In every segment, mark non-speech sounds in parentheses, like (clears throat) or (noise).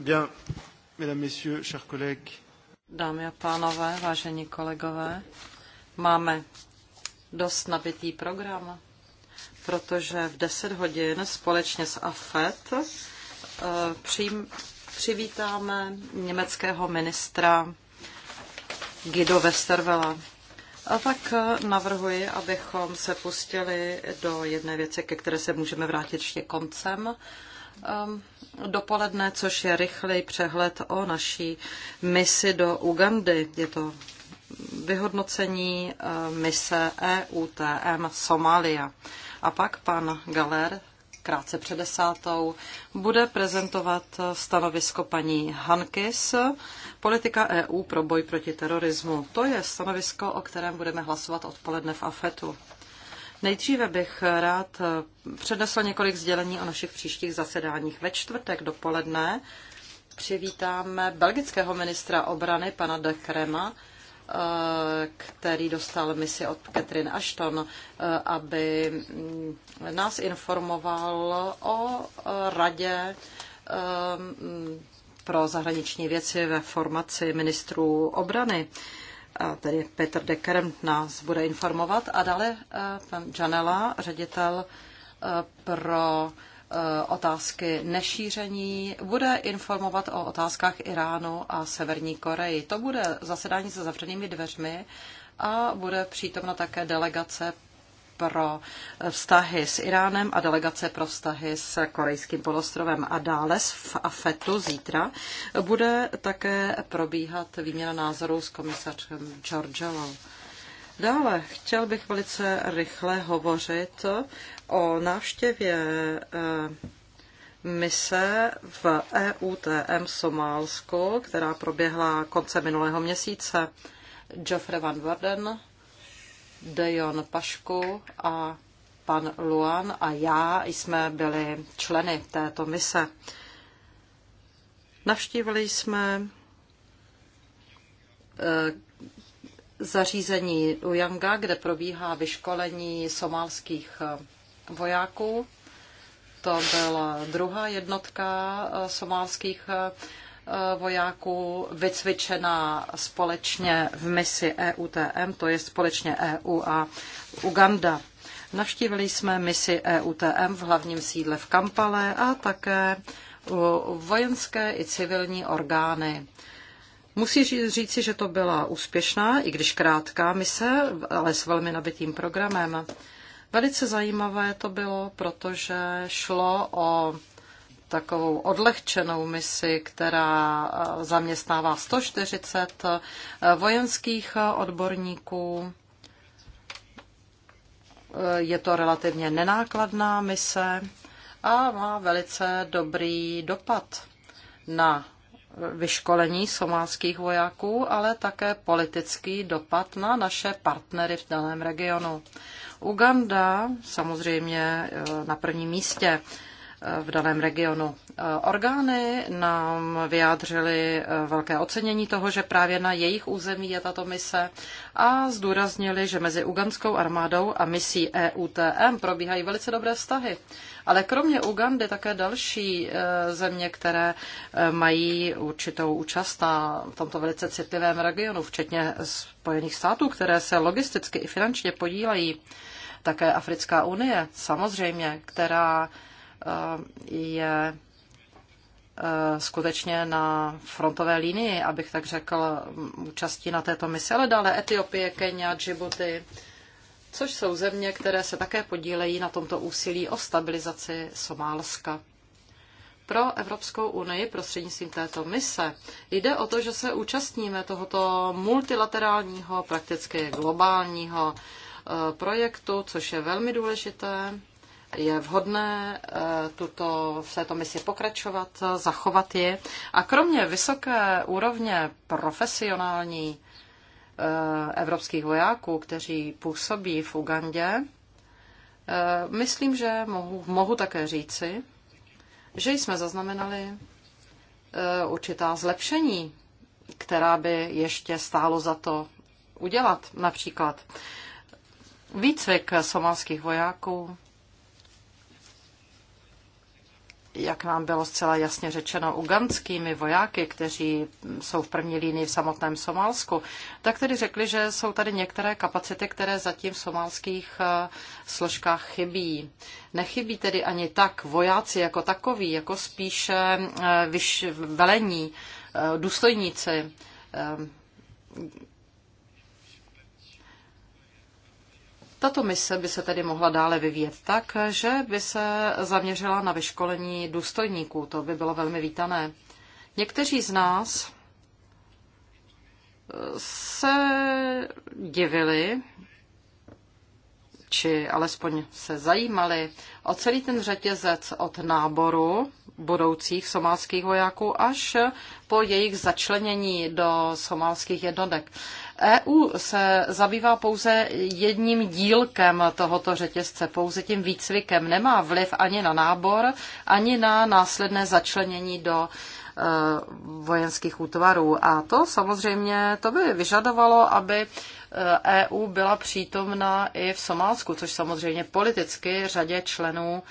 Bien, mesdames, messieurs, chers collègues. Dámy a pánové, vážení kolegové, máme dost nabitý program, protože v 10 hodin společně s AFET eh, přivítáme německého ministra Guido Westervela. A tak eh, navrhuji, abychom se pustili do jedné věci, ke které se můžeme vrátit ještě koncem Um, dopoledne, což je rychlej přehled o naší misi do Ugandy. Je to vyhodnocení uh, mise EUTM Somalia. A pak pan Galer krátce před desátou bude prezentovat stanovisko paní Hankis, politika EU pro boj proti terorismu. To je stanovisko, o kterém budeme hlasovat odpoledne v AFETu. Nejdříve bych rád eh, přednesl několik sdělení o našich příštích zasedáních. Ve čtvrtek dopoledne přivítáme belgického ministra obrany pana de Krema, eh, který dostal misi od Catherine Ashton, eh, aby mm, nás informoval o radě mm, pro zahraniční věci ve formaci ministrů obrany tedy Petr Decker nás bude informovat a dále eh, pan Janela, ředitel eh, pro eh, otázky nešíření, bude informovat o otázkách Iránu a Severní Koreji. To bude zasedání se zavřenými dveřmi a bude přítomna také delegace pro vztahy s Iránem a delegace pro vztahy s Korejským polostrovem. A dále v AFETu zítra bude také probíhat výměna názorů s komisařem Georgiou. Dále chtěl bych velice rychle hovořit o návštěvě eh, mise v EUTM Somálsku, která proběhla konce minulého měsíce. Geoffrey Van Warden Dejon Pašku a pan Luan a já jsme byli členy této mise. Navštívili jsme eh, zařízení Ujanga, kde probíhá vyškolení somálských eh, vojáků. To byla druhá jednotka eh, somálských Eh, vojáků vycvičená společně v misi EUTM, to je společně EU a Uganda. Navštívili jsme misi EUTM v hlavním sídle v Kampale a také vojenské i civilní orgány. Musí říci, že to byla úspěšná, i když krátká mise, ale s velmi nabitým programem. Velice zajímavé to bylo, protože šlo o takovou odlehčenou misi, která eh, zaměstnává 140 eh, vojenských eh, odborníků. Je to relativně nenákladná mise a má velice dobrý dopad na vyškolení somálských vojáků, ale také politický dopad na naše partnery v daném regionu. Uganda samozřejmě na prvním místě v daném regionu. Orgány nám vyjádřily eh, velké ocenění toho, že právě na jejich území je tato mise a zdůraznili, že mezi uganskou armádou a misí EUTM probíhají velice dobré vztahy. Ale kromě Ugandy také další eh, země, které eh, mají určitou účast na tomto velice citlivém regionu, včetně Spojených států, které se logisticky i finančně podílejí. Také Africká unie, samozřejmě, která je eh, skutečně na frontové linii, abych tak řekl, účastí na této misi, ale dále Etiopie, Kenia, Djibouti, což jsou země, které se také podílejí na tomto úsilí o stabilizaci Somálska. Pro Evropskou unii prostřednictvím této mise jde o to, že se účastníme tohoto multilaterálního, prakticky globálního eh, projektu, což je velmi důležité je vhodné eh, tuto, v této misi pokračovat, zachovat ji. A kromě vysoké úrovně profesionální eh, evropských vojáků, kteří působí v Ugandě, eh, myslím, že mohu, mohu také říci, že jsme zaznamenali určitá zlepšení, která by ještě stálo za to udělat. Například výcvik somalských vojáků jak nám bylo zcela jasně řečeno, ugandskými vojáky, kteří jsou v první línii v samotném Somálsku, tak tedy řekli, že jsou tady některé kapacity, které zatím v somálských eh, složkách chybí. Nechybí tedy ani tak vojáci jako takoví, jako spíše eh, velení, eh, důstojníci Tato mise by se tedy mohla dále vyvíjet tak, že by se zaměřila na vyškolení důstojníků. To by bylo velmi vítané. Někteří z nás eh, se divili, či alespoň se zajímali o celý ten řetězec od náboru budoucích somálských vojáků až po jejich začlenění do somálských jednotek. EU se zabývá pouze jedním dílkem tohoto řetězce, pouze tím výcvikem. Nemá vliv ani na nábor, ani na následné začlenění do e, vojenských útvarů. A to samozřejmě, to by vyžadovalo, aby EU e byla přítomna i v Somálsku, což samozřejmě politicky řadě členů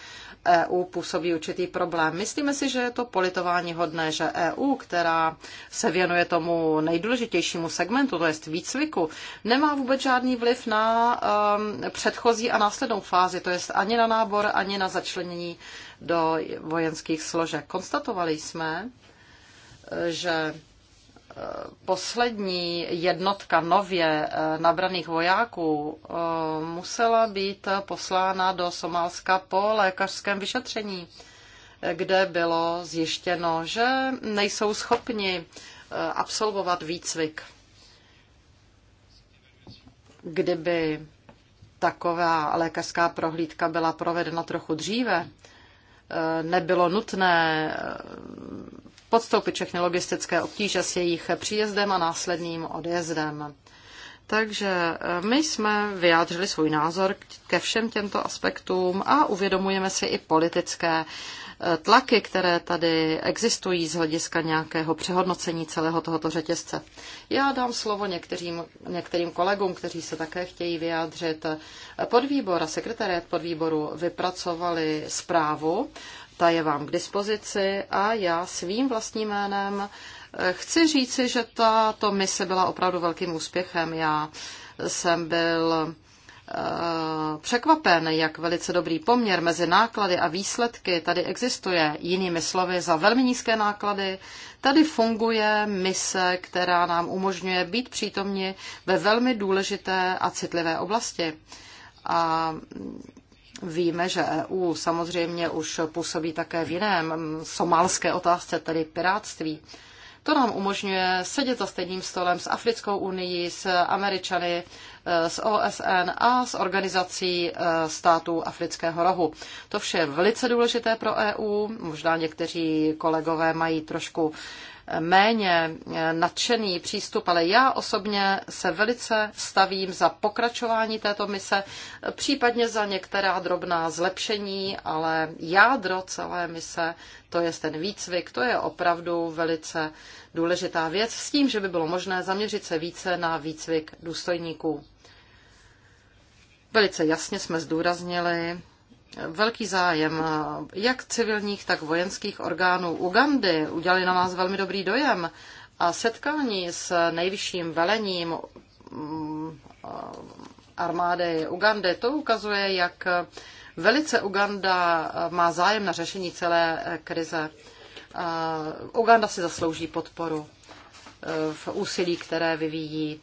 EU působí určitý problém. Myslíme si, že je to politování hodné, že EU, která se věnuje tomu nejdůležitějšímu segmentu, to je výcviku, nemá vůbec žádný vliv na um, předchozí a následnou fázi, to jest ani na nábor, ani na začlenění do vojenských složek. Konstatovali jsme, že poslední jednotka nově eh, nabraných vojáků eh, musela být poslána do Somálska po lékařském vyšetření, eh, kde bylo zjištěno, že nejsou schopni absolvovat výcvik. Kdyby taková lékařská prohlídka byla provedena trochu dříve, nebylo nutné podstoupit všechny logistické obtíže s jejich příjezdem a následným odjezdem. Takže eh, my jsme vyjádřili svůj názor ke všem těmto aspektům a uvědomujeme si i politické eh, tlaky, které tady existují z hlediska nějakého přehodnocení celého tohoto řetězce. Já dám slovo některým, některým kolegům, kteří se také chtějí vyjádřit. Podvýbor a sekretariat podvýboru vypracovali zprávu ta je vám k dispozici a já svým vlastním jménem eh, chci říci, že tato mise byla opravdu velkým úspěchem. Já jsem byl eh, překvapen, jak velice dobrý poměr mezi náklady a výsledky tady existuje. Jinými slovy, za velmi nízké náklady tady funguje mise, která nám umožňuje být přítomni ve velmi důležité a citlivé oblasti. A Víme, že EU samozřejmě už působí také v jiném somálské otázce, tedy pirátství. To nám umožňuje sedět za stejným stolem s Africkou unii, s Američany, eh, s OSN a s organizací eh, států Afrického rohu. To vše je velice důležité pro EU. Možná někteří kolegové mají trošku méně eh, nadšený přístup, ale já osobně se velice stavím za pokračování této mise, případně za některá drobná zlepšení, ale jádro celé mise, to je ten výcvik, to je opravdu velice důležitá věc s tím, že by bylo možné zaměřit se více na výcvik důstojníků. Velice jasně jsme zdůraznili velký zájem jak civilních, tak vojenských orgánů Ugandy. Udělali na vás velmi dobrý dojem a setkání s nejvyšším velením mm, eh, armády Ugandy, to ukazuje, jak velice Uganda má zájem na řešení celé krize. Eh, Uganda si zaslouží podporu eh, v úsilí, které vyvíjí,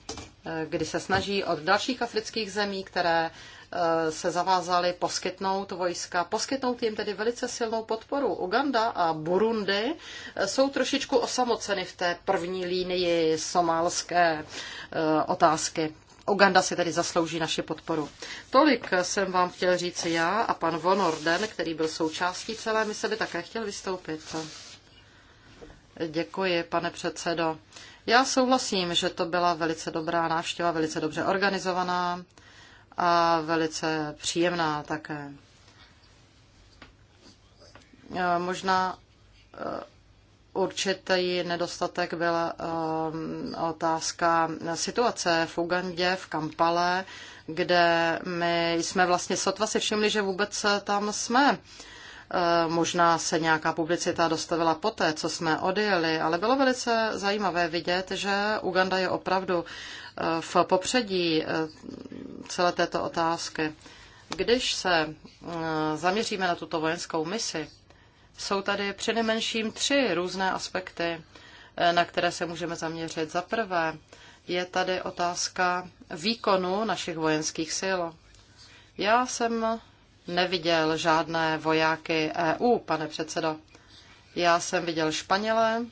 kdy se snaží od dalších afrických zemí, které Eh, se zavázali poskytnout vojska, poskytnout jim tedy velice silnou podporu. Uganda a Burundi eh, jsou trošičku osamoceny v té první línii somálské eh, otázky. Uganda si tedy zaslouží naši podporu. Tolik jsem vám chtěl říct já a pan Von Orden, který byl součástí celé mise, by také chtěl vystoupit. Děkuji, pane předsedo. Já souhlasím, že to byla velice dobrá návštěva, velice dobře organizovaná a velice příjemná také. E, možná e, určitý nedostatek byla e, otázka situace v Ugandě, v Kampale, kde my jsme vlastně sotva si všimli, že vůbec tam jsme. Možná se nějaká publicita dostavila poté, co jsme odjeli, ale bylo velice zajímavé vidět, že Uganda je opravdu v popředí eh, celé této otázky. Když se eh, zaměříme na tuto vojenskou misi, jsou tady přinejmenším tři různé aspekty, eh, na které se můžeme zaměřit. Za prvé je tady otázka výkonu našich vojenských sil. Já jsem neviděl žádné vojáky EU, pane předsedo. Já jsem viděl Španělé,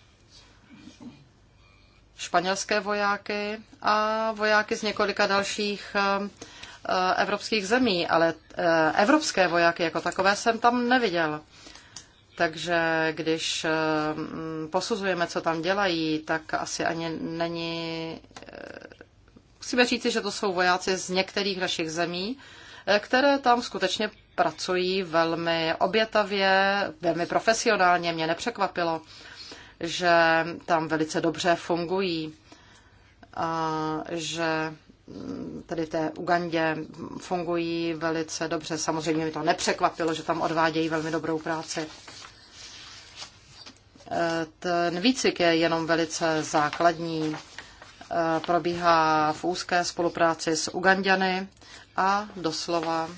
španělské vojáky a vojáky z několika dalších eh, eh, evropských zemí, ale eh, evropské vojáky jako takové jsem tam neviděl. Takže když posuzujeme, co tam dělají, tak asi ani není. Musíme říci, že to jsou vojáci z některých našich zemí, které tam skutečně pracují velmi obětavě, velmi profesionálně. Mě nepřekvapilo, že tam velice dobře fungují, a že mm, tedy té Ugandě fungují velice dobře. Samozřejmě mi to nepřekvapilo, že tam odvádějí velmi dobrou práci. E, ten výcvik je jenom velice základní. E, probíhá v úzké spolupráci s Ugandiany a doslova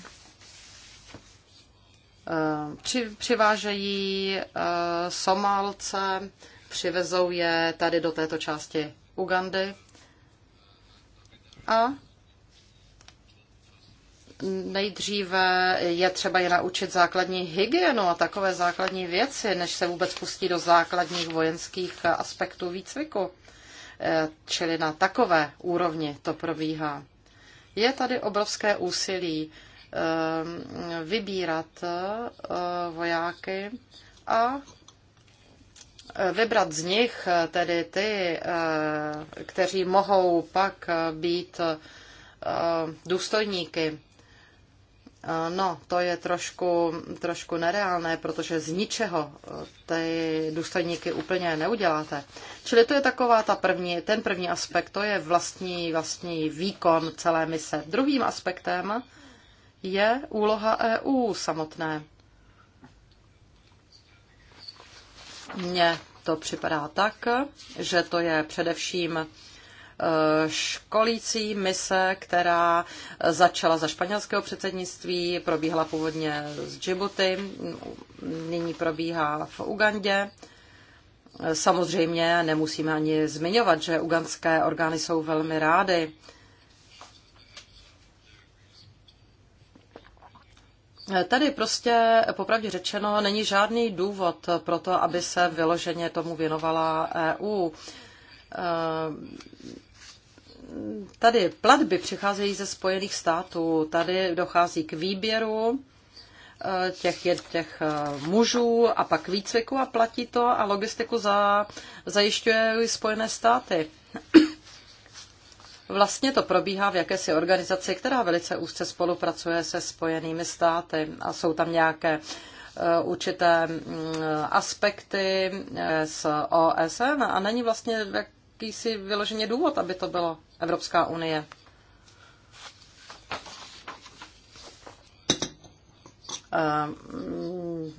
e, při, přivážejí Somálce přivezou je tady do této části Ugandy a nejdříve je třeba je naučit základní hygienu a takové základní věci, než se vůbec pustí do základních vojenských aspektů výcviku. Eh, čili na takové úrovni to probíhá. Je tady obrovské úsilí ehm, vybírat eh, vojáky a vybrat z nich eh, tedy ty, eh, kteří mohou pak eh, být důstojníky. No, to je trošku, trošku nereálné, protože z ničeho ty důstojníky úplně neuděláte. Čili to je taková ta první, ten první aspekt, to je vlastní, vlastní výkon celé mise. Druhým aspektem je úloha EU samotné. Mně to připadá tak, že to je především eh, školící mise, která začala za španělského předsednictví, probíhala původně z Djibouti, nyní probíhá v Ugandě. Samozřejmě nemusíme ani zmiňovat, že ugandské orgány jsou velmi rády, Tady prostě, popravdě řečeno, není žádný důvod pro to, aby se vyloženě tomu věnovala EU. Eh, tady platby přicházejí ze Spojených států, tady dochází k výběru eh, těch, těch eh, mužů a pak výcviku a platí to a logistiku za, zajišťuje Spojené státy. Vlastně to probíhá v jakési organizaci, která velice úzce spolupracuje se Spojenými státy a jsou tam nějaké e, určité mm, aspekty e, s OSN a není vlastně jakýsi vyloženě důvod, aby to bylo Evropská unie. E, mm,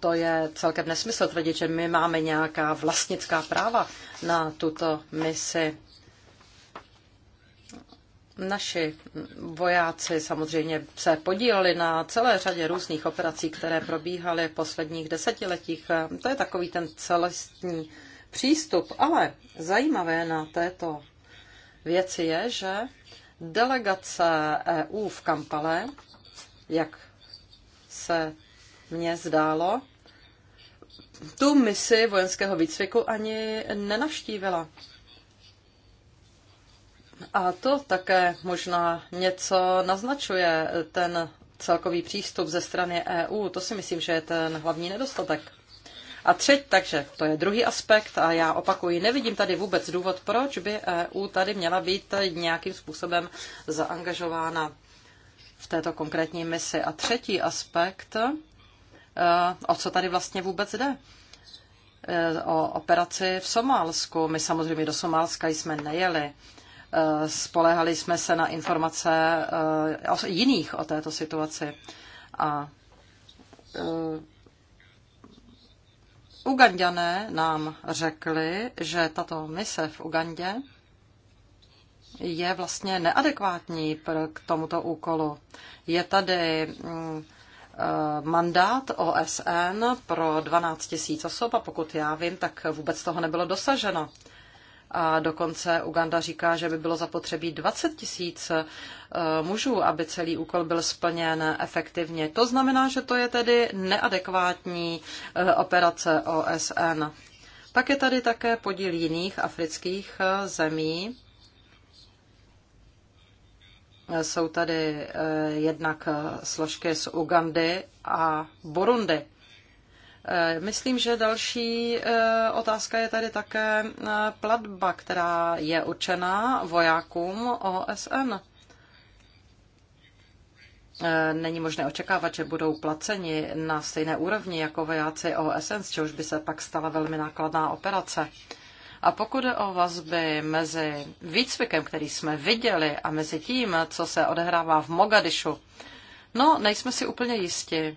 to je celkem nesmysl tvrdit, že my máme nějaká vlastnická práva na tuto misi. Naši vojáci samozřejmě se podíleli na celé řadě různých operací, které probíhaly v posledních desetiletích. To je takový ten celostní přístup, ale zajímavé na této věci je, že delegace EU v Kampale, jak se mně zdálo, tu misi vojenského výcviku ani nenavštívila. A to také možná něco naznačuje ten celkový přístup ze strany EU. To si myslím, že je ten hlavní nedostatek. A třetí, takže to je druhý aspekt a já opakuji, nevidím tady vůbec důvod, proč by EU tady měla být nějakým způsobem zaangažována v této konkrétní misi. A třetí aspekt, e, o co tady vlastně vůbec jde e, o operaci v Somálsku. My samozřejmě do Somálska jsme nejeli. Eh, spolehali jsme se na informace eh, jiných o této situaci. A eh, Ugandané nám řekli, že tato mise v Ugandě je vlastně neadekvátní k tomuto úkolu. Je tady mm, mandát OSN pro 12 000 osob a pokud já vím, tak vůbec toho nebylo dosaženo. A dokonce Uganda říká, že by bylo zapotřebí 20 tisíc eh, mužů, aby celý úkol byl splněn efektivně. To znamená, že to je tedy neadekvátní eh, operace OSN. Pak je tady také podíl jiných afrických eh, zemí. Jsou tady jednak složky z Ugandy a Burundi. Eh, myslím, že další eh, otázka je tady také eh, platba, která je určená vojákům OSN. Není možné očekávat, že budou placeni na stejné úrovni jako vojáci OSN, z čehož by se pak stala velmi nákladná operace. A pokud o vazby mezi výcvikem, který jsme viděli, a mezi tím, co se odehrává v Mogadišu, no, nejsme si úplně jisti.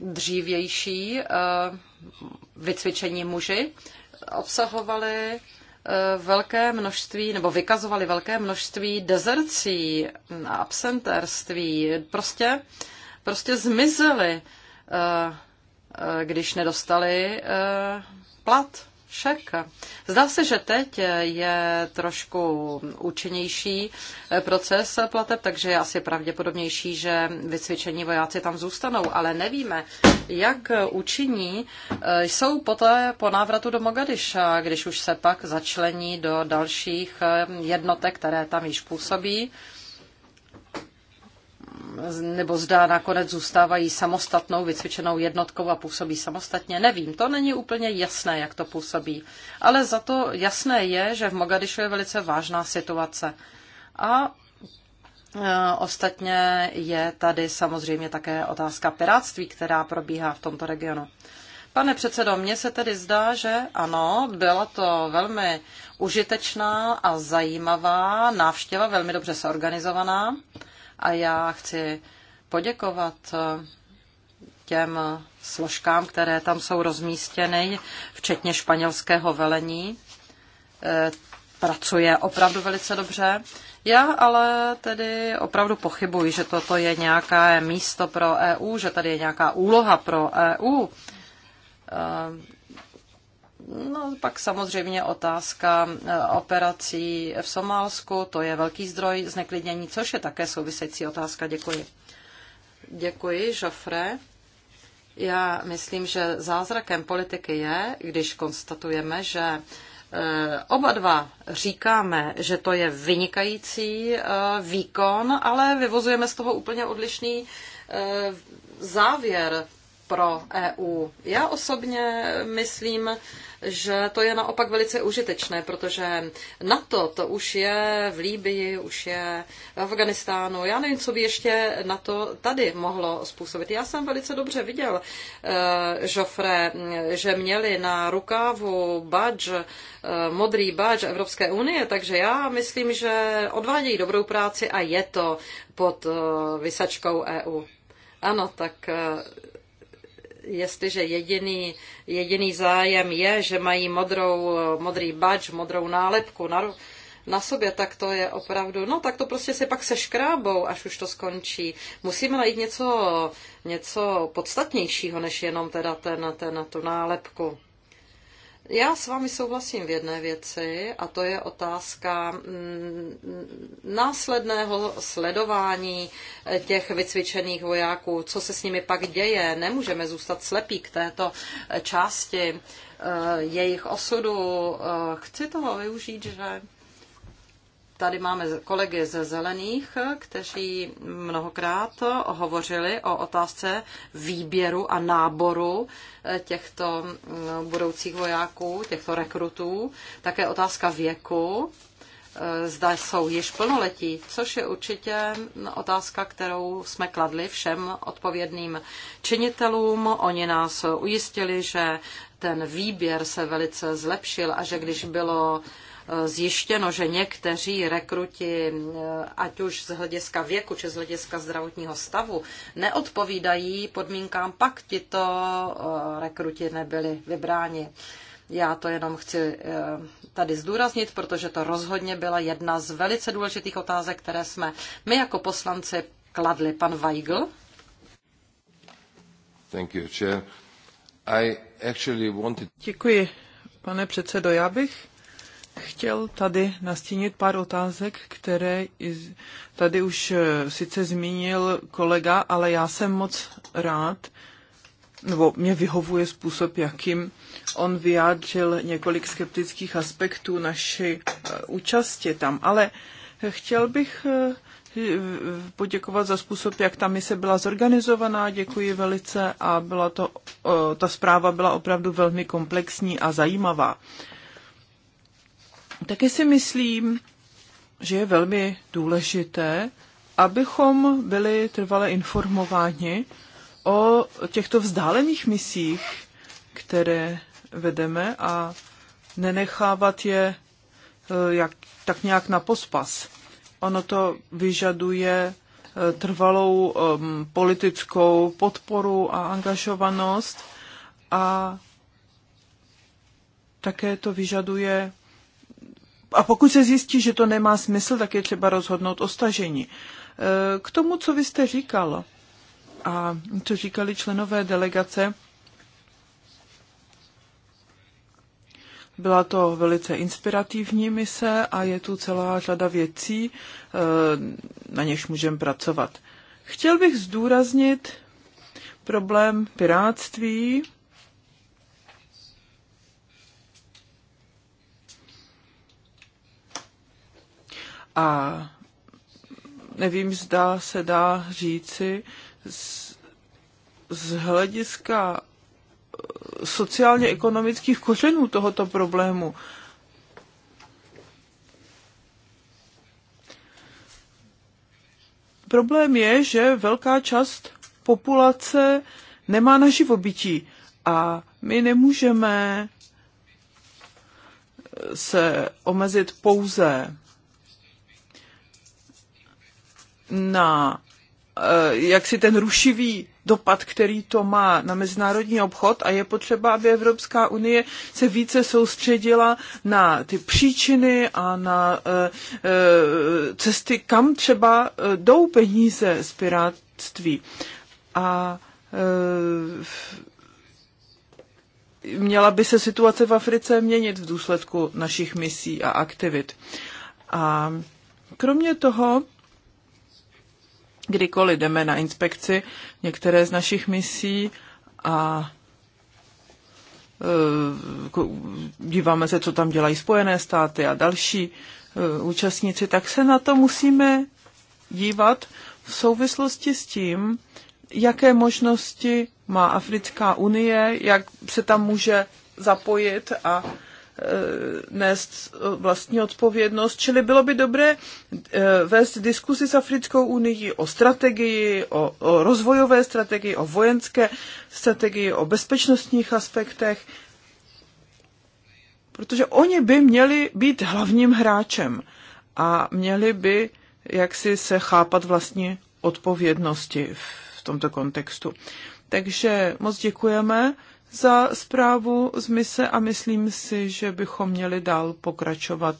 dřívější eh, vycvičení muži obsahovali eh, velké množství, nebo vykazovali velké množství dezercí, absenterství, prostě, prostě zmizely, eh, když nedostali plat šek. Zdá se, že teď je trošku účinnější eh, proces plateb, takže je asi pravděpodobnější, že vycvičení vojáci tam zůstanou, ale nevíme, jak účinní eh, jsou poté po návratu do Mogadiša, když už se pak začlení do dalších eh, jednotek, které tam již působí nebo zda nakonec zůstávají samostatnou vycvičenou jednotkou a působí samostatně, nevím. To není úplně jasné, jak to působí. Ale za to jasné je, že v Mogadišu je velice vážná situace. A e, Ostatně je tady samozřejmě také otázka piráctví, která probíhá v tomto regionu. Pane předsedo, mně se tedy zdá, že ano, byla to velmi užitečná a zajímavá návštěva, velmi dobře se organizovaná. A já chci poděkovat eh, těm složkám, které tam jsou rozmístěny, včetně španělského velení. Eh, pracuje opravdu velice dobře. Já ale tedy opravdu pochybuji, že toto je nějaké místo pro EU, že tady je nějaká úloha pro EU. Eh, No, pak samozřejmě otázka e, operací v Somálsku, to je velký zdroj zneklidnění, což je také související otázka. Děkuji. Děkuji, Joffre. Já myslím, že zázrakem politiky je, když konstatujeme, že e, Oba dva říkáme, že to je vynikající e, výkon, ale vyvozujeme z toho úplně odlišný závěr pro EU. Já osobně myslím, že to je naopak velice užitečné, protože NATO to už je v Líbii, už je v Afganistánu. Já nevím, co by ještě NATO tady mohlo způsobit. Já jsem velice dobře viděl, eh, Joffre, že měli na rukávu badge, eh, modrý badge Evropské unie, takže já myslím, že odvádějí dobrou práci a je to pod eh, vysačkou EU. Ano, tak jestliže jediný, jediný zájem je, že mají modrou, modrý badge, modrou nálepku na, na sobě, tak to je opravdu, no tak to prostě se pak seškrábou, až už to skončí. Musíme najít něco, něco podstatnějšího, než jenom teda ten, ten, tu nálepku. Já s vámi souhlasím v jedné věci, a to je otázka mm, následného sledování eh, těch vycvičených vojáků, co se s nimi pak děje. Nemůžeme zůstat slepí k této eh, části eh, jejich osudu. Chci toho využít, že Tady máme kolegy ze Zelených, kteří mnohokrát hovořili o otázce výběru a náboru eh, těchto mm, budoucích vojáků, těchto rekrutů, také otázka věku, eh, zda jsou již plnoletí, což je určitě mm, otázka, kterou jsme kladli všem odpovědným činitelům. Oni nás ujistili, že ten výběr se velice zlepšil a že když bylo zjištěno, že někteří rekruti, eh, ať už z hlediska věku či z hlediska zdravotního stavu, neodpovídají podmínkám, pak tito eh, rekruti nebyli vybráni. Já to jenom chci eh, tady zdůraznit, protože to rozhodně byla jedna z velice důležitých otázek, které jsme my jako poslanci kladli. Pan Weigl. Thank you, chair. I actually wanted... Děkuji, pane předsedo. Já bych chtěl tady nastínit pár otázek, které tady už eh, sice zmínil kolega, ale já jsem moc rád, nebo mě vyhovuje způsob, jakým on vyjádřil několik skeptických aspektů naší eh, účasti tam. Ale chtěl bych eh, poděkovat za způsob, jak ta mise byla zorganizovaná. Děkuji velice a byla to, ta zpráva byla opravdu velmi komplexní a zajímavá. Taky si myslím, že je velmi důležité, abychom byli trvale informováni o těchto vzdálených misích, které vedeme a nenechávat je eh, jak, tak nějak na pospas. Ono to vyžaduje eh, trvalou um, politickou podporu a angažovanost a také to vyžaduje a pokud se zjistí, že to nemá smysl, tak je třeba rozhodnout o stažení. E, k tomu, co vy jste říkal a co říkali členové delegace, Byla to velice inspirativní mise a je tu celá řada věcí, e, na něž můžeme pracovat. Chtěl bych zdůraznit problém piráctví A nevím, zda se dá říci z, z hlediska eh, sociálně-ekonomických kořenů tohoto problému. Problém je, že velká část populace nemá na živobytí a my nemůžeme se omezit pouze na eh, jak si ten rušivý dopad, který to má na mezinárodní obchod a je potřeba, aby Evropská unie se více soustředila na ty příčiny a na eh, eh, cesty, kam třeba jdou peníze z pirátství. A měla by se situace v Africe měnit v důsledku našich misí a aktivit. A kromě toho kdykoliv jdeme na inspekci některé z našich misí a eh, díváme se, co tam dělají Spojené státy a další eh, účastníci, tak se na to musíme dívat v souvislosti s tím, jaké možnosti má Africká unie, jak se tam může zapojit a Eh, nést vlastní odpovědnost. Čili bylo by dobré eh, vést diskusi s Africkou unii o strategii, o, o rozvojové strategii, o vojenské strategii, o bezpečnostních aspektech, protože oni by měli být hlavním hráčem a měli by jaksi se chápat vlastní odpovědnosti v tomto kontextu. Takže moc děkujeme za zprávu z mise a myslím si, že bychom měli dál pokračovat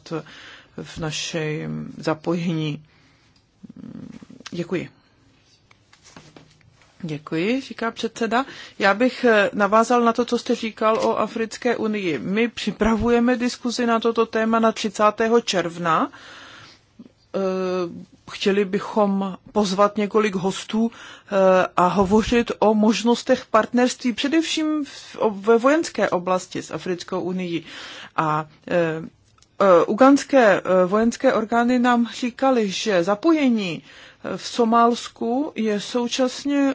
v našem zapojení. Děkuji. Děkuji, říká předseda. Já bych eh, navázal na to, co jste říkal o Africké unii. My připravujeme diskuzi na toto téma na 30. června Eh, chtěli bychom pozvat několik hostů eh, a hovořit o možnostech partnerství, především ve vojenské oblasti s Africkou unii. A eh, uganské vojenské orgány nám říkali, že zapojení v Somálsku je současně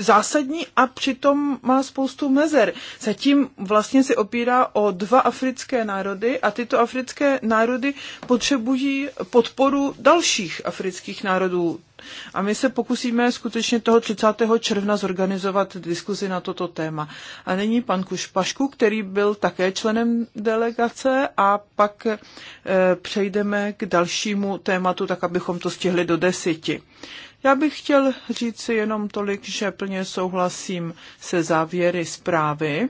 zásadní a přitom má spoustu mezer. Zatím vlastně se opírá o dva africké národy a tyto africké národy potřebují podporu dalších afrických národů. A my se pokusíme skutečně toho 30. června zorganizovat diskuzi na toto téma. A není pan Kušpašku, který byl také členem delegace a pak e, přejdeme k dalšímu tématu, tak abychom to stihli do deseti. Já bych chtěl říct si jenom tolik, že plně souhlasím se závěry zprávy.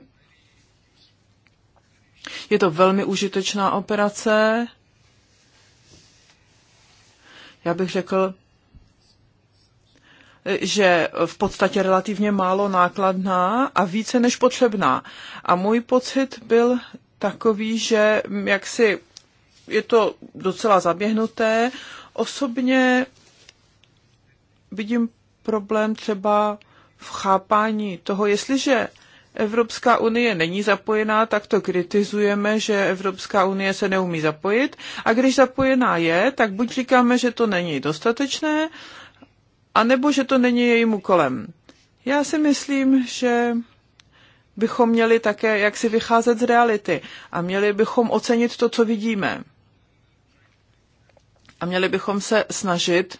Je to velmi užitečná operace. Já bych řekl, že v podstatě relativně málo nákladná a více než potřebná. A můj pocit byl takový, že jaksi je to docela zaběhnuté. Osobně vidím problém třeba v chápání toho, jestliže Evropská unie není zapojená, tak to kritizujeme, že Evropská unie se neumí zapojit. A když zapojená je, tak buď říkáme, že to není dostatečné, anebo že to není jejím úkolem. Já si myslím, že bychom měli také jak si vycházet z reality a měli bychom ocenit to, co vidíme. A měli bychom se snažit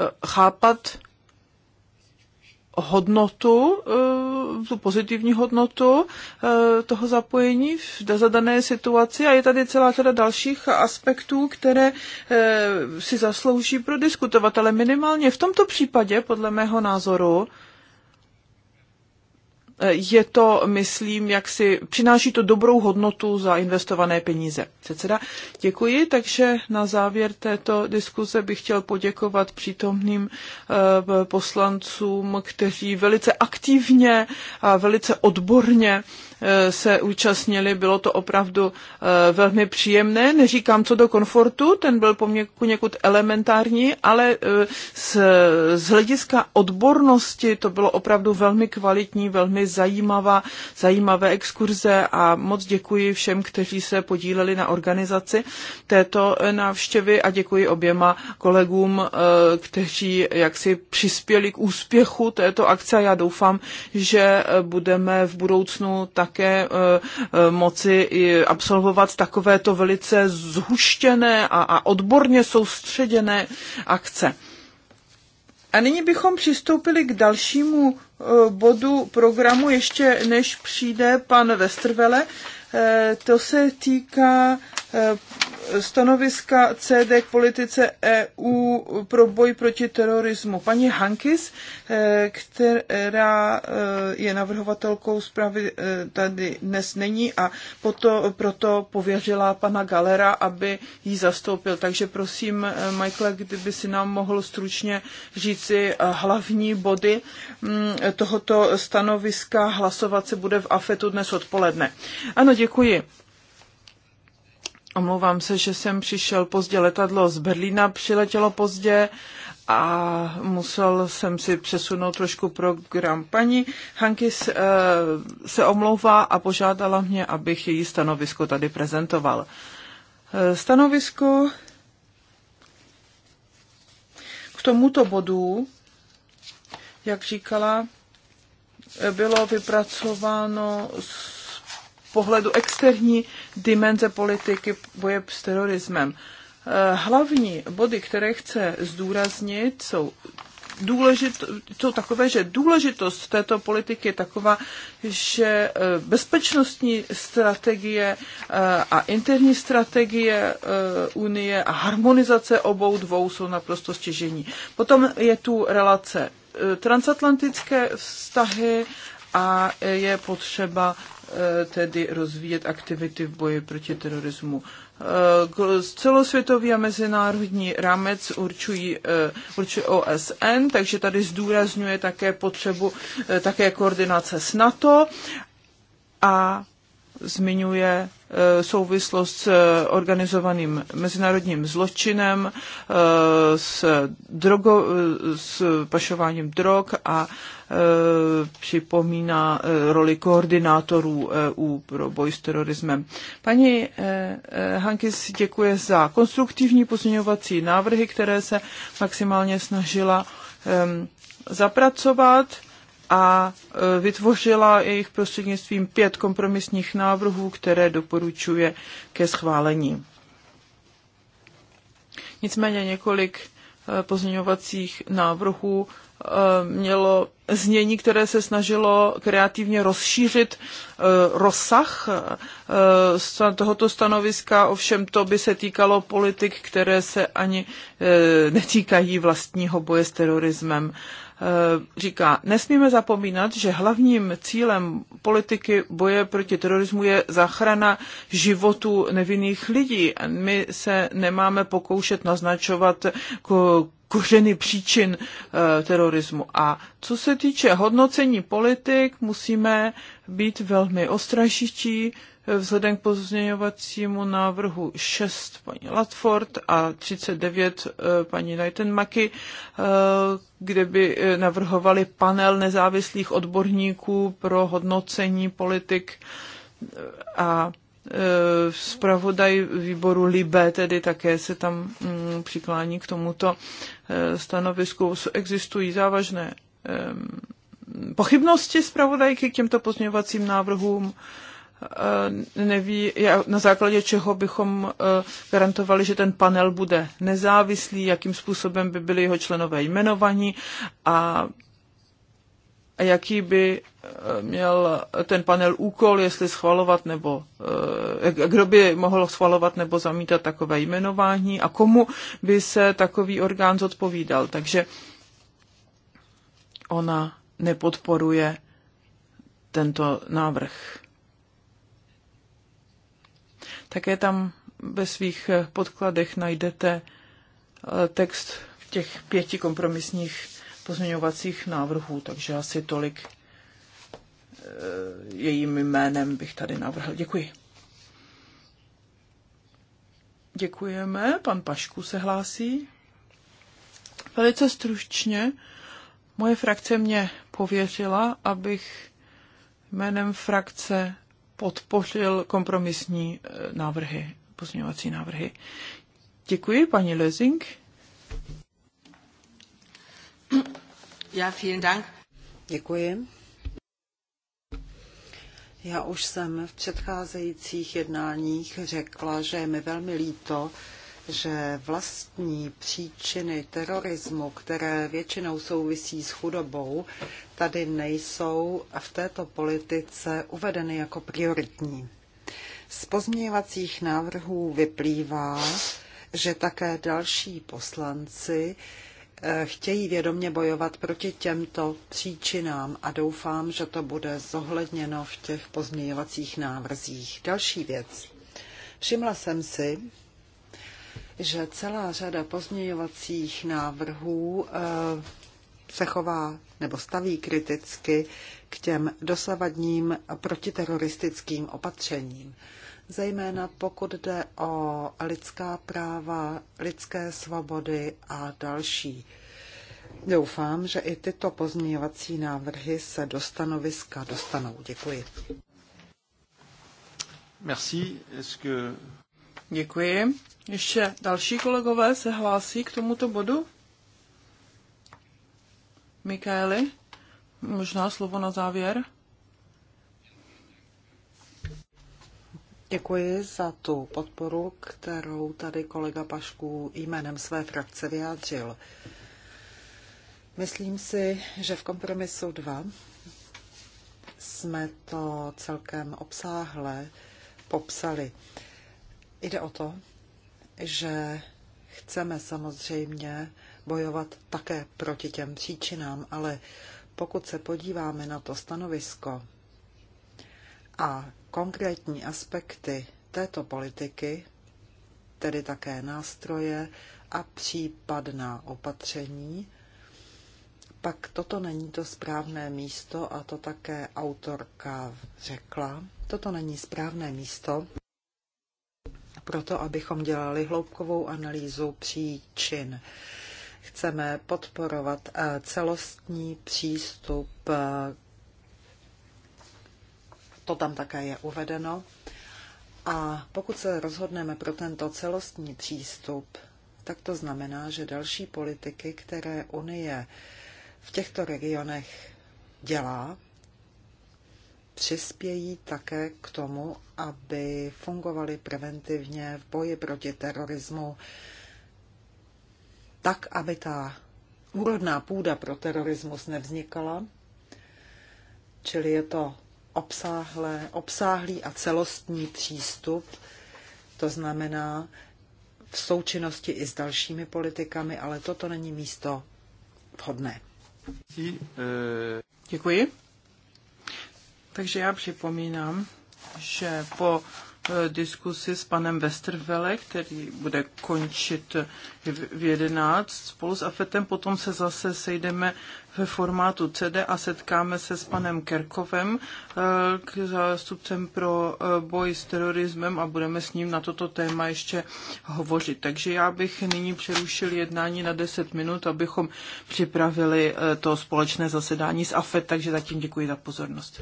Eh, chápat hodnotu, eh, tu pozitivní hodnotu eh, toho zapojení v zadané situaci a je tady celá řada dalších aspektů, které si zaslouží prodiskutovat, ale minimálně v tomto případě, podle mého názoru, je to, myslím, jak si přináší to dobrou hodnotu za investované peníze. Předseda, děkuji, takže na závěr této diskuze bych chtěl poděkovat přítomným eh, poslancům, kteří velice aktivně a velice odborně Eh, se účastnili, bylo to opravdu eh, velmi příjemné. Neříkám co do komfortu, ten byl poněkud elementární, ale z, eh, z hlediska odbornosti to bylo opravdu velmi kvalitní, velmi zajímavá, zajímavé exkurze a moc děkuji všem, kteří se podíleli na organizaci této návštěvy a děkuji oběma kolegům, kteří jaksi přispěli k úspěchu této akce a já doufám, že budeme v budoucnu tak také e, e, moci absolvovat takovéto velice zhuštěné a, a odborně soustředěné akce. A nyní bychom přistoupili k dalšímu e, bodu programu, ještě než přijde pan Westervele. To se týká stanoviska CD k politice EU pro boj proti terorismu. Paní Hankis, eh, která eh, je navrhovatelkou zprávy, eh, tady dnes není a proto, proto pověřila pana Galera, aby ji zastoupil. Takže prosím, Michael, kdyby si nám mohl stručně říci hlavní body mm, tohoto stanoviska. Hlasovat se bude v AFETu dnes odpoledne. Ano, děkuji. Omlouvám se, že jsem přišel pozdě. Letadlo z Berlína přiletělo pozdě a musel jsem si přesunout trošku program. Paní Hankis eh, se omlouvá a požádala mě, abych její stanovisko tady prezentoval. Eh, stanovisko k tomuto bodu, jak říkala, bylo vypracováno s pohledu externí dimenze politiky boje s terorismem. Eh, hlavní body, které chce zdůraznit, jsou důležit, jsou takové, že důležitost této politiky je taková, že eh, bezpečnostní strategie eh, a interní strategie Unie a harmonizace obou dvou jsou naprosto stěžení. Potom je tu relace transatlantické vztahy a je potřeba Eh, tedy rozvíjet aktivity v boji proti terorismu. Eh, celosvětový a mezinárodní rámec určují, eh, určuje OSN, takže tady zdůrazňuje také potřebu také koordinace s NATO a zmiňuje eh, souvislost s eh, organizovaným mezinárodním zločinem, eh, s, drogo, s pašováním drog a připomíná roli koordinátorů EU pro boj s terorismem. Paní Hankis děkuje za konstruktivní pozměňovací návrhy, které se maximálně snažila ehm, zapracovat a e, vytvořila jejich prostřednictvím pět kompromisních návrhů, které doporučuje ke schválení. Nicméně několik e, pozměňovacích návrhů e, mělo znění, které se snažilo kreativně rozšířit rozsah tohoto stanoviska, ovšem to by se týkalo politik, které se ani netýkají vlastního boje s terorismem Eh, říká, nesmíme zapomínat, že hlavním cílem politiky boje proti terorismu je záchrana životů nevinných lidí. My se nemáme pokoušet naznačovat kořeny příčin eh, terorismu. A co se týče hodnocení politik, musíme být velmi ostražití, vzhledem k pozměňovacímu návrhu 6 paní Latford a 39 eh, paní Knightenmaky, eh, kde by eh, navrhovali panel nezávislých odborníků pro hodnocení politik a zpravodaj výboru Libe tedy také se tam mm, přiklání k tomuto stanovisku. Existují závažné pochybnosti zpravodajky k těmto pozměňovacím návrhům Eh, neví, na základě čeho bychom eh, garantovali, že ten panel bude nezávislý, jakým způsobem by byli jeho členové jmenovaní a a jaký by eh, měl ten panel úkol, jestli schvalovat nebo, kdo by mohl schvalovat nebo zamítat takové jmenování a komu by se takový orgán zodpovídal. Takže ona nepodporuje tento návrh také tam ve svých podkladech najdete eh, text těch pěti kompromisních pozměňovacích návrhů, takže asi tolik eh, jejím jménem bych tady navrhl. Děkuji. Děkujeme. Pan Pašku se hlásí. Velice stručně. Moje frakce mě pověřila, abych jménem frakce podpořil kompromisní eh, návrhy, pozměňovací návrhy. Děkuji, paní Lezing. Já, vielen Dank. Děkuji. Já už jsem v předcházejících jednáních řekla, že je mi velmi líto, že vlastní příčiny terorismu, které většinou souvisí s chudobou, tady nejsou v této politice uvedeny jako prioritní. Z pozměňovacích návrhů vyplývá, že také další poslanci eh, chtějí vědomě bojovat proti těmto příčinám a doufám, že to bude zohledněno v těch pozměňovacích návrzích. Další věc. Všimla jsem si, že celá řada pozměňovacích návrhů eh, se chová nebo staví kriticky k těm dosavadním protiteroristickým opatřením. Zejména pokud jde o lidská práva, lidské svobody a další. Doufám, že i tyto pozměňovací návrhy se do stanoviska dostanou. Děkuji. Merci. Que... Děkuji. Ještě další kolegové se hlásí k tomuto bodu? Mikaeli, možná slovo na závěr? Děkuji za tu podporu, kterou tady kolega Pašku jménem své frakce vyjádřil. Myslím si, že v kompromisu 2 jsme to celkem obsáhle popsali. Jde o to, že chceme samozřejmě bojovat také proti těm příčinám, ale pokud se podíváme na to stanovisko a konkrétní aspekty této politiky, tedy také nástroje a případná opatření, pak toto není to správné místo a to také autorka řekla. Toto není správné místo, proto, abychom dělali hloubkovou analýzu příčin. Chceme podporovat eh, celostní přístup, eh, to tam také je uvedeno. A pokud se rozhodneme pro tento celostní přístup, tak to znamená, že další politiky, které Unie v těchto regionech dělá, přispějí také k tomu, aby fungovaly preventivně v boji proti terorismu, tak, aby ta úrodná půda pro terorismus nevznikala. Čili je to obsáhlé, obsáhlý a celostní přístup, to znamená v součinnosti i s dalšími politikami, ale toto není místo vhodné. Eh, Děkuji. Takže já připomínám, že po e, diskusi s panem Westervele, který bude končit v 11 spolu s Afetem. Potom se zase sejdeme ve formátu CD a setkáme se s panem Kerkovem, e, k zástupcem pro e, boj s terorismem a budeme s ním na toto téma ještě hovořit. Takže já bych nyní přerušil jednání na 10 minut, abychom připravili to společné zasedání s AFET, takže zatím děkuji za pozornost.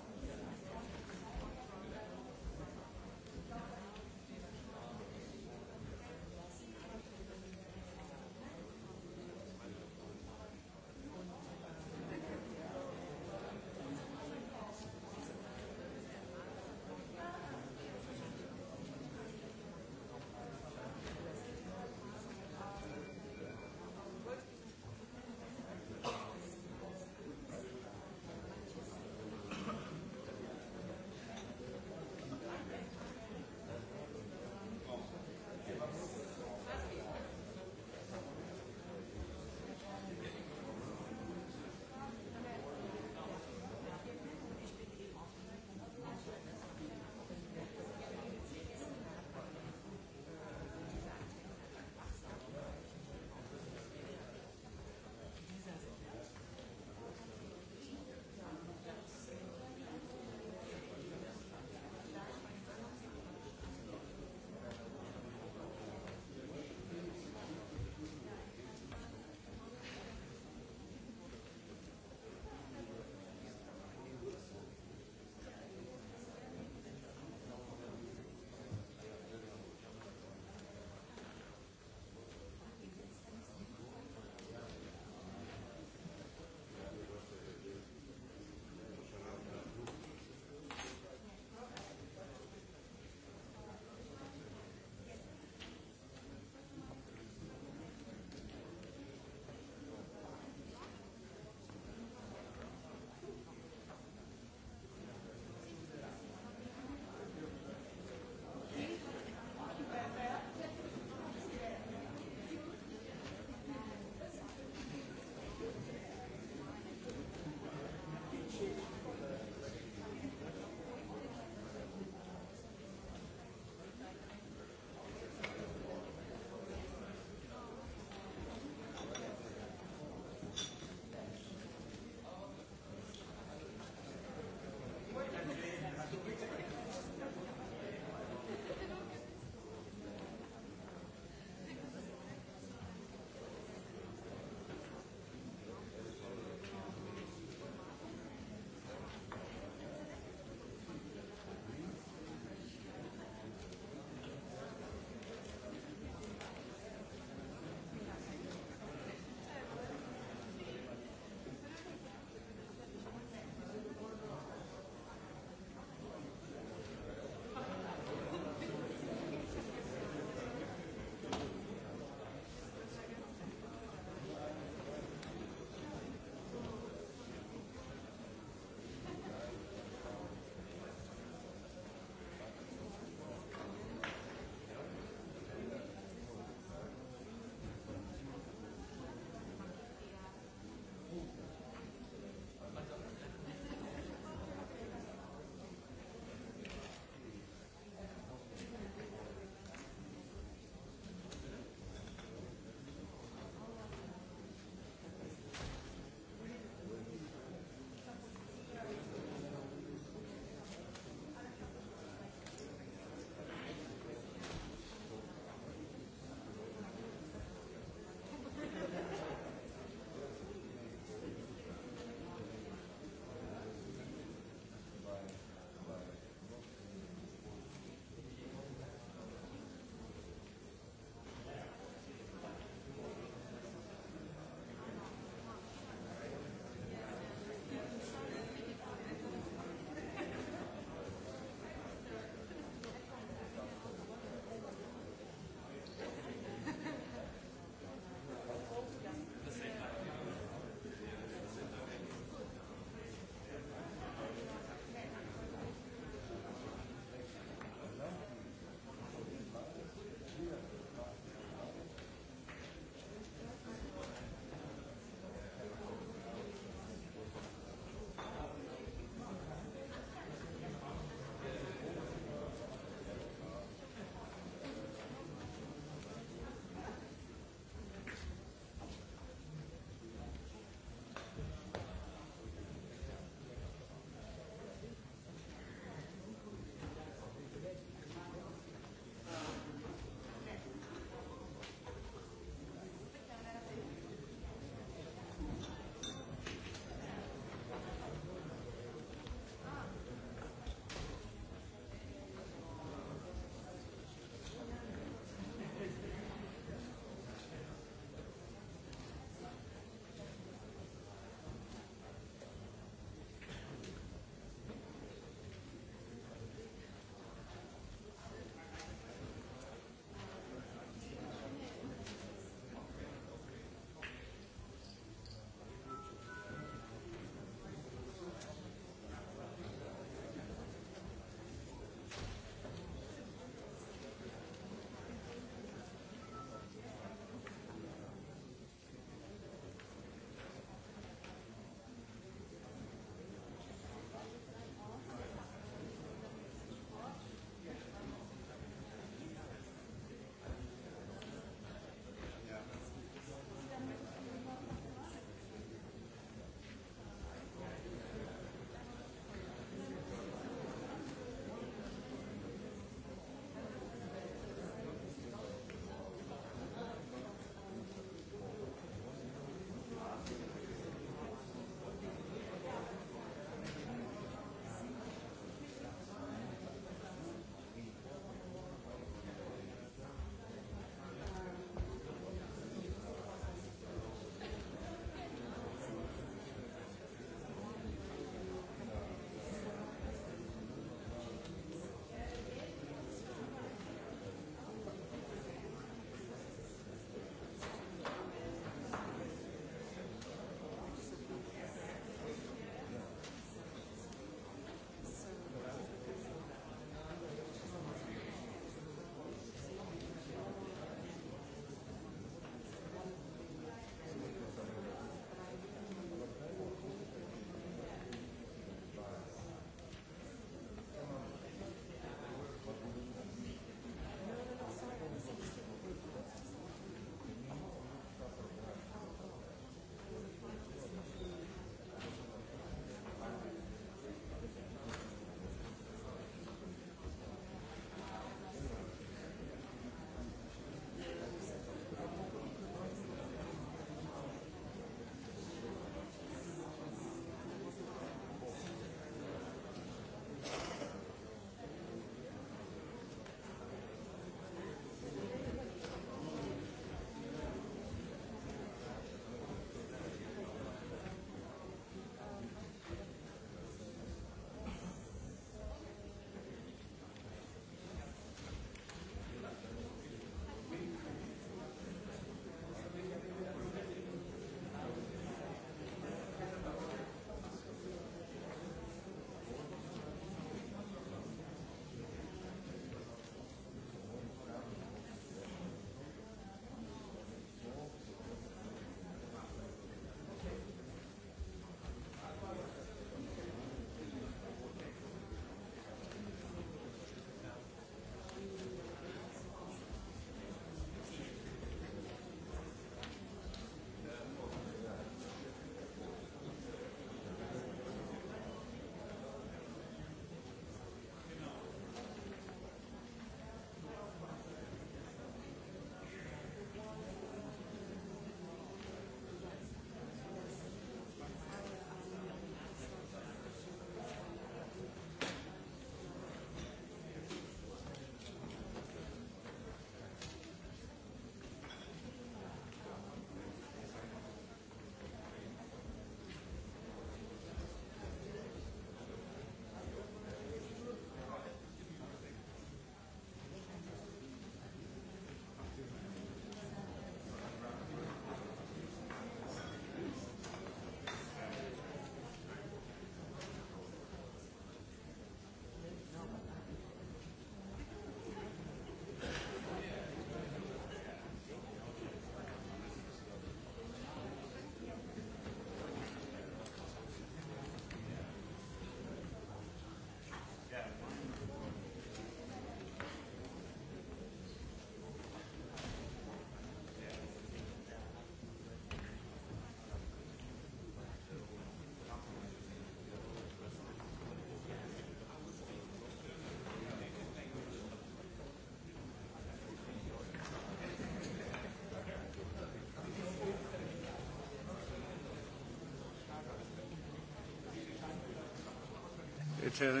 c'era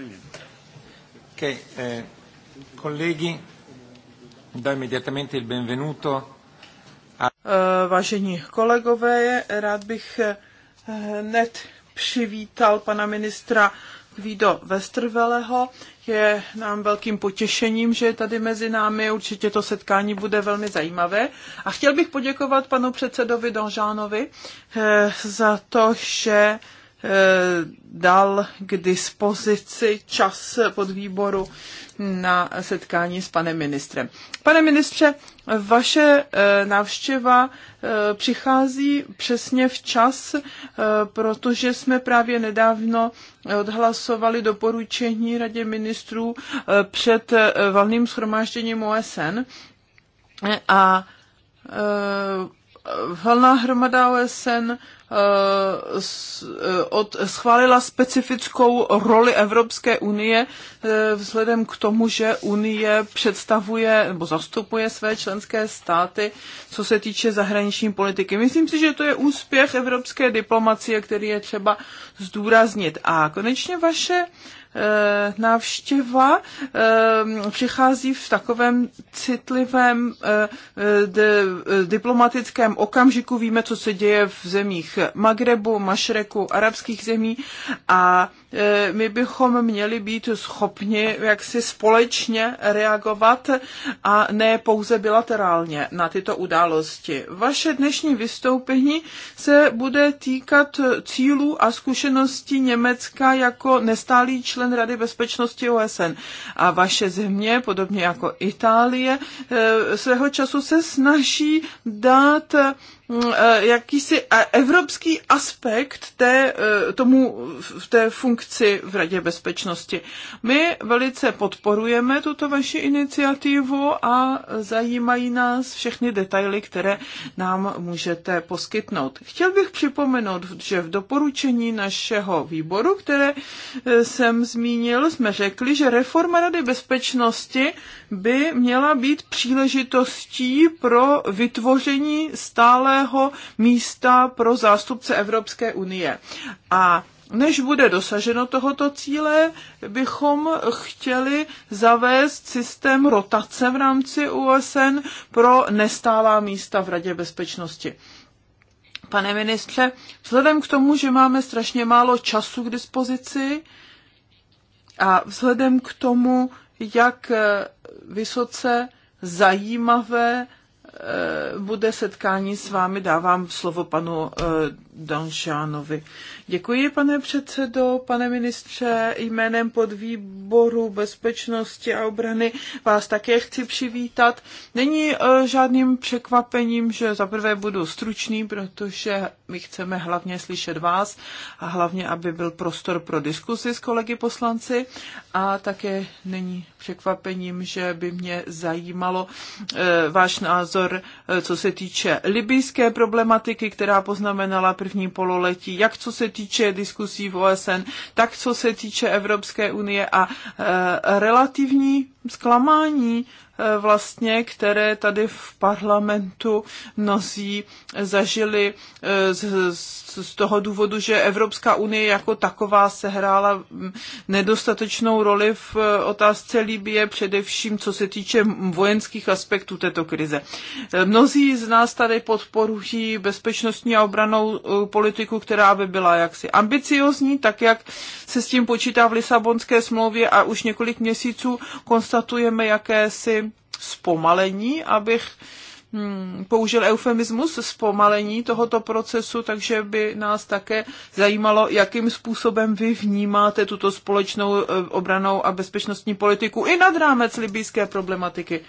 eh, colleghi, do immediatamente il benvenuto. A... Eh, vážení kolegové, rád bych eh, hned přivítal pana ministra Vido Westerveleho. Je nám velkým potěšením, že je tady mezi námi. Určitě to setkání bude velmi zajímavé. A chtěl bych poděkovat panu předsedovi Donžánovi eh, za to, že dal k dispozici čas pod výboru na setkání s panem ministrem. Pane ministře, vaše eh, návštěva eh, přichází přesně v čas, eh, protože jsme právě nedávno odhlasovali doporučení Radě ministrů před valným schromážděním OSN a valná hromada OSN eh, eh, od, schválila specifickou roli Evropské unie eh, vzhledem k tomu, že Unie představuje nebo zastupuje své členské státy, co se týče zahraniční politiky. Myslím si, že to je úspěch evropské diplomacie, který je třeba zdůraznit. A konečně vaše Eh, návštěva eh, přichází v takovém citlivém eh, diplomatickém okamžiku. Víme, co se děje v zemích Magrebu, Mašreku, arabských zemí a my bychom měli být schopni jaksi společně reagovat a ne pouze bilaterálně na tyto události. Vaše dnešní vystoupení se bude týkat cílů a zkušeností Německa jako nestálý člen člen Rady bezpečnosti OSN. A vaše země, podobně jako Itálie, eh, svého času se snaží dát Mm, eh, jakýsi evropský aspekt té, eh, tomu, té funkci v Radě bezpečnosti. My velice podporujeme tuto vaši iniciativu a zajímají nás všechny detaily, které nám můžete poskytnout. Chtěl bych připomenout, že v doporučení našeho výboru, které eh, jsem zmínil, jsme řekli, že reforma Rady bezpečnosti by měla být příležitostí pro vytvoření stále nového místa pro zástupce Evropské unie. A než bude dosaženo tohoto cíle, bychom chtěli zavést systém rotace v rámci USN pro nestálá místa v Radě bezpečnosti. Pane ministře, vzhledem k tomu, že máme strašně málo času k dispozici a vzhledem k tomu, jak vysoce zajímavé Eh, bude setkání s vámi. Dávám slovo panu eh, Danšánovi. Děkuji, pane předsedo, pane ministře, jménem podvýboru bezpečnosti a obrany vás také chci přivítat. Není eh, žádným překvapením, že zaprvé budu stručný, protože my chceme hlavně slyšet vás a hlavně, aby byl prostor pro diskusi s kolegy poslanci a také není překvapením, že by mě zajímalo eh, váš názor, eh, co se týče libijské problematiky, která poznamenala první pololetí, jak co se týče diskusí v OSN, tak co se týče Evropské unie a e, relativní zklamání Eh, vlastně, které tady v parlamentu mnozí zažili eh, z, z, z toho důvodu, že Evropská unie jako taková sehrála mm, nedostatečnou roli v eh, otázce Libie, především co se týče vojenských aspektů této krize. Mnozí z nás tady podporují bezpečnostní a obranou politiku, která by byla jaksi ambiciozní, tak jak se s tím počítá v Lisabonské smlouvě a už několik měsíců konstatujeme jakési zpomalení, abych hm, použil eufemismus zpomalení tohoto procesu, takže by nás také zajímalo, jakým způsobem vy vnímáte tuto společnou eh, obranou a bezpečnostní politiku i nad rámec libijské problematiky.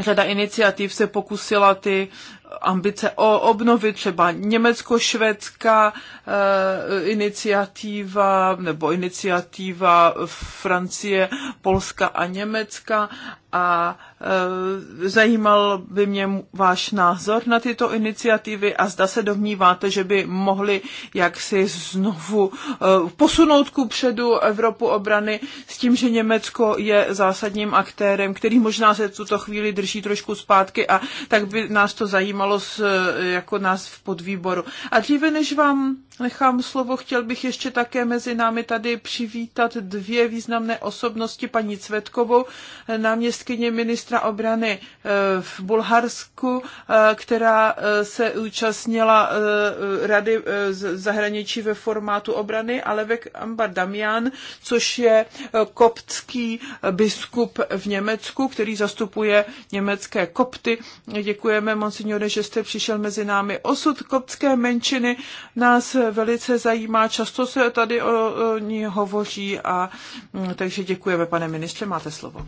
Řada iniciativ se pokusila ty ambice o obnovit, třeba německo-švédská e, iniciativa nebo iniciativa Francie, Polska a Německa a e, zajímal by mě váš názor na tyto iniciativy a zda se domníváte, že by mohli jaksi znovu e, posunout ku předu Evropu obrany s tím, že Německo je zásadním aktérem, který možná se v tuto chvíli drží trošku zpátky a tak by nás to zajímalo s, e, jako nás v podvýboru. A dříve než vám nechám slovo, chtěl bych ještě také mezi námi tady přivítat dvě významné osobnosti, paní Cvetkovou, náměstkyně ministra obrany eh, v Bulharsku, eh, která eh, se účastnila Rady zahraničí ve formátu obrany, ale Vek Ambar Damian, což je koptský biskup v Německu, který zastupuje německé kopty. Děkujeme, monsignore, že jste přišel mezi námi. Osud koptské menšiny nás velice zajímá, často se tady o, o ní hovoří a mm, takže děkujeme, pane ministře, máte slovo.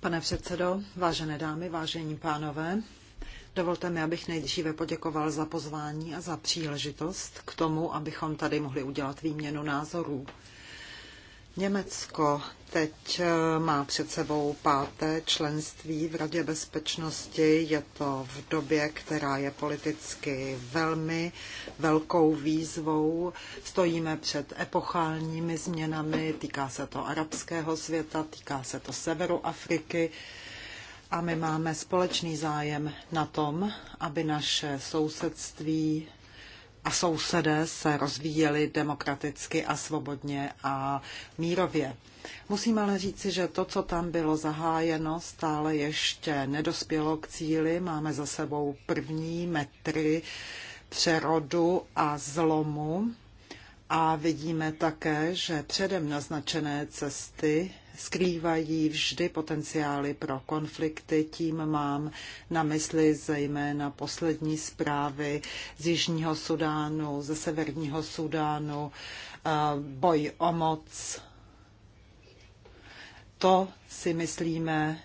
Pane předsedo, vážené dámy, vážení pánové, dovolte mi, abych nejdříve poděkoval za pozvání a za příležitost k tomu, abychom tady mohli udělat výměnu názorů. Německo teď eh, má před sebou páté členství v Radě bezpečnosti. Je to v době, která je politicky velmi velkou výzvou. Stojíme před epochálními změnami. Týká se to arabského světa, týká se to severu Afriky. A my máme společný zájem na tom, aby naše sousedství a sousedé se rozvíjeli demokraticky a svobodně a mírově. Musím ale říci, že to, co tam bylo zahájeno, stále ještě nedospělo k cíli. Máme za sebou první metry přerodu a zlomu. A vidíme také, že předem naznačené cesty skrývají vždy potenciály pro konflikty. Tím mám na mysli zejména poslední zprávy z Jižního Sudánu, ze Severního Sudánu, eh, boj o moc. To si myslíme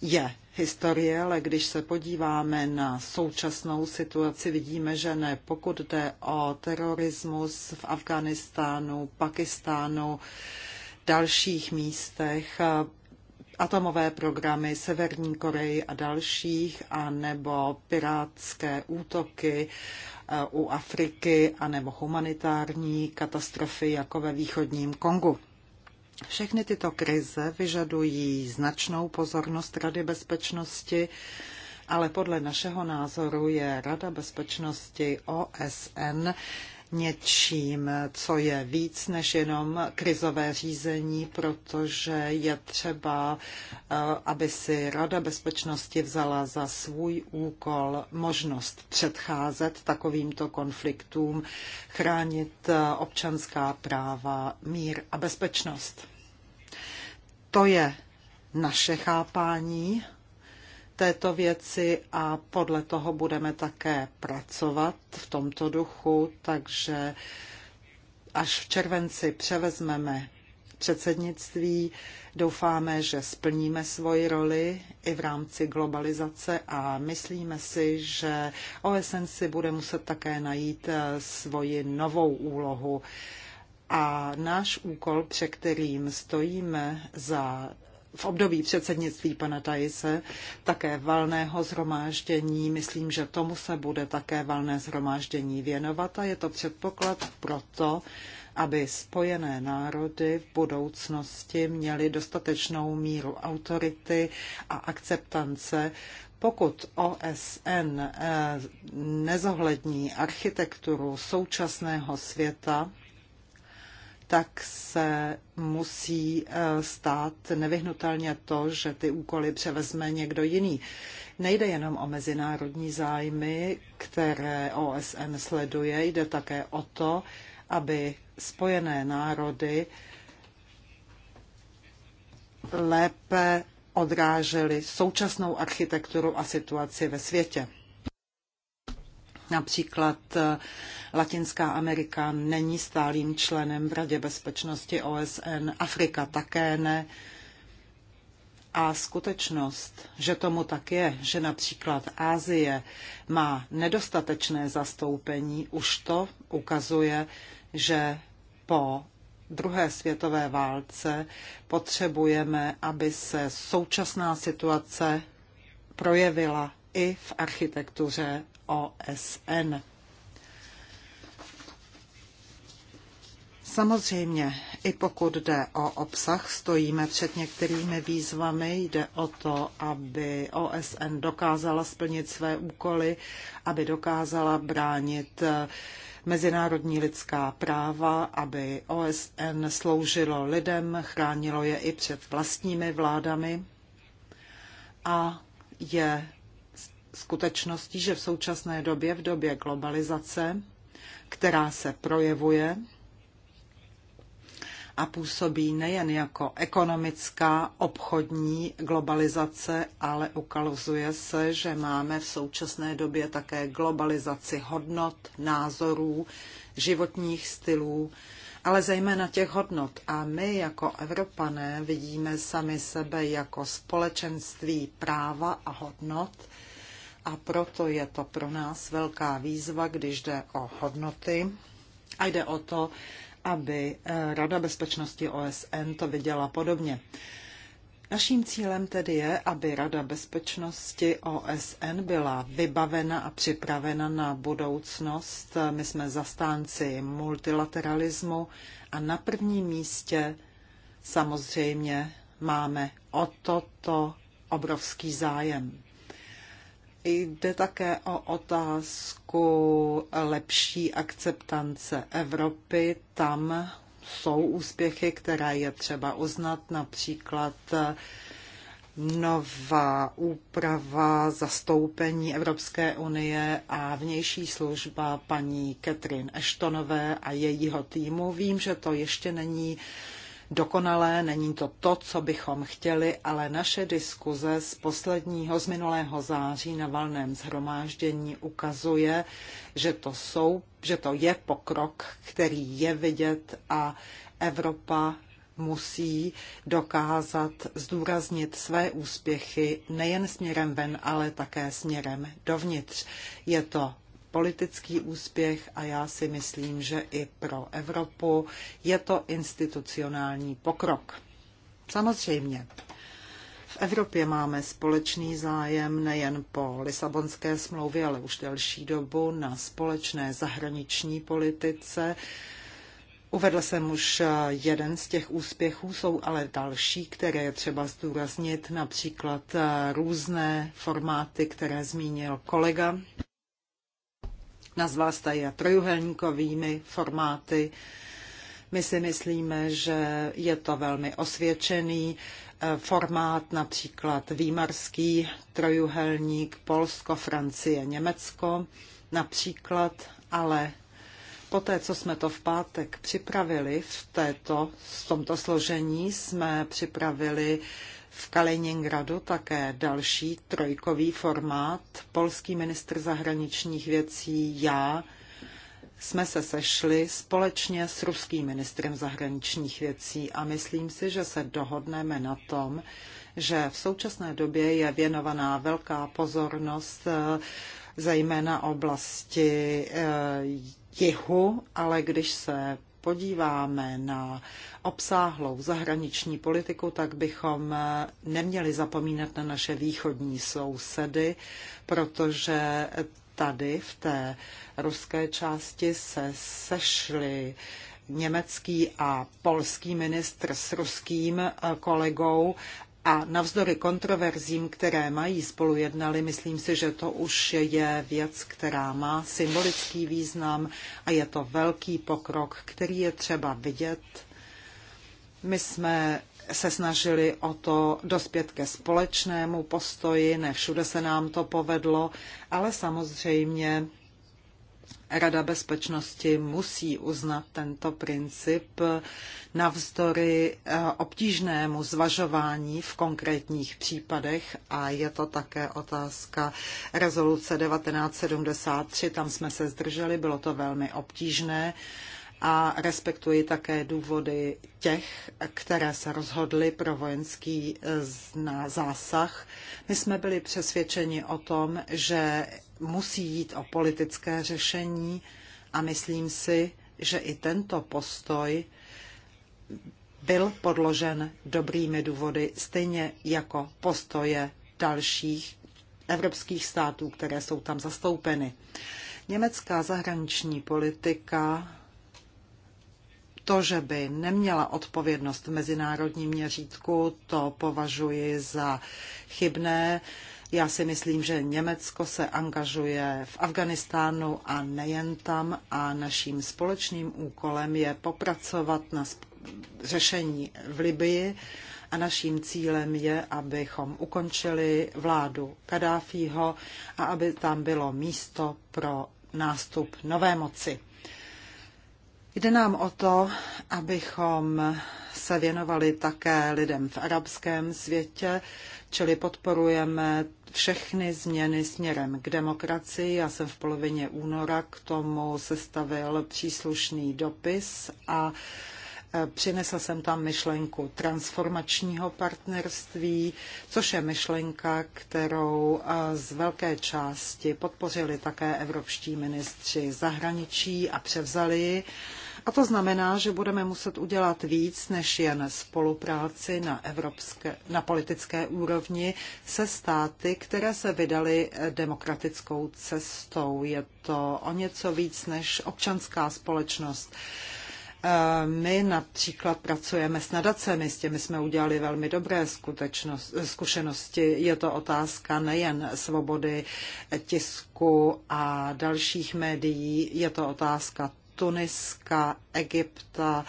je historie, ale když se podíváme na současnou situaci, vidíme, že ne. Pokud jde o terorismus v Afganistánu, Pakistánu, dalších místech atomové programy Severní Koreji a dalších, anebo pirátské útoky e, u Afriky, anebo humanitární katastrofy jako ve východním Kongu. Všechny tyto krize vyžadují značnou pozornost Rady bezpečnosti, ale podle našeho názoru je Rada bezpečnosti OSN něčím, co je víc než jenom krizové řízení, protože je třeba, eh, aby si Rada bezpečnosti vzala za svůj úkol možnost předcházet takovýmto konfliktům, chránit eh, občanská práva, mír a bezpečnost. To je naše chápání této věci a podle toho budeme také pracovat v tomto duchu, takže až v červenci převezmeme předsednictví. Doufáme, že splníme svoji roli i v rámci globalizace a myslíme si, že OSN si bude muset také najít eh, svoji novou úlohu. A náš úkol, před kterým stojíme za v období předsednictví pana Tajise také valného zhromáždění. Myslím, že tomu se bude také valné zhromáždění věnovat a je to předpoklad pro to, aby spojené národy v budoucnosti měly dostatečnou míru autority a akceptance pokud OSN eh, nezohlední architekturu současného světa, tak se musí eh, stát nevyhnutelně to, že ty úkoly převezme někdo jiný. Nejde jenom o mezinárodní zájmy, které OSN sleduje, jde také o to, aby spojené národy lépe odrážely současnou architekturu a situaci ve světě. Například eh, Latinská Amerika není stálým členem v Radě bezpečnosti OSN, Afrika také ne. A skutečnost, že tomu tak je, že například Ázie má nedostatečné zastoupení, už to ukazuje, že po druhé světové válce potřebujeme, aby se současná situace projevila i v architektuře OSN. Samozřejmě, i pokud jde o obsah, stojíme před některými výzvami. Jde o to, aby OSN dokázala splnit své úkoly, aby dokázala bránit eh, mezinárodní lidská práva, aby OSN sloužilo lidem, chránilo je i před vlastními vládami a je skutečností, že v současné době, v době globalizace, která se projevuje a působí nejen jako ekonomická, obchodní globalizace, ale ukazuje se, že máme v současné době také globalizaci hodnot, názorů, životních stylů, ale zejména těch hodnot. A my jako Evropané vidíme sami sebe jako společenství práva a hodnot, a proto je to pro nás velká výzva, když jde o hodnoty a jde o to, aby eh, Rada bezpečnosti OSN to viděla podobně. Naším cílem tedy je, aby Rada bezpečnosti OSN byla vybavena a připravena na budoucnost. My jsme zastánci multilateralismu a na prvním místě samozřejmě máme o toto obrovský zájem. Jde také o otázku lepší akceptance Evropy. Tam jsou úspěchy, které je třeba uznat, například nová úprava zastoupení Evropské unie a vnější služba paní Catherine Ashtonové a jejího týmu. Vím, že to ještě není uh, dokonalé, není to to, co bychom chtěli, ale naše diskuze z posledního, z minulého září na valném zhromáždění ukazuje, že to, jsou, že to je pokrok, který je vidět a Evropa musí dokázat zdůraznit své úspěchy nejen směrem ven, ale také směrem dovnitř. Je to politický úspěch a já si myslím, že i pro Evropu je to institucionální pokrok. Samozřejmě, v Evropě máme společný zájem nejen po Lisabonské smlouvě, ale už delší dobu na společné zahraniční politice. Uvedl jsem už eh, jeden z těch úspěchů, jsou ale další, které je třeba zdůraznit, například eh, různé formáty, které zmínil kolega nazval jste je trojuhelníkovými formáty. My si myslíme, že je to velmi osvědčený eh, formát, například výmarský trojuhelník Polsko, Francie, Německo například, ale Poté, co jsme to v pátek připravili v, této, v tomto složení, jsme připravili v Kaliningradu také další trojkový formát. Polský ministr zahraničních věcí, já, jsme se sešli společně s ruským ministrem zahraničních věcí a myslím si, že se dohodneme na tom, že v současné době je věnovaná velká pozornost eh, zejména oblasti eh, jihu, ale když se podíváme na obsáhlou zahraniční politiku, tak bychom eh, neměli zapomínat na naše východní sousedy, protože tady v té ruské části se sešli německý a polský ministr s ruským eh, kolegou a navzdory kontroverzím, které mají, spolu jednali, myslím si, že to už je věc, která má symbolický význam a je to velký pokrok, který je třeba vidět. My jsme se snažili o to dospět ke společnému postoji, ne všude se nám to povedlo, ale samozřejmě Rada bezpečnosti musí uznat tento princip navzdory eh, obtížnému zvažování v konkrétních případech a je to také otázka rezoluce 1973. Tam jsme se zdrželi, bylo to velmi obtížné a respektuji také důvody těch, které se rozhodly pro vojenský eh, zásah. My jsme byli přesvědčeni o tom, že musí jít o politické řešení a myslím si, že i tento postoj byl podložen dobrými důvody, stejně jako postoje dalších evropských států, které jsou tam zastoupeny. Německá zahraniční politika, to, že by neměla odpovědnost v mezinárodním měřítku, to považuji za chybné. Já si myslím, že Německo se angažuje v Afganistánu a nejen tam a naším společným úkolem je popracovat na řešení v Libii a naším cílem je, abychom ukončili vládu Kadáfího a aby tam bylo místo pro nástup nové moci. Jde nám o to, abychom se věnovali také lidem v arabském světě, čili podporujeme všechny změny směrem k demokracii. Já jsem v polovině února k tomu sestavil příslušný dopis a e, Přinesl jsem tam myšlenku transformačního partnerství, což je myšlenka, kterou e, z velké části podpořili také evropští ministři zahraničí a převzali ji. A to znamená, že budeme muset udělat víc než jen spolupráci na, evropské, na politické úrovni se státy, které se vydaly demokratickou cestou. Je to o něco víc než občanská společnost. E, my například pracujeme s nadacemi, s těmi jsme udělali velmi dobré e, zkušenosti. Je to otázka nejen svobody tisku a dalších médií, je to otázka Tuniska, Egypta,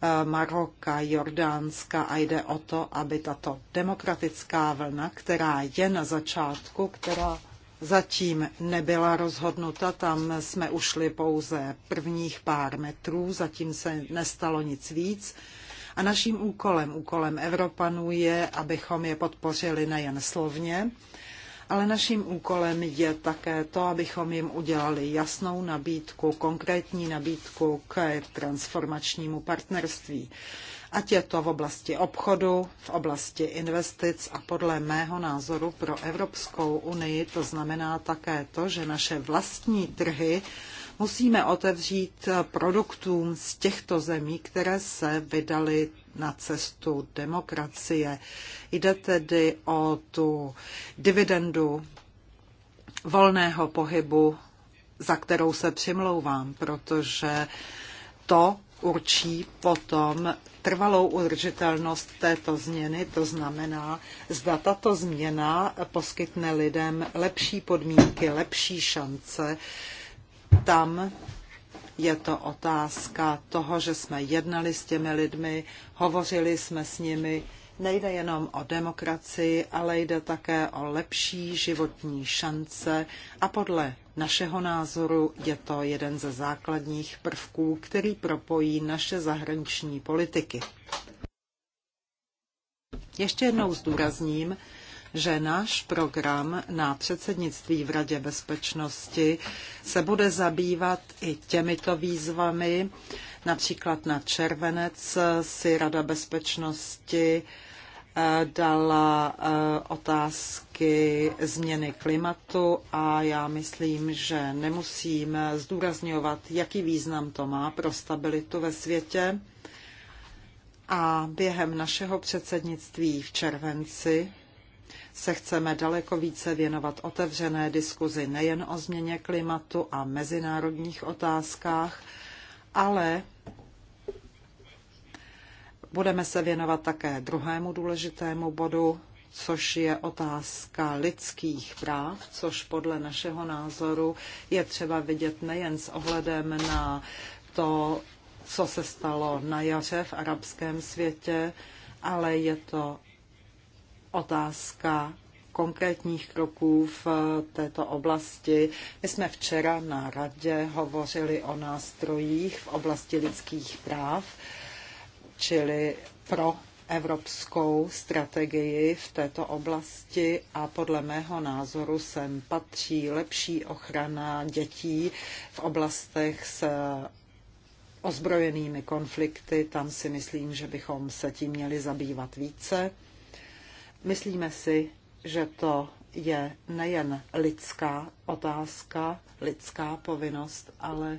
eh, Maroka, Jordánska a jde o to, aby tato demokratická vlna, která je na začátku, která zatím nebyla rozhodnuta, tam jsme ušli pouze prvních pár metrů, zatím se nestalo nic víc. A naším úkolem, úkolem Evropanů je, abychom je podpořili nejen slovně, ale naším úkolem je také to, abychom jim udělali jasnou nabídku, konkrétní nabídku k transformačnímu partnerství. Ať je to v oblasti obchodu, v oblasti investic a podle mého názoru pro Evropskou unii to znamená také to, že naše vlastní trhy musíme otevřít produktům z těchto zemí, které se vydaly na cestu demokracie. Jde tedy o tu dividendu volného pohybu, za kterou se přimlouvám, protože to určí potom trvalou udržitelnost této změny, to znamená, zda tato změna poskytne lidem lepší podmínky, lepší šance tam je to otázka toho, že jsme jednali s těmi lidmi, hovořili jsme s nimi. Nejde jenom o demokracii, ale jde také o lepší životní šance a podle našeho názoru je to jeden ze základních prvků, který propojí naše zahraniční politiky. Ještě jednou zdůrazním, že náš program na předsednictví v Radě bezpečnosti se bude zabývat i těmito výzvami. Například na červenec si Rada bezpečnosti eh, dala eh, otázky změny klimatu a já myslím, že nemusím zdůrazňovat, jaký význam to má pro stabilitu ve světě. A během našeho předsednictví v červenci se chceme daleko více věnovat otevřené diskuzi nejen o změně klimatu a mezinárodních otázkách, ale budeme se věnovat také druhému důležitému bodu, což je otázka lidských práv, což podle našeho názoru je třeba vidět nejen s ohledem na to, co se stalo na jaře v arabském světě, ale je to otázka konkrétních kroků v této oblasti. My jsme včera na radě hovořili o nástrojích v oblasti lidských práv, čili pro evropskou strategii v této oblasti a podle mého názoru sem patří lepší ochrana dětí v oblastech s ozbrojenými konflikty. Tam si myslím, že bychom se tím měli zabývat více. Myslíme si, že to je nejen lidská otázka, lidská povinnost, ale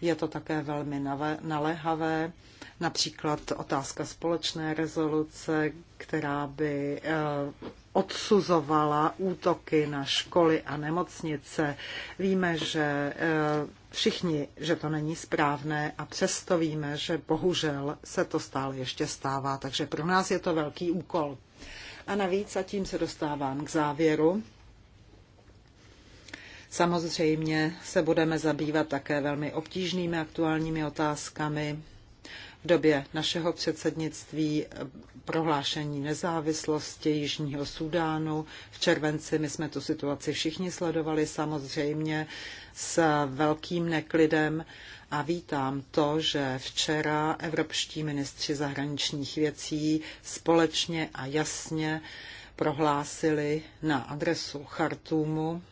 je to také velmi naléhavé. Například otázka společné rezoluce, která by eh, odsuzovala útoky na školy a nemocnice. Víme, že eh, všichni, že to není správné a přesto víme, že bohužel se to stále ještě stává, takže pro nás je to velký úkol. A navíc, a tím se dostávám k závěru, Samozřejmě se budeme zabývat také velmi obtížnými aktuálními otázkami. V době našeho předsednictví prohlášení nezávislosti Jižního Sudánu. V červenci my jsme tu situaci všichni sledovali samozřejmě s velkým neklidem a vítám to, že včera evropští ministři zahraničních věcí společně a jasně prohlásili na adresu Chartumu,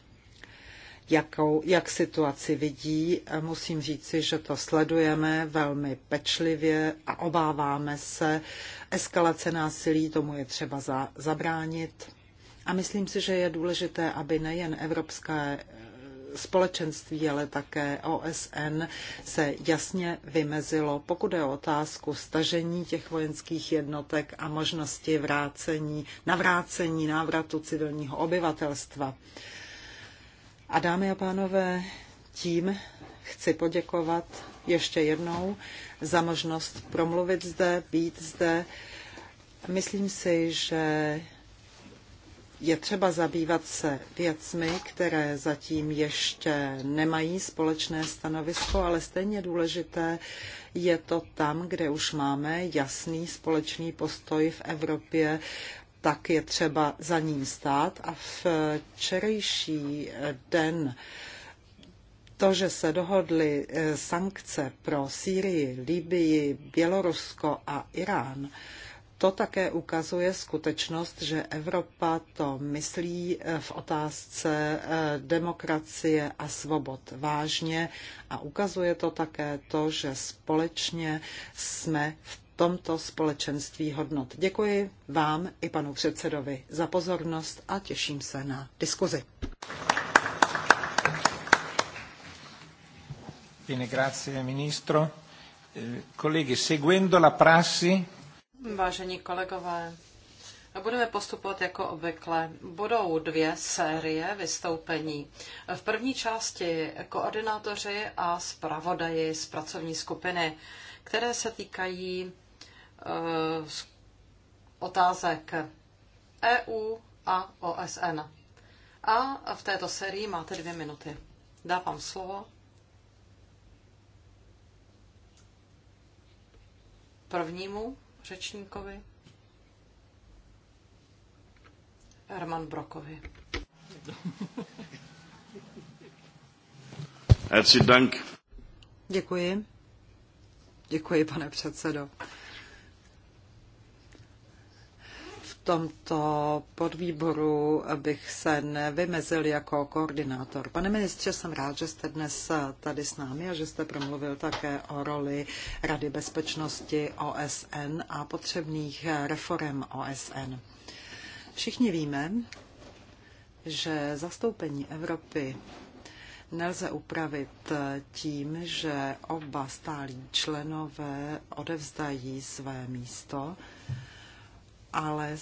jakou, jak situaci vidí. Musím říci, že to sledujeme velmi pečlivě a obáváme se. Eskalace násilí tomu je třeba za, zabránit. A myslím si, že je důležité, aby nejen Evropské společenství, ale také OSN se jasně vymezilo, pokud je o otázku stažení těch vojenských jednotek a možnosti vrácení, navrácení návratu civilního obyvatelstva. A dámy a pánové, tím chci poděkovat ještě jednou za možnost promluvit zde, být zde. Myslím si, že je třeba zabývat se věcmi, které zatím ještě nemají společné stanovisko, ale stejně důležité je to tam, kde už máme jasný společný postoj v Evropě, tak je třeba za ním stát. A včerejší den to, že se dohodly eh, sankce pro Sýrii, Libii, Bělorusko a Irán, to také ukazuje skutečnost, že Evropa to myslí eh, v otázce eh, demokracie a svobod vážně a ukazuje to také to, že společně jsme v tomto společenství hodnot. Děkuji vám i panu předsedovi za pozornost a těším se na diskuzi. Bene, grazie ministro. Eh, colleghi, seguendo la prassi Vážení kolegové, budeme postupovat jako obvykle. Budou dvě série vystoupení. V první části koordinátoři a zpravodaji z pracovní skupiny, které se týkají uh, otázek EU a OSN. A v této sérii máte dvě minuty. Dávám slovo prvnímu řečníkovi Herman Brokovi. Herzlichen Dank. Děkuji. Děkuji, pane předsedo. tomto podvýboru bych se nevymezil jako koordinátor. Pane ministře, jsem rád, že jste dnes tady s námi a že jste promluvil také o roli Rady bezpečnosti OSN a potřebných reform OSN. Všichni víme, že zastoupení Evropy nelze upravit tím, že oba stálí členové odevzdají své místo. Hmm ale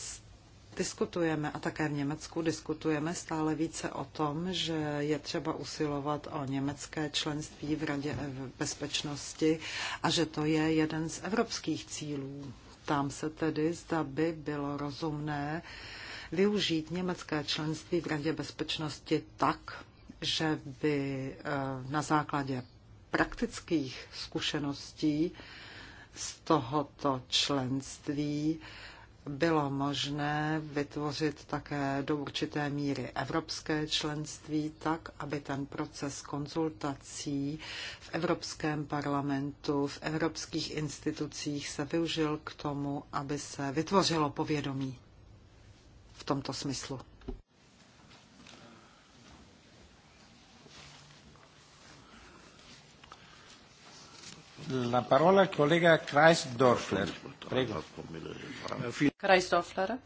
diskutujeme a také v Německu diskutujeme stále více o tom, že je třeba usilovat o německé členství v Radě bezpečnosti a že to je jeden z evropských cílů. Tam se tedy, zda by bylo rozumné využít německé členství v Radě bezpečnosti tak, že by e, na základě praktických zkušeností z tohoto členství bylo možné vytvořit také do určité míry evropské členství, tak aby ten proces konzultací v Evropském parlamentu, v evropských institucích se využil k tomu, aby se vytvořilo povědomí v tomto smyslu. La parola kolega Kreisdorfler. Prego. Kreisdorfler.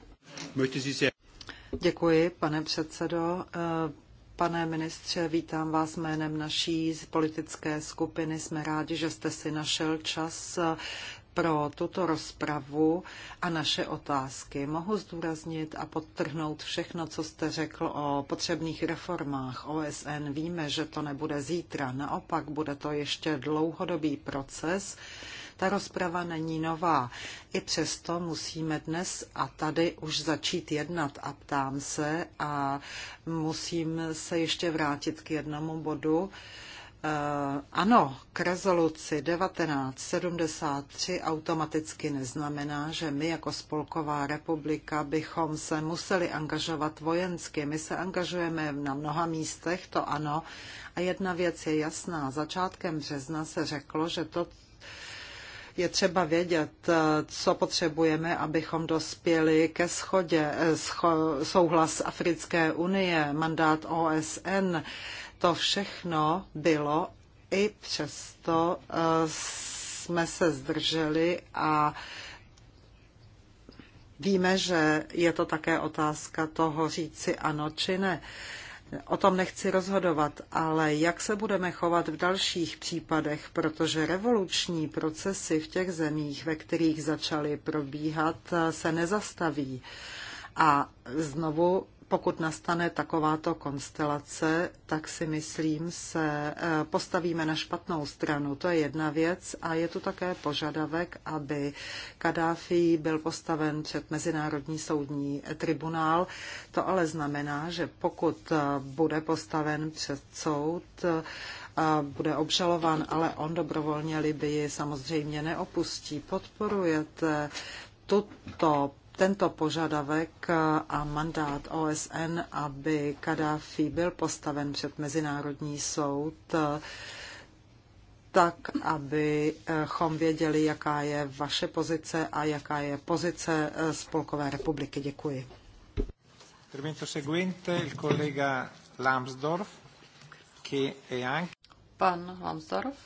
Děkuji, pane předsedo. Eh, pane ministře, vítám vás jménem naší politické skupiny. Jsme rádi, že jste si našel čas eh, pro tuto rozpravu a naše otázky. Mohu zdůraznit a podtrhnout všechno, co jste řekl o potřebných reformách OSN. Víme, že to nebude zítra, naopak bude to ještě dlouhodobý proces. Ta rozprava není nová. I přesto musíme dnes a tady už začít jednat a ptám se a musím se ještě vrátit k jednomu bodu. Uh, Eh, ano, k rezoluci 1973 automaticky neznamená, že my jako Spolková republika bychom se museli angažovat vojensky. My se angažujeme na mnoha místech, to ano. A jedna věc je jasná. Začátkem března se řeklo, že to je třeba vědět, eh, co potřebujeme, abychom dospěli ke schodě, eh, scho, souhlas Africké unie, mandát OSN, to všechno bylo, i přesto eh, jsme se zdrželi a víme, že je to také otázka toho říci ano či ne. O tom nechci rozhodovat, ale jak se budeme chovat v dalších případech, protože revoluční procesy v těch zemích, ve kterých začaly probíhat, eh, se nezastaví. A znovu pokud nastane takováto konstelace, tak si myslím, se eh, postavíme na špatnou stranu. To je jedna věc a je tu také požadavek, aby Kadáfi byl postaven před Mezinárodní soudní tribunál. To ale znamená, že pokud eh, bude postaven před soud, eh, bude obžalován, ale on dobrovolně Libii samozřejmě neopustí. Podporujete tuto tento požadavek a mandát OSN, aby Kadáfi byl postaven před Mezinárodní soud, tak, abychom věděli, jaká je vaše pozice a jaká je pozice Spolkové republiky. Děkuji. seguente, il collega Lambsdorff, che è anche... Pan Lambsdorff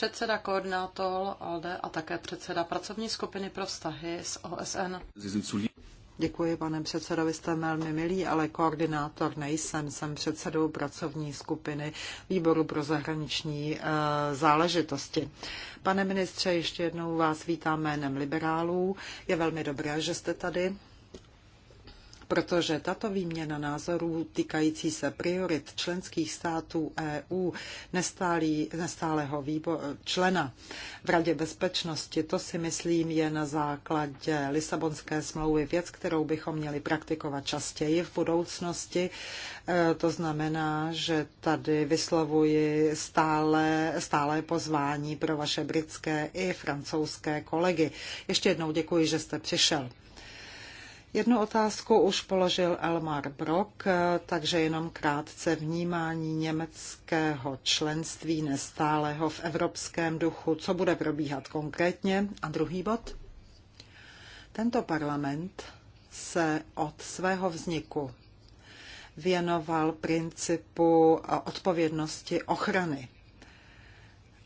předseda koordinátor ALDE a také předseda pracovní skupiny pro vztahy s OSN. Děkuji, pane předsedo, vy jste velmi milý, ale koordinátor nejsem. Jsem předsedou pracovní skupiny Výboru pro zahraniční eh, záležitosti. Pane ministře, ještě jednou vás vítám jménem liberálů. Je velmi dobré, že jste tady protože tato výměna názorů týkající se priorit členských států EU nestálý, nestálého výbor, člena v Radě bezpečnosti, to si myslím je na základě Lisabonské smlouvy věc, kterou bychom měli praktikovat častěji v budoucnosti. E, to znamená, že tady vyslovuji stále, stále pozvání pro vaše britské i francouzské kolegy. Ještě jednou děkuji, že jste přišel. Jednu otázku už položil Elmar Brock, eh, takže jenom krátce vnímání německého členství nestálého v evropském duchu. Co bude probíhat konkrétně? A druhý bod? Tento parlament se od svého vzniku věnoval principu eh, odpovědnosti ochrany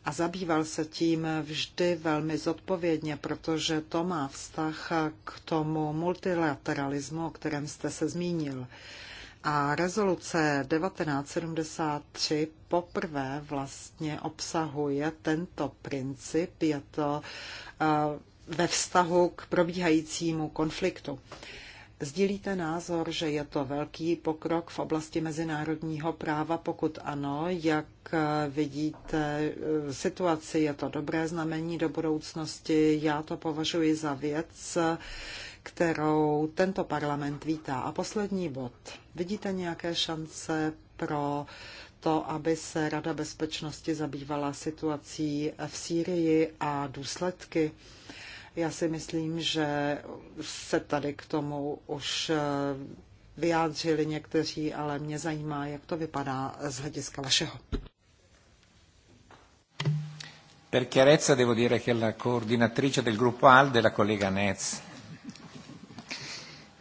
a zabýval se tím vždy velmi zodpovědně, protože to má vztah k tomu multilateralismu, o kterém jste se zmínil. A rezoluce 1973 poprvé vlastně obsahuje tento princip, je to eh, ve vztahu k probíhajícímu konfliktu. Sdílíte názor, že je to velký pokrok v oblasti mezinárodního práva? Pokud ano, jak eh, vidíte eh, situaci? Je to dobré znamení do budoucnosti? Já to považuji za věc, kterou tento parlament vítá. A poslední bod. Vidíte nějaké šance pro to, aby se Rada bezpečnosti zabývala situací v Sýrii a důsledky? Já si myslím, že se tady k tomu už eh, vyjádřili někteří, ale mě zajímá, jak to vypadá z hlediska vašeho. Per chiarezza devo dire che la coordinatrice del gruppo ALDE la collega Nez.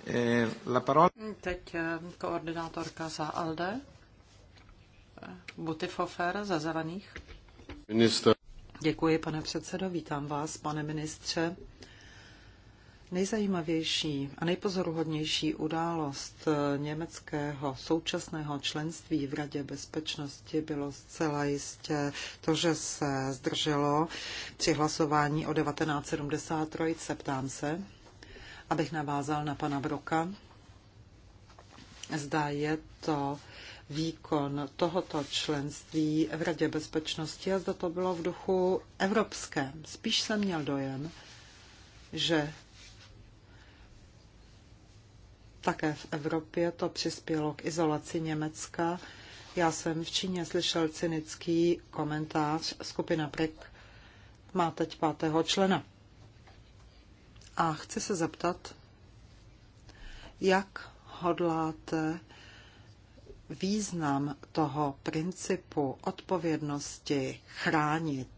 Eh, la parola... Teď eh, koordinátorka za ALDE, Butifofer za Zelených. Minister. Děkuji, pane předsedo, vítám vás, pane ministře. Nejzajímavější a nejpozoruhodnější událost eh, německého současného členství v Radě bezpečnosti bylo zcela jistě to, že se zdrželo při hlasování o 1973. Ptám se, abych navázal na pana Broka. Zdá je to výkon tohoto členství v Radě bezpečnosti a zda to bylo v duchu evropském. Spíš jsem měl dojem, že také v Evropě to přispělo k izolaci Německa. Já jsem v Číně slyšel cynický komentář skupina PREK má teď pátého člena. A chci se zeptat, jak hodláte význam toho principu odpovědnosti chránit,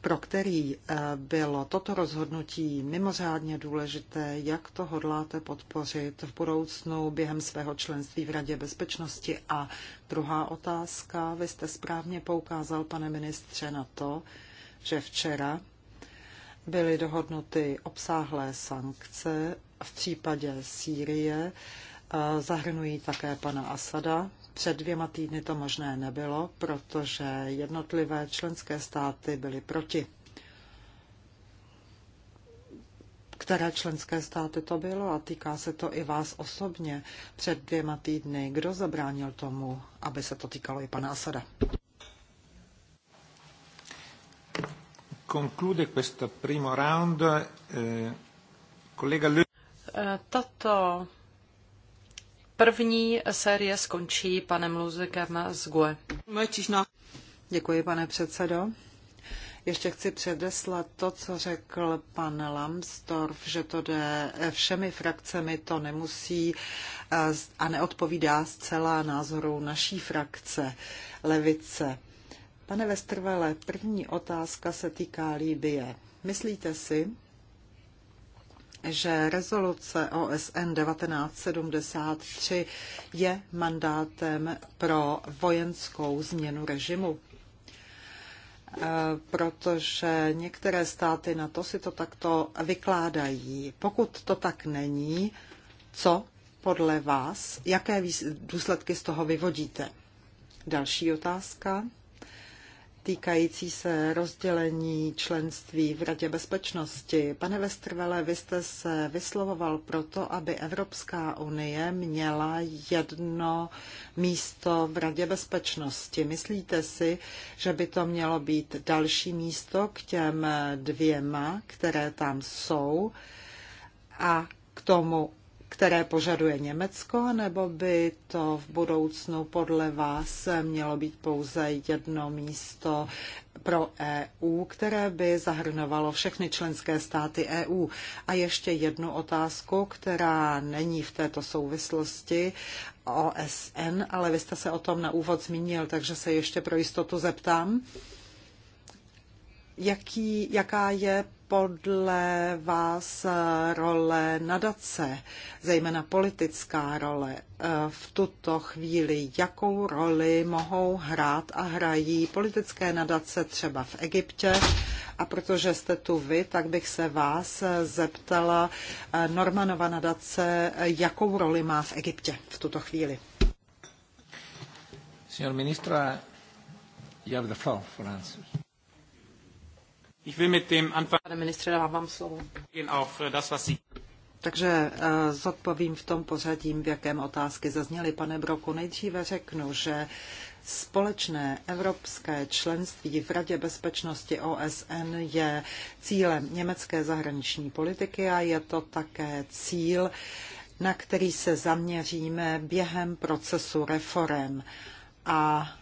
pro který eh, bylo toto rozhodnutí mimořádně důležité, jak to hodláte podpořit v budoucnu během svého členství v Radě bezpečnosti. A druhá otázka, vy jste správně poukázal, pane ministře, na to, že včera byly dohodnuty obsáhlé sankce v případě Sýrie zahrnují také pana Asada. Před dvěma týdny to možné nebylo, protože jednotlivé členské státy byly proti. Které členské státy to bylo a týká se to i vás osobně před dvěma týdny. Kdo zabránil tomu, aby se to týkalo i pana Asada? Conclude questo primo round eh, collega Le... Eh, Tato První série skončí panem Luzikem z GUE. Děkuji, pane předsedo. Ještě chci předeslat to, co řekl pan Lambsdorff, že to jde všemi frakcemi, to nemusí eh, a neodpovídá zcela názoru naší frakce, levice. Pane Vestrvele, první otázka se týká Líbie. Myslíte si, že rezoluce OSN 1973 je mandátem pro vojenskou změnu režimu e, protože některé státy na to si to takto vykládají. Pokud to tak není, co podle vás, jaké důsledky z toho vyvodíte? Další otázka týkající se rozdělení členství v Radě bezpečnosti. Pane Vestrvele, vy jste se vyslovoval proto, aby Evropská unie měla jedno místo v Radě bezpečnosti. Myslíte si, že by to mělo být další místo k těm dvěma, které tam jsou? A k tomu které požaduje Německo, nebo by to v budoucnu podle vás mělo být pouze jedno místo pro EU, které by zahrnovalo všechny členské státy EU. A ještě jednu otázku, která není v této souvislosti OSN, ale vy jste se o tom na úvod zmínil, takže se ještě pro jistotu zeptám. Jaký, jaká je podle vás role nadace, zejména politická role, eh, v tuto chvíli, jakou roli mohou hrát a hrají politické nadace třeba v Egyptě? A protože jste tu vy, tak bych se vás zeptala, eh, Normanova nadace, eh, jakou roli má v Egyptě v tuto chvíli? Signor ministra, you have the floor for answers. Ich will mit dem Anfang... Pane ministře, dávám vám slovo. Äh, Takže uh, eh, Takže zodpovím v tom pořadí, v jakém otázky zazněly. Pane Broku, nejdříve řeknu, že Společné evropské členství v Radě bezpečnosti OSN je cílem německé zahraniční politiky a je to také cíl, na který se zaměříme během procesu reform. A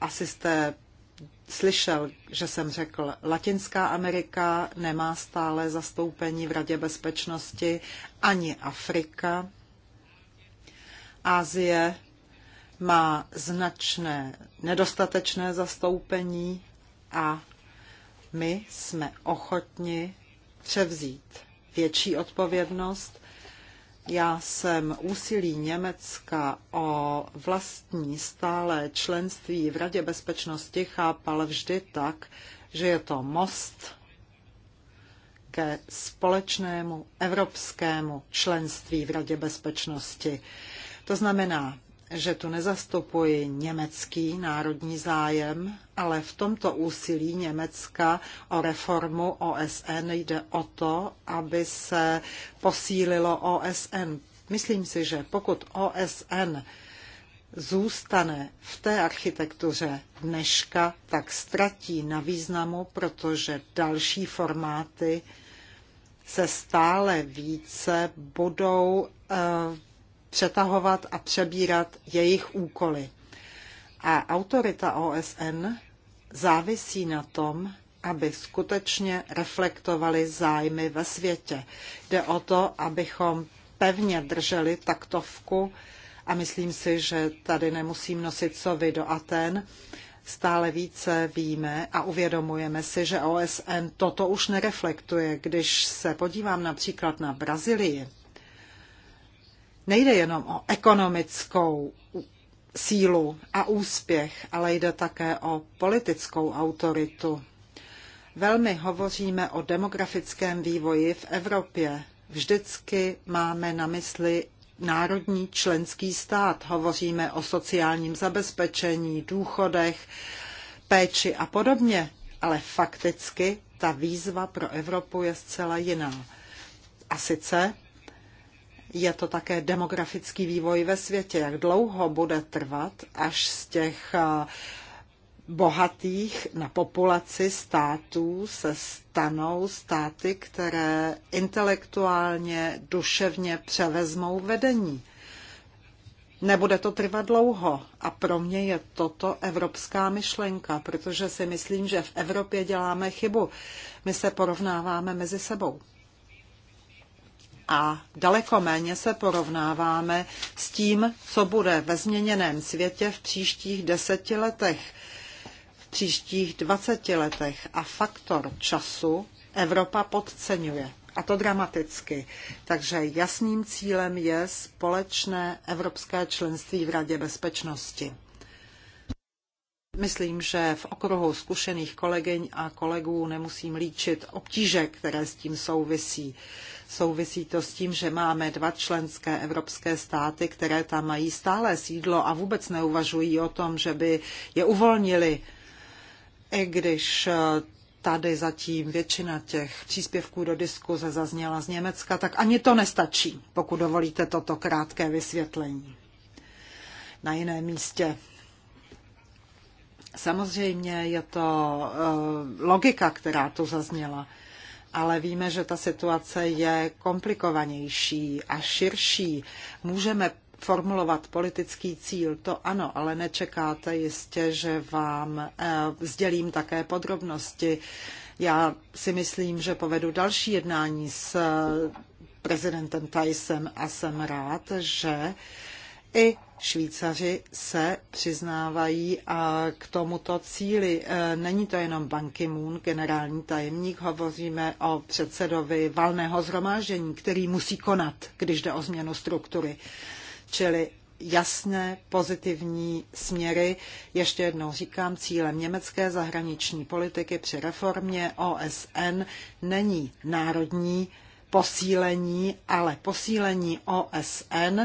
asi jste slyšel, že jsem řekl, Latinská Amerika nemá stále zastoupení v Radě bezpečnosti, ani Afrika. Asie má značné nedostatečné zastoupení a my jsme ochotni převzít větší odpovědnost já jsem úsilí Německa o vlastní stále členství v Radě bezpečnosti chápal vždy tak, že je to most ke společnému evropskému členství v Radě bezpečnosti. To znamená, že tu nezastupuji německý národní zájem, ale v tomto úsilí Německa o reformu OSN jde o to, aby se posílilo OSN. Myslím si, že pokud OSN zůstane v té architektuře dneška, tak ztratí na významu, protože další formáty se stále více budou eh, přetahovat a přebírat jejich úkoly. A autorita OSN závisí na tom, aby skutečně reflektovali zájmy ve světě. Jde o to, abychom pevně drželi taktovku a myslím si, že tady nemusím nosit sovy do Aten. Stále více víme a uvědomujeme si, že OSN toto už nereflektuje. Když se podívám například na Brazílii, nejde jenom o ekonomickou sílu a úspěch, ale jde také o politickou autoritu. Velmi hovoříme o demografickém vývoji v Evropě. Vždycky máme na mysli národní členský stát. Hovoříme o sociálním zabezpečení, důchodech, péči a podobně. Ale fakticky ta výzva pro Evropu je zcela jiná. A sice je to také demografický vývoj ve světě. Jak dlouho bude trvat, až z těch eh, bohatých na populaci států se stanou státy, které intelektuálně, duševně převezmou vedení. Nebude to trvat dlouho a pro mě je toto evropská myšlenka, protože si myslím, že v Evropě děláme chybu. My se porovnáváme mezi sebou a daleko méně se porovnáváme s tím, co bude ve změněném světě v příštích deseti letech, v příštích dvaceti letech. A faktor času Evropa podceňuje. A to dramaticky. Takže jasným cílem je společné evropské členství v Radě bezpečnosti. Myslím, že v okruhu zkušených kolegyň a kolegů nemusím líčit obtíže, které s tím souvisí. Souvisí to s tím, že máme dva členské evropské státy, které tam mají stále sídlo a vůbec neuvažují o tom, že by je uvolnili, i když eh, tady zatím většina těch příspěvků do diskuze zazněla z Německa, tak ani to nestačí, pokud dovolíte toto krátké vysvětlení. Na jiném místě Samozřejmě je to eh, logika, která tu zazněla, ale víme, že ta situace je komplikovanější a širší. Můžeme formulovat politický cíl, to ano, ale nečekáte jistě, že vám eh, sdělím také podrobnosti. Já si myslím, že povedu další jednání s prezidentem Tajsem a jsem rád, že i Švýcaři se přiznávají a k tomuto cíli. E, není to jenom Ban Ki-moon, generální tajemník, hovoříme o předsedovi valného zhromáždění, který musí konat, když jde o změnu struktury. Čili jasné pozitivní směry. Ještě jednou říkám, cílem německé zahraniční politiky při reformě OSN není národní posílení, ale posílení OSN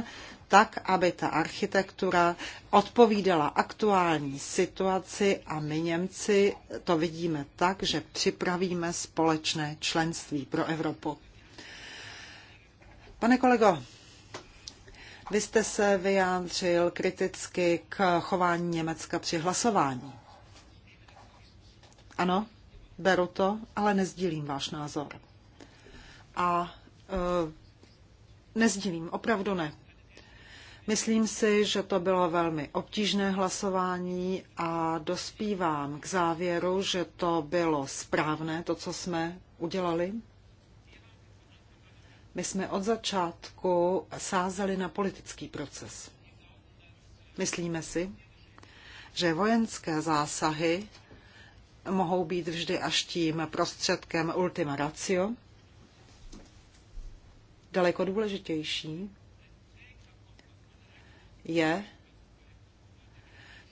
tak, aby ta architektura odpovídala aktuální situaci a my Němci to vidíme tak, že připravíme společné členství pro Evropu. Pane kolego, vy jste se vyjádřil kriticky k chování Německa při hlasování. Ano, beru to, ale nezdílím váš názor. A e, nezdílím, opravdu ne. Myslím si, že to bylo velmi obtížné hlasování a dospívám k závěru, že to bylo správné, to, co jsme udělali. My jsme od začátku sázeli na politický proces. Myslíme si, že vojenské zásahy mohou být vždy až tím prostředkem ultima ratio, daleko důležitější je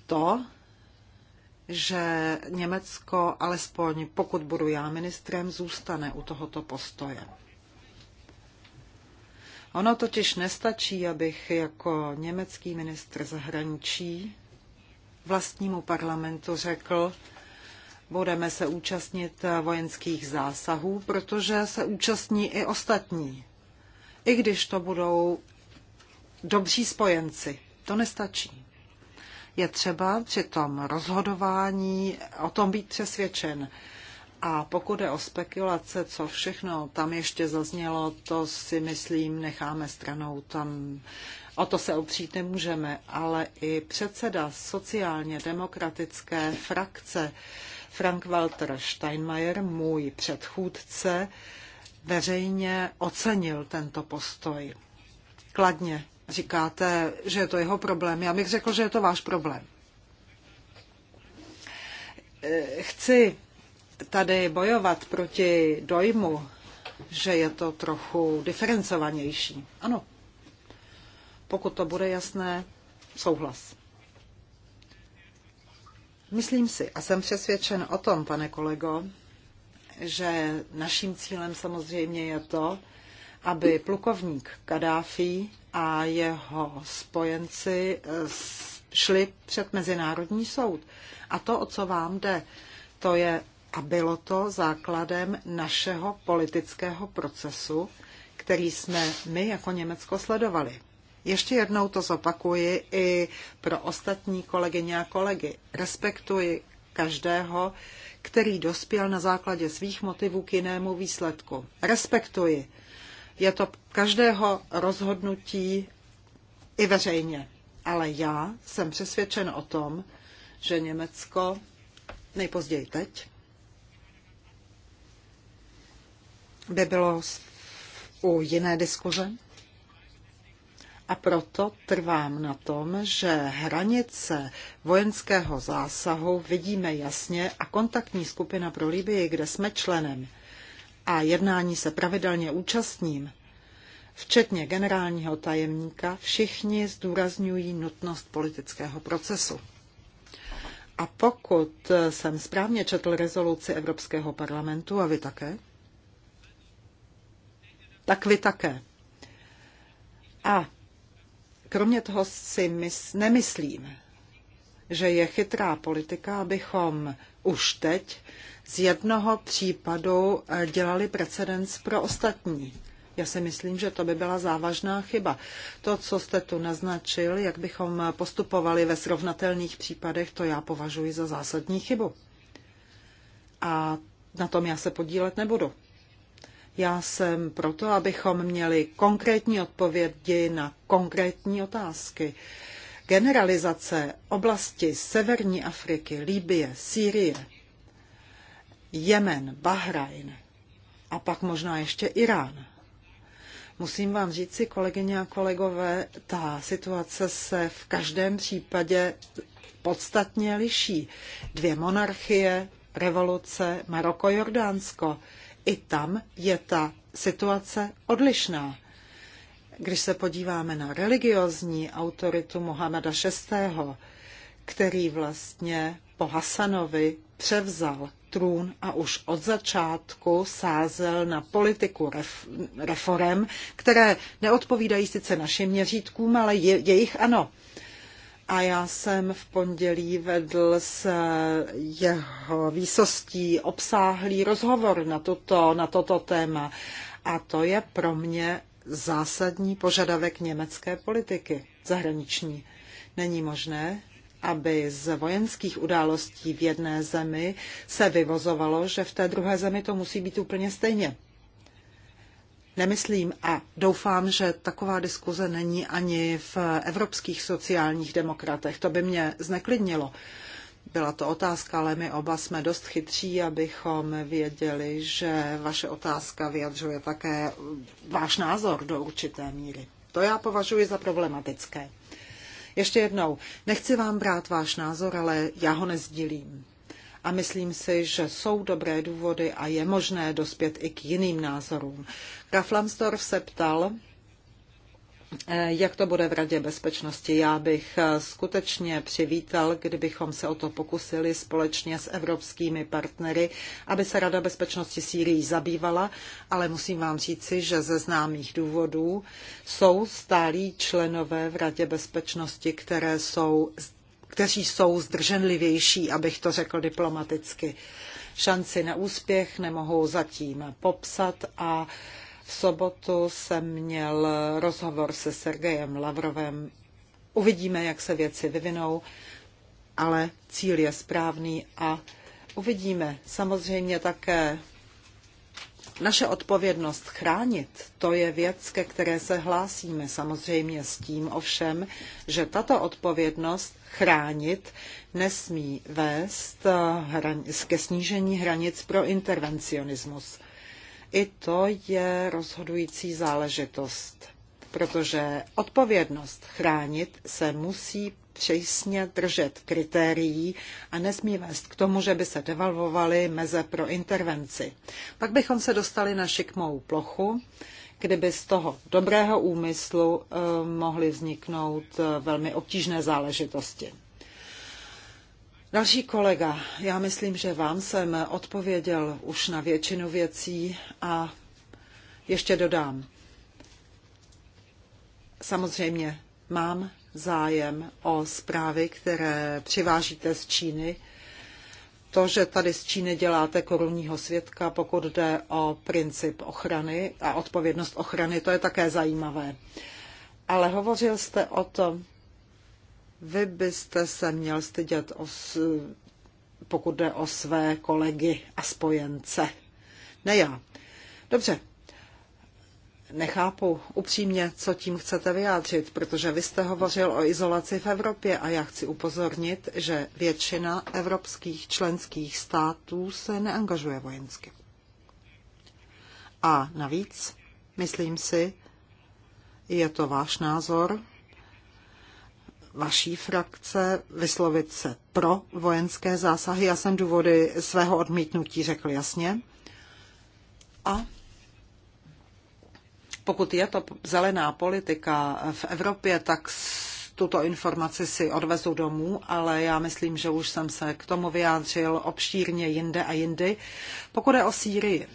to, že Německo, alespoň pokud budu já ministrem, zůstane u tohoto postoje. Ono totiž nestačí, abych jako německý ministr zahraničí vlastnímu parlamentu řekl, budeme se účastnit vojenských zásahů, protože se účastní i ostatní, i když to budou dobří spojenci. To nestačí. Je třeba při tom rozhodování o tom být přesvědčen. A pokud je o spekulace, co všechno tam ještě zaznělo, to si myslím necháme stranou. Tam o to se opřít nemůžeme, ale i předseda sociálně demokratické frakce Frank Walter Steinmeier, můj předchůdce, veřejně ocenil tento postoj. Kladně Říkáte, že je to jeho problém. Já bych řekl, že je to váš problém. Chci tady bojovat proti dojmu, že je to trochu diferencovanější. Ano. Pokud to bude jasné, souhlas. Myslím si a jsem přesvědčen o tom, pane kolego, že naším cílem samozřejmě je to, aby plukovník Kadáfi a jeho spojenci eh, šli před Mezinárodní soud. A to, o co vám jde, to je a bylo to základem našeho politického procesu, který jsme my jako Německo sledovali. Ještě jednou to zopakuji i pro ostatní kolegyně a kolegy. Respektuji každého, který dospěl na základě svých motivů k jinému výsledku. Respektuji je to každého rozhodnutí i veřejně. Ale já jsem přesvědčen o tom, že Německo nejpozději teď by bylo u jiné diskuze. A proto trvám na tom, že hranice vojenského zásahu vidíme jasně a kontaktní skupina pro Libii, kde jsme členem, a jednání se pravidelně účastním, včetně generálního tajemníka, všichni zdůrazňují nutnost politického procesu. A pokud jsem správně četl rezoluci Evropského parlamentu, a vy také, tak vy také. A kromě toho si mys- nemyslím, že je chytrá politika, abychom už teď z jednoho případu eh, dělali precedens pro ostatní. Já si myslím, že to by byla závažná chyba. To, co jste tu naznačil, jak bychom postupovali ve srovnatelných případech, to já považuji za zásadní chybu. A na tom já se podílet nebudu. Já jsem proto, abychom měli konkrétní odpovědi na konkrétní otázky. Generalizace oblasti Severní Afriky, Líbie, Sýrie, Jemen, Bahrajn a pak možná ještě Irán. Musím vám říci, kolegyně a kolegové, ta situace se v každém případě podstatně liší. Dvě monarchie, revoluce, Maroko, Jordánsko. I tam je ta situace odlišná. Když se podíváme na religiozní autoritu Mohameda VI., který vlastně po Hasanovi převzal trůn a už od začátku sázel na politiku reform, které neodpovídají sice našim měřítkům, ale je, jejich ano. A já jsem v pondělí vedl s jeho výsostí obsáhlý rozhovor na toto, na toto téma. A to je pro mě zásadní požadavek německé politiky zahraniční. Není možné, aby z vojenských událostí v jedné zemi se vyvozovalo, že v té druhé zemi to musí být úplně stejně. Nemyslím a doufám, že taková diskuze není ani v evropských sociálních demokratech. To by mě zneklidnilo. Byla to otázka, ale my oba jsme dost chytří, abychom věděli, že vaše otázka vyjadřuje také váš názor do určité míry. To já považuji za problematické. Ještě jednou, nechci vám brát váš názor, ale já ho nezdílím. A myslím si, že jsou dobré důvody a je možné dospět i k jiným názorům. Graf Lambsdorff se ptal, Eh, jak to bude v Radě bezpečnosti. Já bych eh, skutečně přivítal, kdybychom se o to pokusili společně s evropskými partnery, aby se Rada bezpečnosti Sýrii zabývala, ale musím vám říci, že ze známých důvodů jsou stálí členové v Radě bezpečnosti, které jsou, kteří jsou zdrženlivější, abych to řekl diplomaticky. Šanci na úspěch nemohou zatím popsat a v sobotu jsem měl rozhovor se Sergejem Lavrovem. Uvidíme, jak se věci vyvinou, ale cíl je správný a uvidíme. Samozřejmě také naše odpovědnost chránit, to je věc, ke které se hlásíme samozřejmě s tím ovšem, že tato odpovědnost chránit nesmí vést ke snížení hranic pro intervencionismus. I to je rozhodující záležitost, protože odpovědnost chránit se musí přísně držet kritérií a nesmí vést k tomu, že by se devalvovaly meze pro intervenci. Pak bychom se dostali na šikmou plochu, kdyby z toho dobrého úmyslu eh, mohly vzniknout eh, velmi obtížné záležitosti. Další kolega, já myslím, že vám jsem odpověděl už na většinu věcí a ještě dodám. Samozřejmě mám zájem o zprávy, které přivážíte z Číny. To, že tady z Číny děláte korunního světka, pokud jde o princip ochrany a odpovědnost ochrany, to je také zajímavé. Ale hovořil jste o tom, vy byste se měl stydět, o, pokud jde o své kolegy a spojence. Ne já. Dobře. Nechápu upřímně, co tím chcete vyjádřit, protože vy jste hovořil o izolaci v Evropě a já chci upozornit, že většina evropských členských států se neangažuje vojensky. A navíc, myslím si, je to váš názor, vaší frakce vyslovit se pro vojenské zásahy. Já jsem důvody svého odmítnutí řekl jasně. A pokud je to zelená politika v Evropě, tak tuto informaci si odvezu domů, ale já myslím, že už jsem se k tomu vyjádřil obšírně jinde a jindy. Pokud je o Sýrii,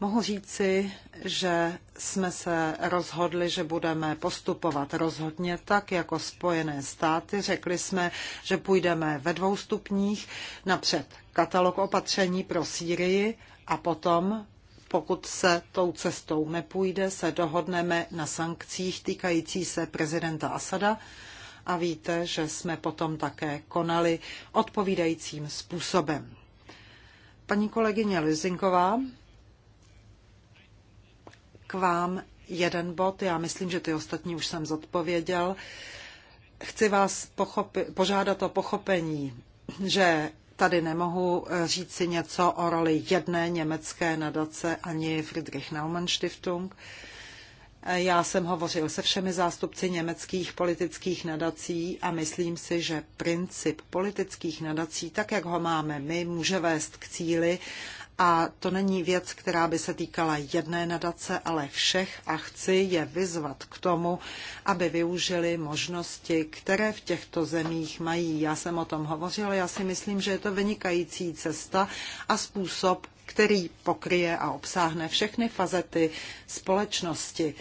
Mohu říci, že jsme se rozhodli, že budeme postupovat rozhodně tak, jako Spojené státy. Řekli jsme, že půjdeme ve dvou stupních napřed katalog opatření pro Sýrii a potom pokud se tou cestou nepůjde, se dohodneme na sankcích týkající se prezidenta Asada a víte, že jsme potom také konali odpovídajícím způsobem. Paní kolegyně Lizinková k vám jeden bod. Já myslím, že ty ostatní už jsem zodpověděl. Chci vás pochopi- požádat o pochopení, že tady nemohu eh, říct si něco o roli jedné německé nadace ani Friedrich Naumann Stiftung. Eh, já jsem hovořil se všemi zástupci německých politických nadací a myslím si, že princip politických nadací, tak jak ho máme my, může vést k cíli a to není věc, která by se týkala jedné nadace, ale všech a chci je vyzvat k tomu, aby využili možnosti, které v těchto zemích mají. Já jsem o tom hovořila, já si myslím, že je to vynikající cesta a způsob, který pokryje a obsáhne všechny fazety společnosti.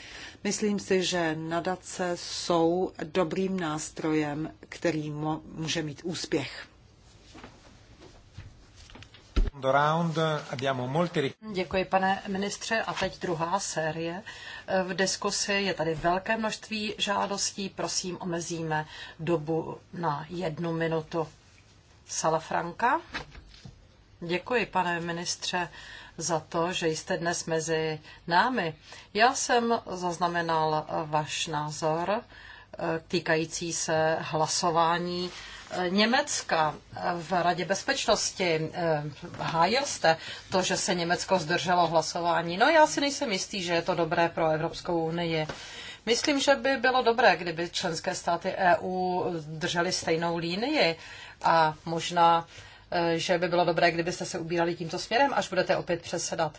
Myslím si, že nadace jsou dobrým nástrojem, který může mít úspěch. Děkuji, pane ministře. A teď druhá série. V diskusi je tady velké množství žádostí. Prosím, omezíme dobu na jednu minutu. Salafranka. Děkuji, pane ministře, za to, že jste dnes mezi námi. Já jsem zaznamenal váš názor týkající se hlasování eh, Německa v Radě bezpečnosti eh, hájil jste to, že se Německo zdrželo hlasování. No já si nejsem jistý, že je to dobré pro Evropskou unii. Myslím, že by bylo dobré, kdyby členské státy EU držely stejnou línii a možná Eh, že by bylo dobré, kdybyste se ubírali tímto směrem, až budete opět přesedat.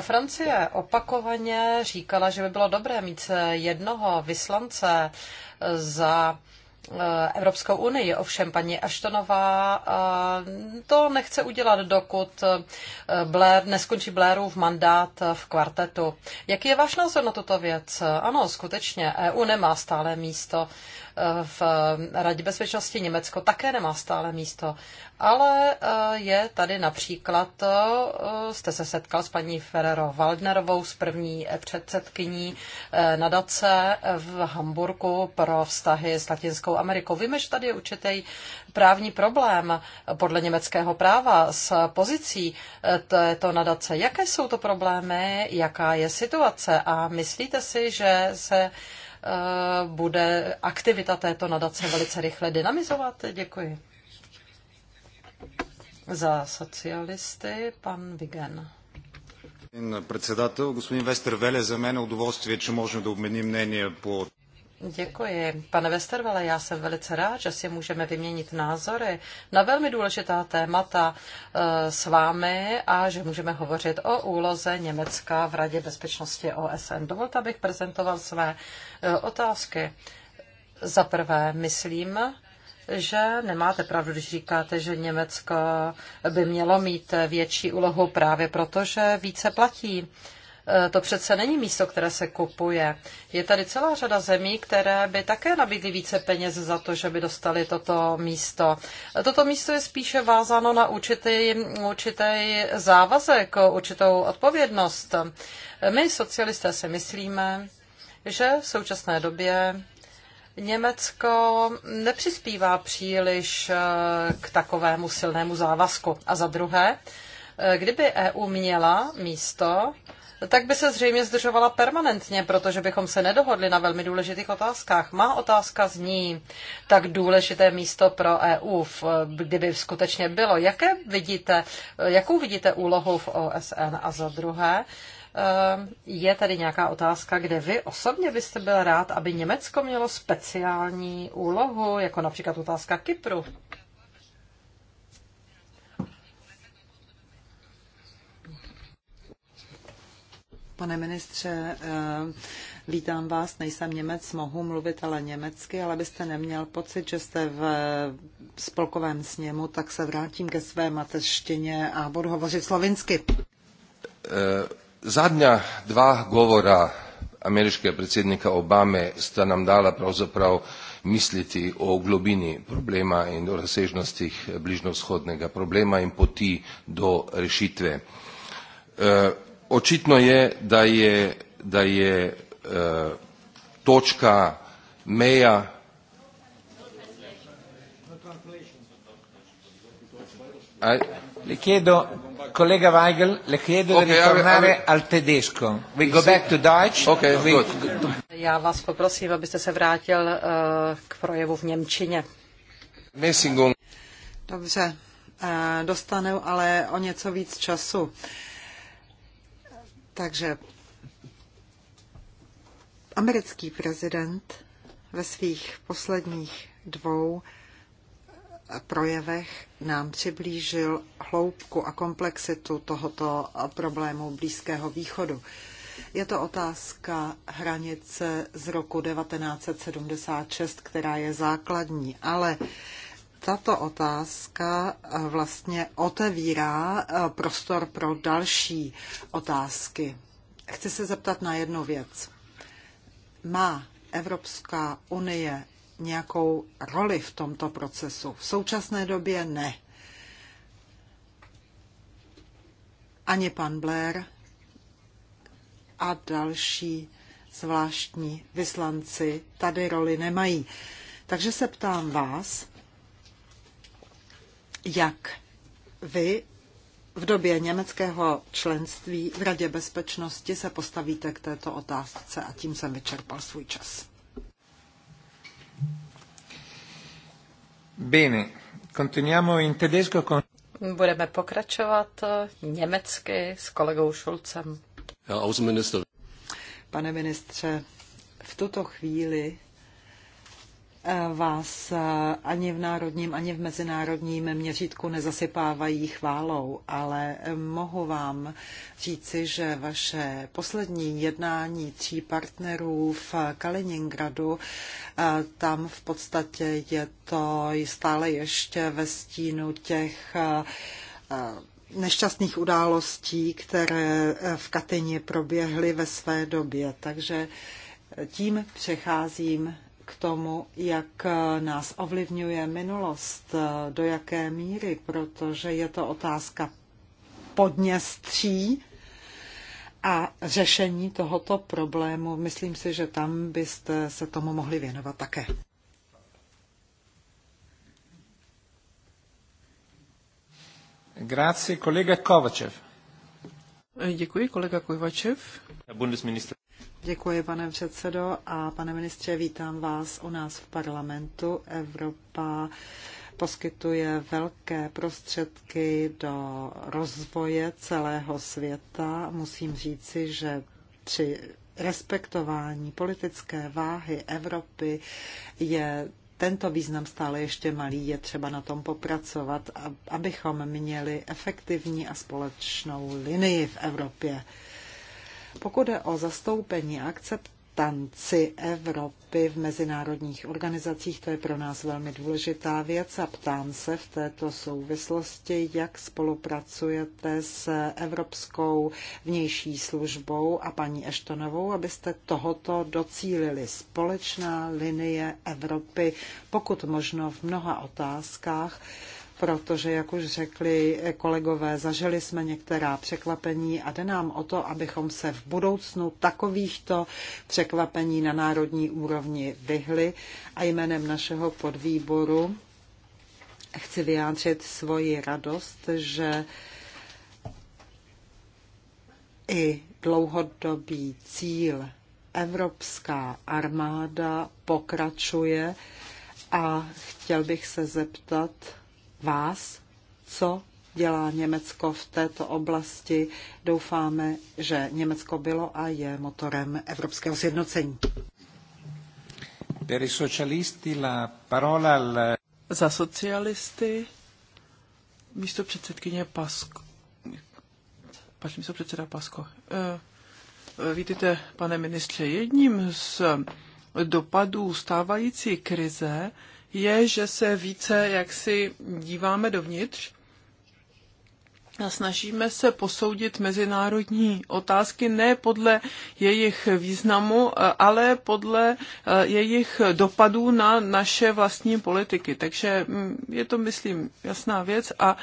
Francie opakovaně říkala, že by bylo dobré mít eh, jednoho vyslance eh, za Evropskou unii. Ovšem paní Ashtonová to nechce udělat, dokud Blair, neskončí Blairův mandát v kvartetu. Jaký je váš názor na tuto věc? Ano, skutečně, EU nemá stále místo Eh, v eh, Radě bezpečnosti Německo také nemá stále místo, ale eh, je tady například, jste se setkal s paní Ferrero Waldnerovou, s první předsedkyní nadace v Hamburgu pro vztahy s Latinskou Amerikou. Víme, že tady je určitý právní problém podle německého práva s pozicí této nadace. Jaké jsou to problémy, jaká je situace a myslíte si, že se Eh, bude aktivita této nadace velice rychle dynamizovat? Děkuji. Za socialisty pan Vigen. Pane господин Вестер Веле, velice mě je udovolstvě, že můžeme да обменим po. Děkuji. Pane Westervele, já jsem velice rád, že si můžeme vyměnit názory na velmi důležitá témata eh, s vámi a že můžeme hovořit o úloze Německa v Radě bezpečnosti OSN. Dovolte, abych prezentoval své eh, otázky. Za prvé, myslím, že nemáte pravdu, když říkáte, že Německo by mělo mít eh, větší úlohu právě proto, že více platí. E, to přece není místo, které se kupuje. Je tady celá řada zemí, které by také nabídly více peněz za to, že by dostali toto místo. Toto místo je spíše vázáno na určitý, určitý závazek, určitou odpovědnost. My, socialisté, si myslíme, že v současné době Německo nepřispívá příliš e, k takovému silnému závazku. A za druhé, e, kdyby EU měla místo, tak by se zřejmě zdržovala permanentně, protože bychom se nedohodli na velmi důležitých otázkách. Má otázka zní tak důležité místo pro EU, kdyby skutečně bylo. Jaké vidíte, jakou vidíte úlohu v OSN a za druhé? Eh, je tady nějaká otázka, kde vy osobně byste byl rád, aby Německo mělo speciální úlohu, jako například otázka Kypru? Pane ministře, eh, vítám vás, nejsem Němec, mohu mluvit ale německy, ale byste neměl pocit, že jste v spolkovém sněmu, tak se vrátím ke své mateřštině a budu hovořit slovinsky. Eh, Zadnja dva govora ameriškega predsednika Obame sta nam dala pravzaprav misliti o globini problema in o razsežnostih bližnjovzhodnega problema in poti do rešitve. Eh, očitno je da je, da je e, točka meja A... Le chiedo, collega Weigel, le chiedo okay, di ritornare I, I... al tedesco. We go back to Deutsch. Okay, we... good. Já vás poprosím, abyste se vrátil uh, k projevu v Němčině. Dobře, uh, dostanu ale o něco víc času. Uh, takže americký prezident ve svých posledních dvou eh, projevech nám přiblížil hloubku a komplexitu tohoto eh, problému Blízkého východu. Je to otázka hranice z roku 1976, která je základní, ale tato otázka eh, vlastně otevírá eh, prostor pro další otázky. Chci se zeptat na jednu věc. Má Evropská unie nějakou roli v tomto procesu? V současné době ne. Ani pan Blair a další zvláštní vyslanci tady roli nemají. Takže se ptám vás, jak vy v době německého členství v Radě bezpečnosti se postavíte k této otázce a tím jsem vyčerpal svůj čas. Bene, continuiamo in tedesco con... Budeme pokračovat eh, německy s kolegou Šulcem. Pane ministře, v tuto chvíli vás ani v národním, ani v mezinárodním měřítku nezasypávají chválou, ale mohu vám říci, že vaše poslední jednání tří partnerů v Kaliningradu, tam v podstatě je to stále ještě ve stínu těch nešťastných událostí, které v Katyni proběhly ve své době. Takže tím přecházím k tomu, jak nás ovlivňuje minulost, do jaké míry, protože je to otázka podněstří a řešení tohoto problému. Myslím si, že tam byste se tomu mohli věnovat také. Grazie, kolega Kovačev. Děkuji, kolega Kovačev. Bundesminister. Děkuji, pane předsedo a pane ministře, vítám vás u nás v parlamentu. Evropa poskytuje velké prostředky do rozvoje celého světa. Musím říci, že při respektování politické váhy Evropy je tento význam stále ještě malý, je třeba na tom popracovat, abychom měli efektivní a společnou linii v Evropě. Pokud je o zastoupení a akceptanci Evropy v mezinárodních organizacích, to je pro nás velmi důležitá věc a ptám se v této souvislosti, jak spolupracujete s Evropskou vnější službou a paní Eštonovou, abyste tohoto docílili. Společná linie Evropy, pokud možno v mnoha otázkách, protože, jak už řekli kolegové, zažili jsme některá překvapení a jde nám o to, abychom se v budoucnu takovýchto překvapení na národní úrovni vyhli a jménem našeho podvýboru chci vyjádřit svoji radost, že i dlouhodobý cíl Evropská armáda pokračuje a chtěl bych se zeptat, vás, co dělá Německo v této oblasti. Doufáme, že Německo bylo a je motorem evropského sjednocení. Za socialisty místo předsedkyně Pasko. Pač místo předseda Pasko. Eh, eh, Vidíte, pane ministře, jedním z dopadů stávající krize je, že se více jaksi díváme dovnitř a snažíme se posoudit mezinárodní otázky ne podle jejich významu, eh, ale podle eh, jejich dopadů na naše vlastní politiky. Takže mm, je to, myslím, jasná věc a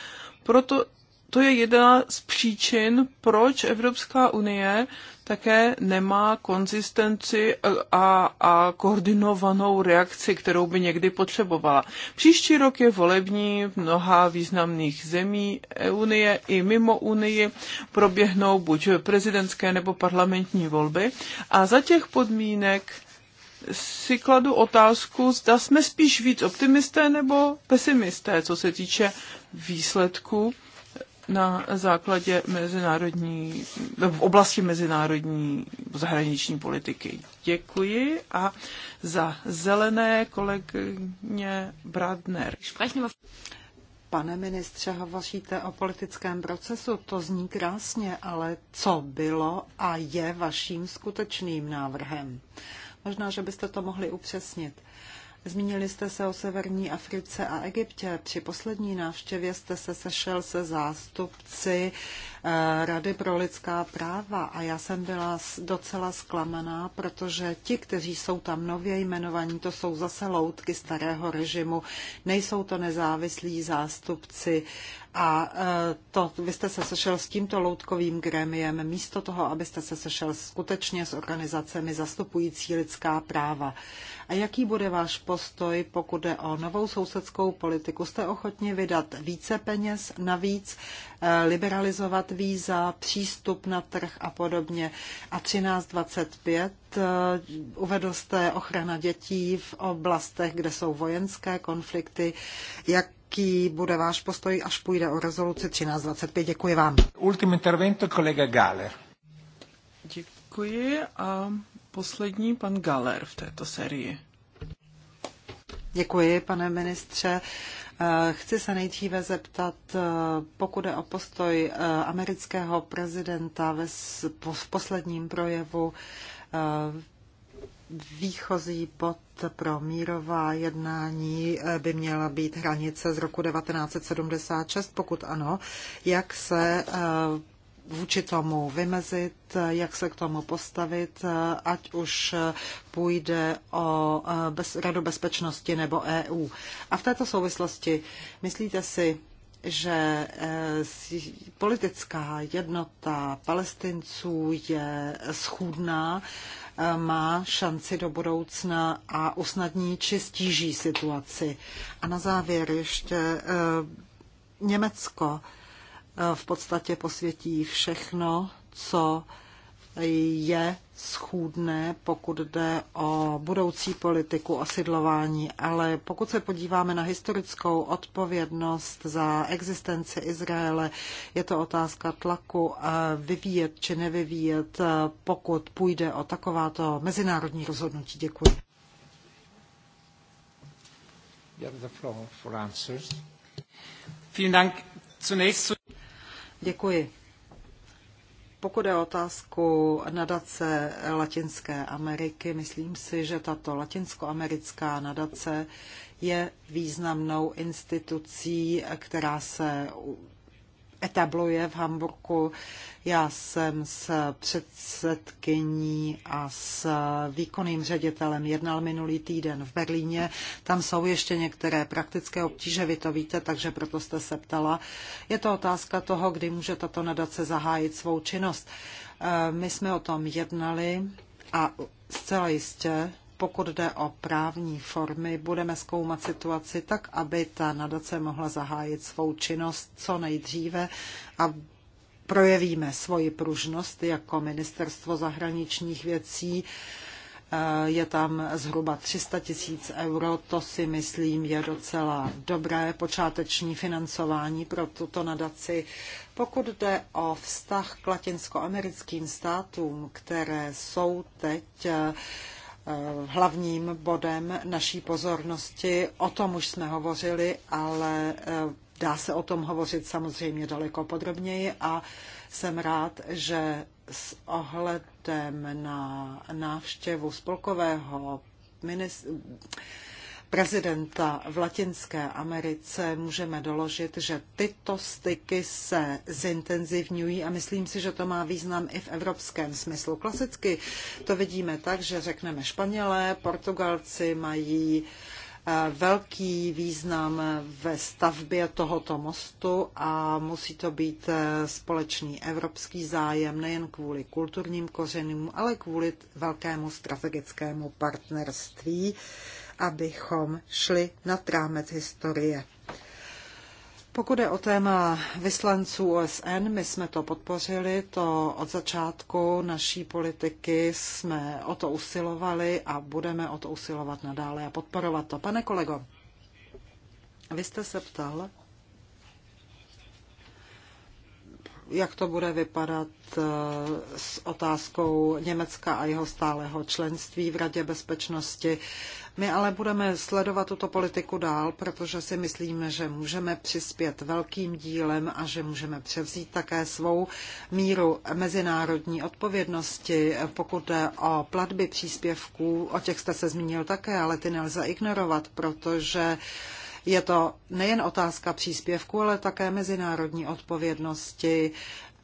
proto to je jedna z příčin, proč Evropská unie také nemá konzistenci a, a koordinovanou reakci, kterou by někdy potřebovala. Příští rok je volební v mnoha významných zemí Unie i mimo Unii proběhnou buď prezidentské nebo parlamentní volby a za těch podmínek si kladu otázku, zda jsme spíš víc optimisté nebo pesimisté, co se týče výsledků na základě mezinárodní, v oblasti mezinárodní zahraniční politiky. Děkuji a za zelené kolegyně Bradner. Pane ministře, hovoříte o politickém procesu, to zní krásně, ale co bylo a je vaším skutečným návrhem? Možná, že byste to mohli upřesnit. Zmínili jste se o Severní Africe a Egyptě. Při poslední návštěvě jste se sešel se zástupci eh, Rady pro lidská práva a já jsem byla docela zklamaná, protože ti, kteří jsou tam nově jmenovaní, to jsou zase loutky starého režimu, nejsou to nezávislí zástupci a e, to, vy jste se sešel s tímto loutkovým grémiem místo toho, abyste se sešel skutečně s organizacemi zastupující lidská práva. A jaký bude váš postoj, pokud jde o novou sousedskou politiku? Jste ochotni vydat více peněz navíc, e, liberalizovat víza, přístup na trh a podobně? A 1325 e, uvedl jste ochrana dětí v oblastech, kde jsou vojenské konflikty. Jak jaký bude váš postoj, až půjde o rezoluci 1325. Děkuji vám. Ultim intervento kolega Galer. Děkuji a poslední pan Galer v této sérii. Děkuji, pane ministře. Eh, chci se nejdříve zeptat, eh, pokud je o postoj eh, amerického prezidenta v posledním projevu výchozí bod pro mírová jednání eh, by měla být hranice z roku 1976, pokud ano, jak se eh, vůči tomu vymezit, jak se k tomu postavit, eh, ať už půjde o bez, Radu bezpečnosti nebo EU. A v této souvislosti myslíte si, že politická jednota palestinců je schůdná má šanci do budoucna a usnadní či stíží situaci. A na závěr ještě eh, Německo eh, v podstatě posvětí všechno, co je schůdné, pokud jde o budoucí politiku osidlování, ale pokud se podíváme na historickou odpovědnost za existenci Izraele, je to otázka tlaku eh, vyvíjet či nevyvíjet, eh, pokud půjde o takováto mezinárodní rozhodnutí. Děkuji. Děkuji. Pokud je otázku nadace Latinské Ameriky, myslím si, že tato latinskoamerická nadace je významnou institucí, která se etabluje v Hamburku. Já jsem s předsedkyní a s výkonným ředitelem jednal minulý týden v Berlíně. Tam jsou ještě některé praktické obtíže, vy to víte, takže proto jste se ptala. Je to otázka toho, kdy může tato nadace zahájit svou činnost. Eh, my jsme o tom jednali a zcela jistě pokud jde o právní formy, budeme zkoumat situaci tak, aby ta nadace mohla zahájit svou činnost co nejdříve a projevíme svoji pružnost jako ministerstvo zahraničních věcí. Eh, je tam zhruba 300 tisíc euro, to si myslím je docela dobré počáteční financování pro tuto nadaci. Pokud jde o vztah k latinskoamerickým státům, které jsou teď eh, Eh, hlavním bodem naší pozornosti. O tom už jsme hovořili, ale eh, dá se o tom hovořit samozřejmě daleko podrobněji a jsem rád, že s ohledem na návštěvu spolkového ministra prezidenta v Latinské Americe můžeme doložit, že tyto styky se zintenzivňují a myslím si, že to má význam i v evropském smyslu. Klasicky to vidíme tak, že řekneme Španělé, Portugalci mají eh, velký význam ve stavbě tohoto mostu a musí to být eh, společný evropský zájem nejen kvůli kulturním kořenům, ale kvůli velkému strategickému partnerství abychom šli nad rámec historie. Pokud je o téma vyslanců OSN, my jsme to podpořili, to od začátku naší politiky jsme o to usilovali a budeme o to usilovat nadále a podporovat to. Pane kolego, vy jste se ptal jak to bude vypadat eh, s otázkou Německa a jeho stálého členství v Radě bezpečnosti. My ale budeme sledovat tuto politiku dál, protože si myslíme, že můžeme přispět velkým dílem a že můžeme převzít také svou míru mezinárodní odpovědnosti, pokud jde o platby příspěvků. O těch jste se zmínil také, ale ty nelze ignorovat, protože je to nejen otázka příspěvku, ale také mezinárodní odpovědnosti.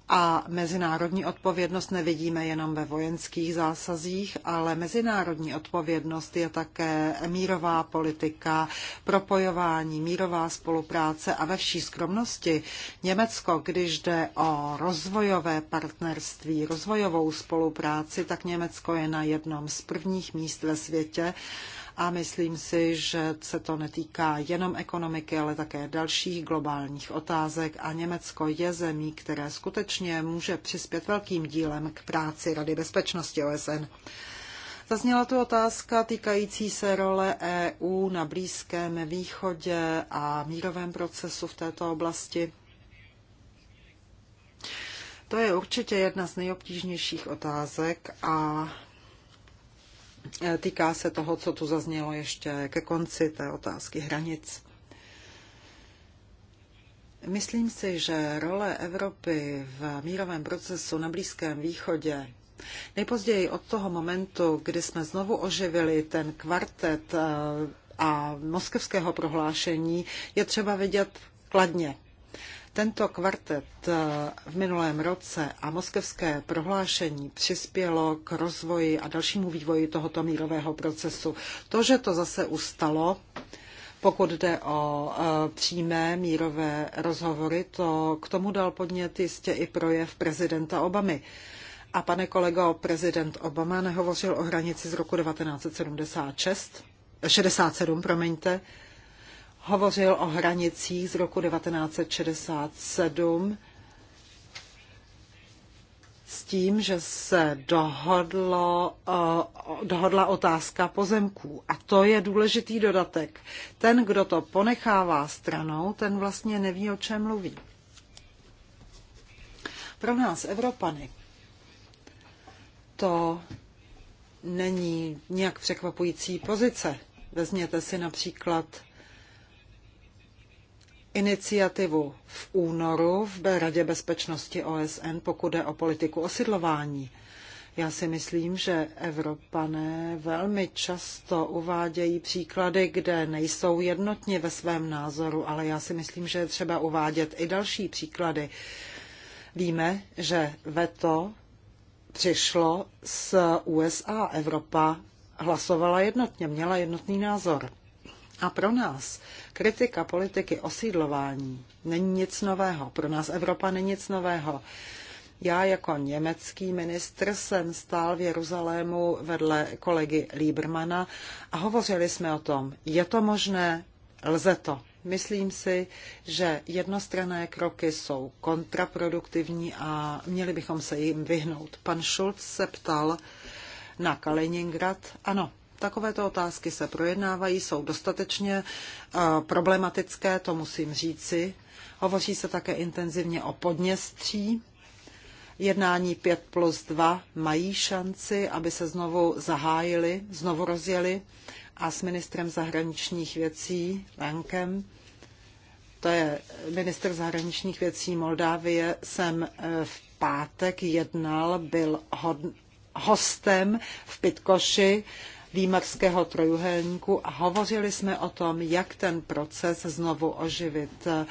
A mezinárodní odpovědnost nevidíme jenom ve vojenských zásazích, ale mezinárodní odpovědnost je také mírová politika, propojování, mírová spolupráce a ve vší skromnosti Německo, když jde o rozvojové partnerství, rozvojovou spolupráci, tak Německo je na jednom z prvních míst ve světě a myslím si, že se to netýká jenom ekonomiky, ale také dalších globálních otázek a Německo je zemí, které skutečně může přispět velkým dílem k práci Rady bezpečnosti OSN. Zazněla tu otázka týkající se role EU na Blízkém východě a mírovém procesu v této oblasti. To je určitě jedna z nejobtížnějších otázek a Eh, týká se toho, co tu zaznělo ještě ke konci té otázky hranic. Myslím si, že role Evropy v mírovém procesu na Blízkém východě nejpozději od toho momentu, kdy jsme znovu oživili ten kvartet eh, a moskevského prohlášení, je třeba vidět kladně. Tento kvartet eh, v minulém roce a moskevské prohlášení přispělo k rozvoji a dalšímu vývoji tohoto mírového procesu. To, že to zase ustalo, pokud jde o eh, přímé mírové rozhovory, to k tomu dal podnět jistě i projev prezidenta Obamy. A pane kolego, prezident Obama nehovořil o hranici z roku 1976, 67, promiňte, hovořil o hranicích z roku 1967 s tím, že se dohodlo, eh, dohodla otázka pozemků. A to je důležitý dodatek. Ten, kdo to ponechává stranou, ten vlastně neví, o čem mluví. Pro nás, Evropany, to není nějak překvapující pozice. Vezměte si například iniciativu v únoru v Radě bezpečnosti OSN, pokud jde o politiku osidlování. Já si myslím, že Evropané velmi často uvádějí příklady, kde nejsou jednotně ve svém názoru, ale já si myslím, že je třeba uvádět i další příklady. Víme, že veto přišlo z USA. Evropa hlasovala jednotně, měla jednotný názor. A pro nás kritika politiky osídlování není nic nového. Pro nás Evropa není nic nového. Já jako německý ministr jsem stál v Jeruzalému vedle kolegy Liebermana a hovořili jsme o tom, je to možné, lze to. Myslím si, že jednostranné kroky jsou kontraproduktivní a měli bychom se jim vyhnout. Pan Schulz se ptal na Kaliningrad. Ano, Takovéto otázky se projednávají, jsou dostatečně eh, problematické, to musím říci. Hovoří se také intenzivně o Podněstří. Jednání 5 plus 2 mají šanci, aby se znovu zahájili, znovu rozjeli a s ministrem zahraničních věcí Lankem to je minister zahraničních věcí Moldávie, jsem eh, v pátek jednal, byl hostem v Pitkoši výmarského trojuhelníku a hovořili jsme o tom, jak ten proces znovu oživit. Eh,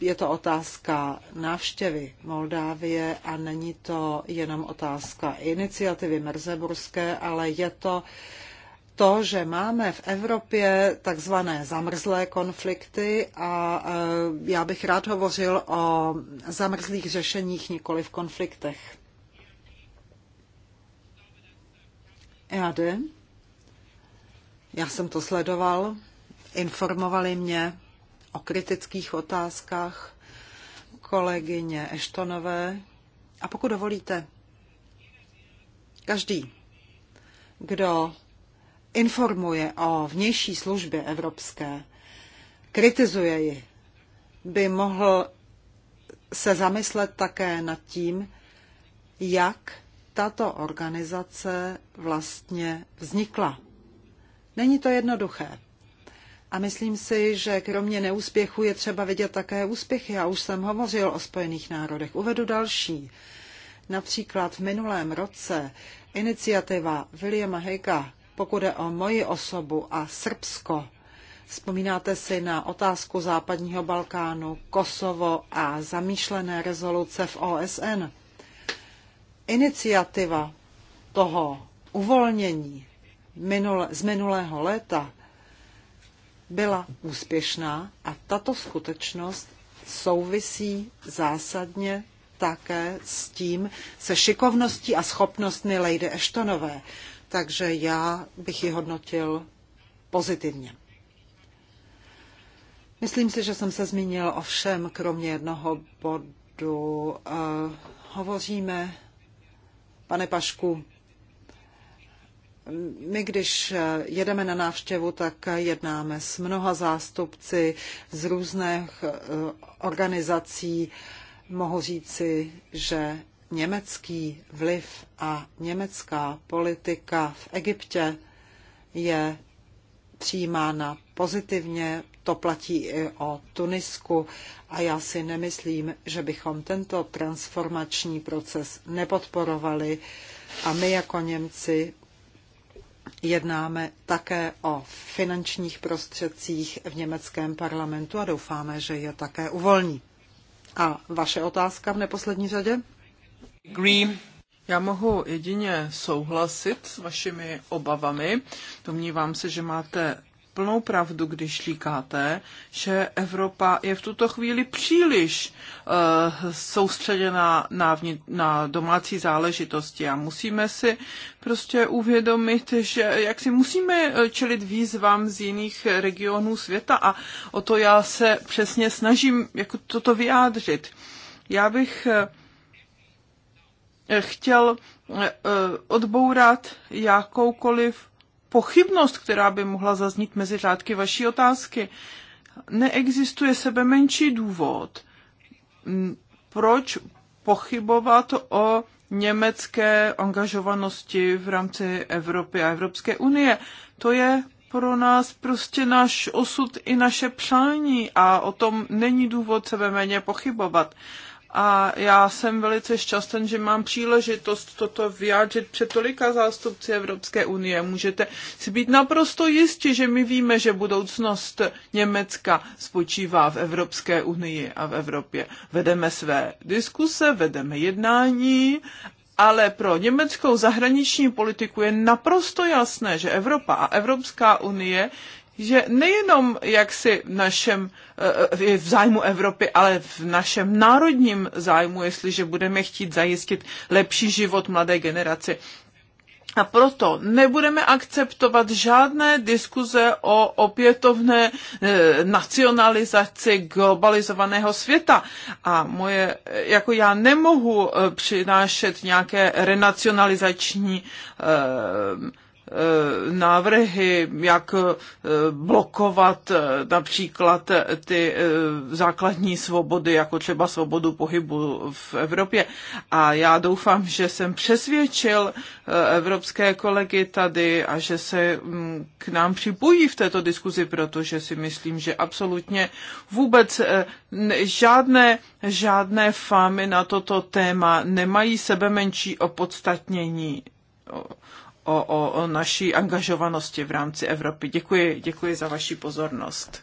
je to otázka návštěvy Moldávie a není to jenom otázka iniciativy Merzeburské, ale je to to, že máme v Evropě takzvané zamrzlé konflikty a eh, já bych rád hovořil o zamrzlých řešeních, nikoli v konfliktech. EAD. Já jsem to sledoval, informovali mě o kritických otázkách kolegyně Eštonové. A pokud dovolíte, každý, kdo informuje o vnější službě evropské, kritizuje ji, by mohl se zamyslet také nad tím, jak tato organizace vlastně vznikla. Není to jednoduché. A myslím si, že kromě neúspěchu je třeba vidět také úspěchy. Já už jsem hovořil o Spojených národech. Uvedu další. Například v minulém roce iniciativa Williama Hega, pokud je o moji osobu a Srbsko, Vzpomínáte si na otázku západního Balkánu, Kosovo a zamýšlené rezoluce v OSN iniciativa toho uvolnění z minulého léta byla úspěšná a tato skutečnost souvisí zásadně také s tím, se šikovností a schopnostmi Lady Eštonové. Takže já bych ji hodnotil pozitivně. Myslím si, že jsem se zmínil o všem, kromě jednoho bodu. Uh, hovoříme Pane Pašku, my, když jedeme na návštěvu, tak jednáme s mnoha zástupci z různých eh, organizací. Mohu říci, že německý vliv a německá politika v Egyptě je přijímána pozitivně to platí i o Tunisku a já si nemyslím, že bychom tento transformační proces nepodporovali a my jako Němci jednáme také o finančních prostředcích v německém parlamentu a doufáme, že je také uvolní. A vaše otázka v neposlední řadě? Green. Já mohu jedině souhlasit s vašimi obavami. Domnívám se, že máte plnou pravdu, když říkáte, že Evropa je v tuto chvíli příliš uh, eh, soustředěna na, na domácí záležitosti a musíme si prostě uvědomit, že jak si musíme eh, čelit výzvám z jiných regionů světa a o to já se přesně snažím jako toto vyjádřit. Já bych eh, chtěl odbourat jakoukoliv pochybnost, která by mohla zaznít mezi řádky vaší otázky. Neexistuje sebe menší důvod, proč pochybovat o německé angažovanosti v rámci Evropy a Evropské unie. To je pro nás prostě náš osud i naše přání a o tom není důvod sebe méně pochybovat a já jsem velice šťastný, že mám příležitost toto vyjádřit před tolika zástupci Evropské unie. Můžete si být naprosto jistí, že my víme, že budoucnost Německa spočívá v Evropské unii a v Evropě. Vedeme své diskuse, vedeme jednání ale pro německou zahraniční politiku je naprosto jasné, že Evropa a Evropská unie že nejenom jak si v našem eh, v zájmu Evropy, ale v našem národním zájmu, jestliže budeme chtít zajistit lepší život mladé generaci. A proto nebudeme akceptovat žádné diskuze o opětovné eh, nacionalizaci globalizovaného světa. A moje, eh, jako já nemohu přinášet nějaké renacionalizační eh, Eh, návrhy, jak eh, blokovat eh, například ty základní svobody, jako třeba svobodu pohybu v Evropě. A já doufám, že jsem přesvědčil evropské kolegy tady a že se mm, k nám připojí v této diskuzi, protože si myslím, že absolutně vůbec žádné, žádné fámy na toto téma nemají sebe menší opodstatnění o, o, o naší angažovanosti v rámci Evropy. Děkuji, děkuji za vaši pozornost.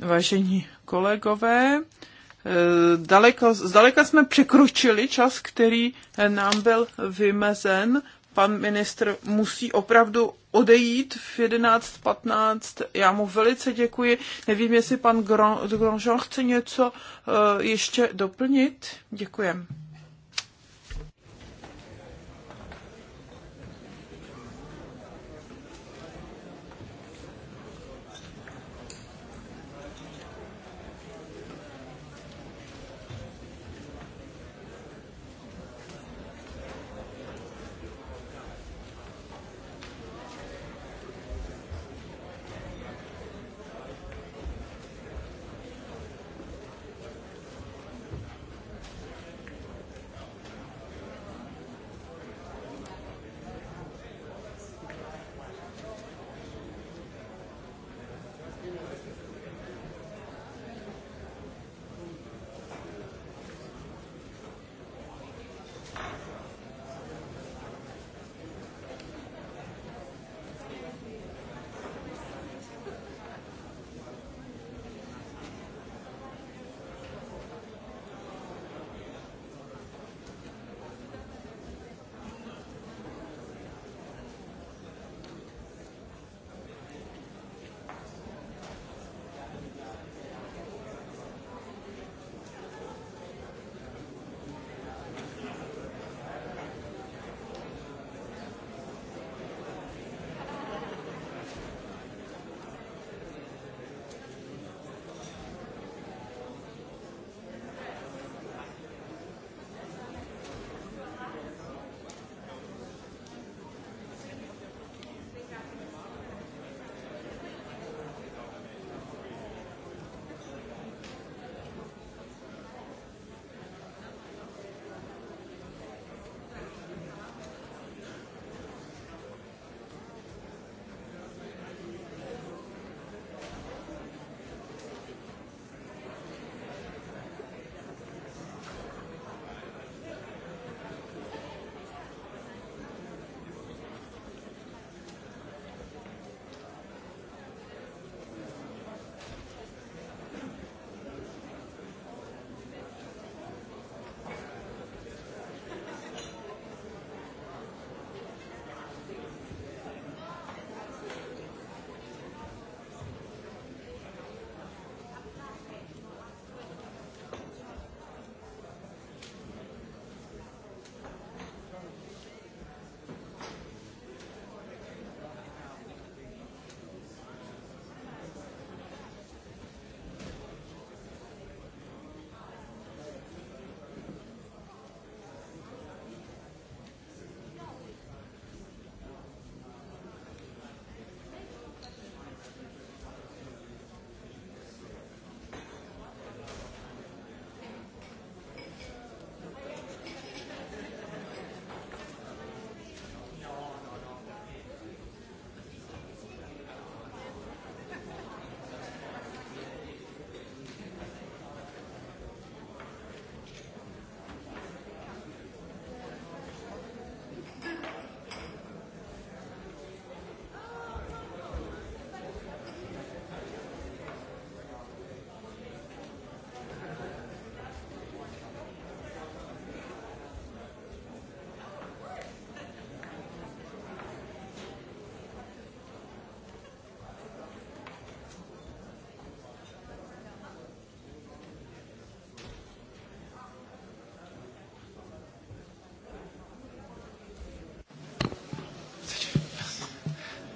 Vážení kolegové, eh, daleko, zdaleka jsme překročili čas, který nám byl vymezen. Pan ministr musí opravdu odejít v 11.15. Já mu velice děkuji. Nevím, jestli pan Grandjean chce něco eh, ještě doplnit. Děkujeme.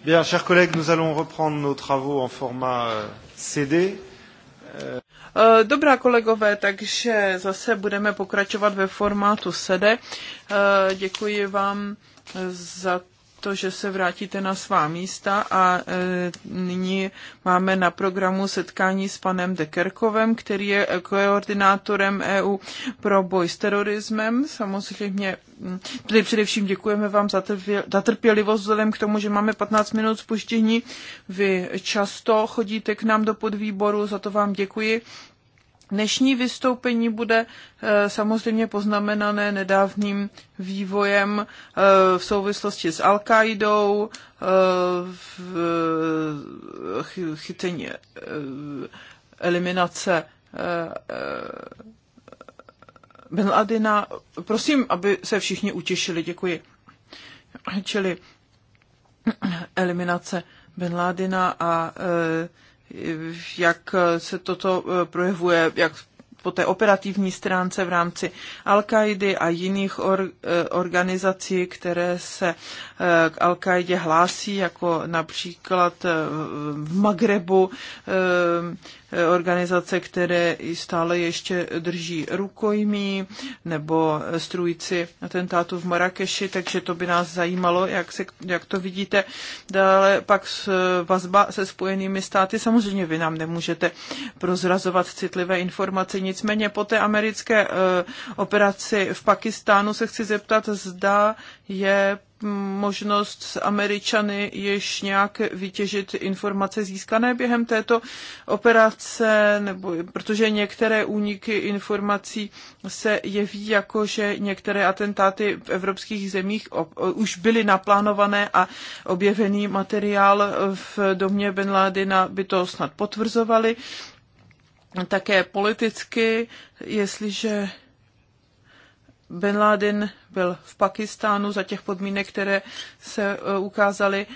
Bien, chers collègues, nous allons reprendre nos travaux en format euh, CD. Eh, dobrá kolegové, takže zase budeme pokračovat ve formátu sede. Eh, děkuji vám za to, že se vrátíte na svá místa a e, nyní máme na programu setkání s panem Dekerkovem, který je koordinátorem EU pro boj s terorismem. Samozřejmě tedy především děkujeme vám za trpělivost vzhledem k tomu, že máme 15 minut spuštění. Vy často chodíte k nám do podvýboru, za to vám děkuji. Dnešní vystoupení bude eh, samozřejmě poznamenané nedávným vývojem eh, v souvislosti s al qaidou eh, chycení eliminace Bin Ladina. Prosím, aby se všichni utěšili. Děkuji. Čili (clears throat) eliminace Bin Ladina a e, jak se toto eh, projevuje, jak po té operativní stránce v rámci al a jiných or, eh, organizací, které se eh, k al hlásí, jako například v Magrebu organizace, které stále ještě drží rukojmí, nebo strůjci atentátu v Marrakeši, takže to by nás zajímalo, jak, se, jak to vidíte. Dále pak s vazba se spojenými státy. Samozřejmě vy nám nemůžete prozrazovat citlivé informace, nicméně po té americké eh, operaci v Pakistánu se chci zeptat, zda je možnost s Američany již nějak vytěžit informace získané během této operace, nebo protože některé úniky informací se jeví jako, že některé atentáty v evropských zemích už byly naplánované a objevený materiál v domě Ben Ládina by to snad potvrzovali. Také politicky, jestliže Bin Laden byl v Pakistánu za těch podmínek, které se eh, ukázaly,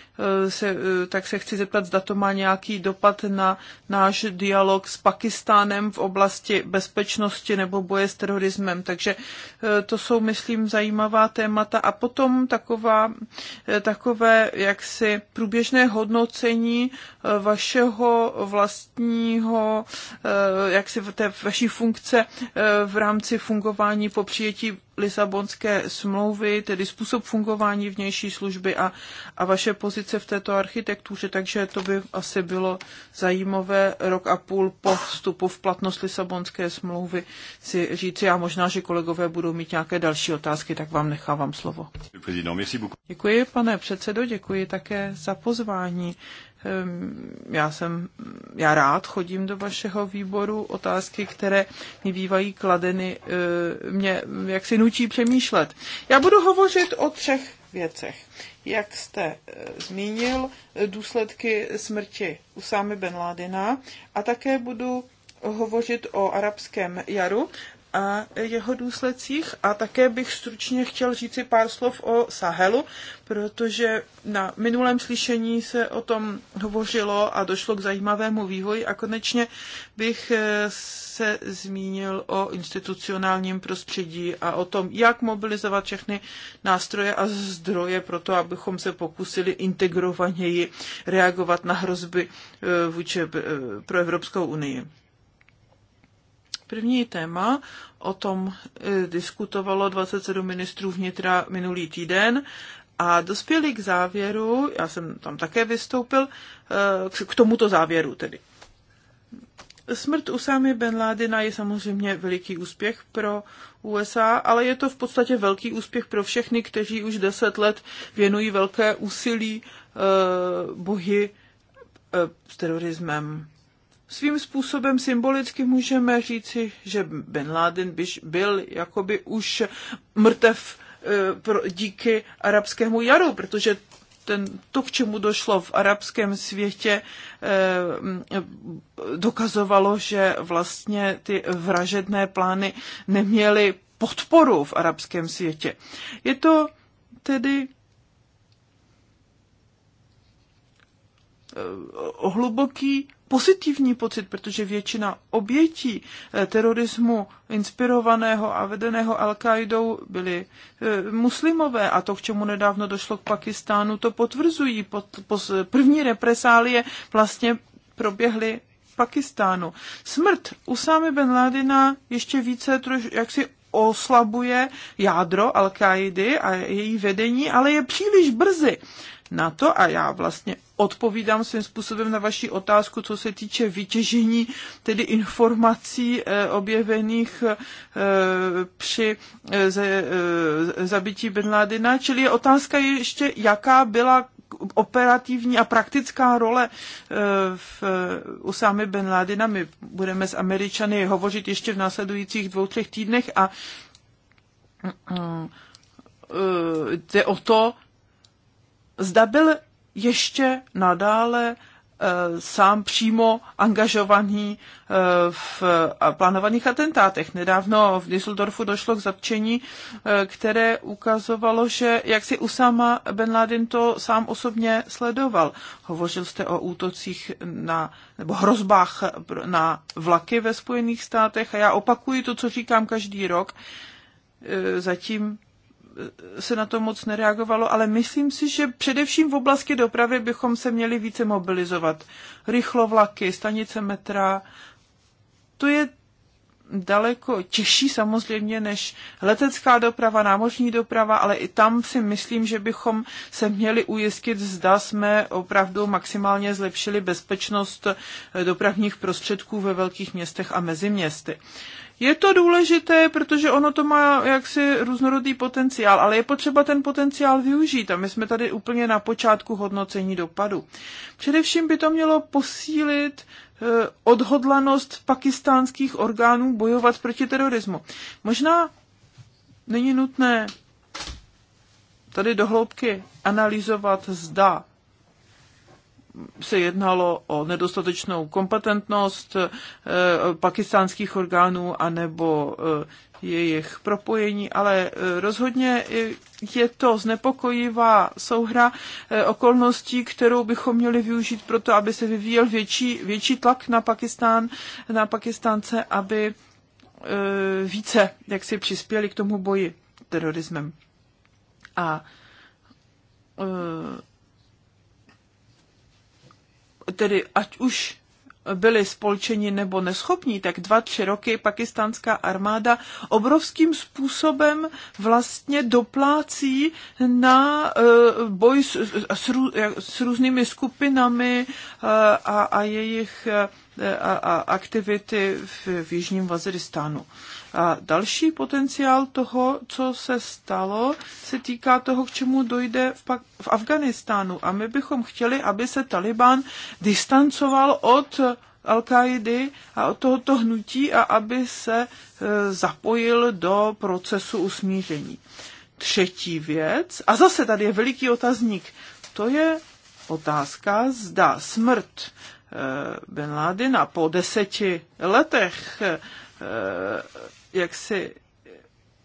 eh, se, eh, tak se chci zeptat, zda to má nějaký dopad na náš dialog s Pakistánem v oblasti bezpečnosti nebo boje s terorismem. Takže to jsou, myslím, zajímavá témata. A potom taková, takové jaksi průběžné hodnocení vašeho vlastního, jaksi té vaší funkce v rámci fungování po přijetí Lisabonské smlouvy, tedy způsob fungování vnější služby a, a vaše pozice v této architektuře, takže to by asi bylo zajímavé rok a půl po vstupu v platnost Lisabonské smlouvy si říci a možná, že kolegové budou mít nějaké další otázky, tak vám nechávám slovo. Děkuji, pane předsedo, děkuji také za pozvání Ehm, já jsem, já rád chodím do vašeho výboru, otázky, které mi bývají kladeny, eh, mě jak si nutí přemýšlet. Já budu hovořit o třech věcech. Jak jste eh, zmínil, důsledky smrti Usámy Ben Ládina a také budu hovořit o arabském jaru a jeho důsledcích a také bych stručně chtěl říci pár slov o Sahelu, protože na minulém slyšení se o tom hovořilo a došlo k zajímavému vývoji a konečně bych eh, se zmínil o institucionálním prostředí a o tom, jak mobilizovat všechny nástroje a zdroje pro to, abychom se pokusili integrovaněji reagovat na hrozby eh, vůči eh, pro Evropskou unii. První téma, o tom e, diskutovalo 27 ministrů vnitra minulý týden a dospěli k závěru, já jsem tam také vystoupil, e, k tomuto závěru tedy. Smrt Usámy Ben Ládina je samozřejmě veliký úspěch pro USA, ale je to v podstatě velký úspěch pro všechny, kteří už deset let věnují velké úsilí eh, boji e, s terorismem svým způsobem symbolicky můžeme říci, že Bin Laden byl jakoby už mrtev e, díky arabskému jaru, protože ten, to, k čemu došlo v arabském světě, e, e, dokazovalo, že vlastně ty vražedné plány neměly podporu v arabském světě. Je to tedy hluboký pozitivní pocit, protože většina obětí eh, terorismu inspirovaného a vedeného al qaidou byly eh, muslimové a to, k čemu nedávno došlo k Pakistánu, to potvrzují. První represálie vlastně proběhly Pakistánu. Smrt Usámy Ben Ládina ještě více troš, jaksi oslabuje jádro al kaidy a její vedení, ale je příliš brzy na to a já vlastně odpovídám svým způsobem na vaši otázku, co se týče vytěžení tedy informací eh, objevených eh, při eh, zabití Bin Ladina. Čili je otázka ještě, jaká byla operativní a praktická role v Usámy Bin Ládina. My budeme s Američany hovořit ještě v následujících dvou, třech týdnech a mm, mm, jde o to, zda byl ještě nadále eh, sám přímo angažovaný eh, v plánovaných atentátech. Nedávno v Düsseldorfu došlo k zatčení, eh, které ukazovalo, že jak si Usama Ben Laden to sám osobně sledoval. Hovořil jste o útocích na, nebo hrozbách na vlaky ve Spojených státech a já opakuji to, co říkám každý rok. Zatím se na to moc nereagovalo, ale myslím si, že především v oblasti dopravy bychom se měli více mobilizovat. Rychlovlaky, stanice metra, to je daleko těžší samozřejmě než letecká doprava, námořní doprava, ale i tam si myslím, že bychom se měli ujistit, zda jsme opravdu maximálně zlepšili bezpečnost dopravních prostředků ve velkých městech a mezi městy. Uh, je to důležité, protože ono to má jaksi různorodý potenciál, ale je potřeba ten potenciál využít a my jsme tady úplně na počátku hodnocení dopadu. Především by to mělo posílit eh, odhodlanost pakistánských orgánů bojovat proti terorismu. Možná není nutné tady dohloubky analyzovat, zda se jednalo o nedostatečnou kompetentnost eh, pakistánských orgánů anebo eh, jejich propojení, ale eh, rozhodně je to znepokojivá souhra okolností, kterou bychom měli využít pro to, aby se vyvíjel větší, větší tlak na Pakistán, na Pakistánce, aby více, jak si přispěli k tomu boji terorismem. A tedy ať už byli spolčeni nebo neschopní, tak dva, tři roky pakistánská armáda obrovským způsobem vlastně doplácí na eh, boj s, s, s různými skupinami eh, a, a jejich eh, a, a aktivity v, v Jižním Vaziristánu. A další potenciál toho, co se stalo, se týká toho, k čemu dojde v, v Afganistánu. A my bychom chtěli, aby se Taliban distancoval od Al-Kaidy a od tohoto hnutí a aby se e, zapojil do procesu usmíření. Třetí věc, a zase tady je veliký otazník, to je otázka, zda smrt e, Ben Ládina po deseti letech e, jaksi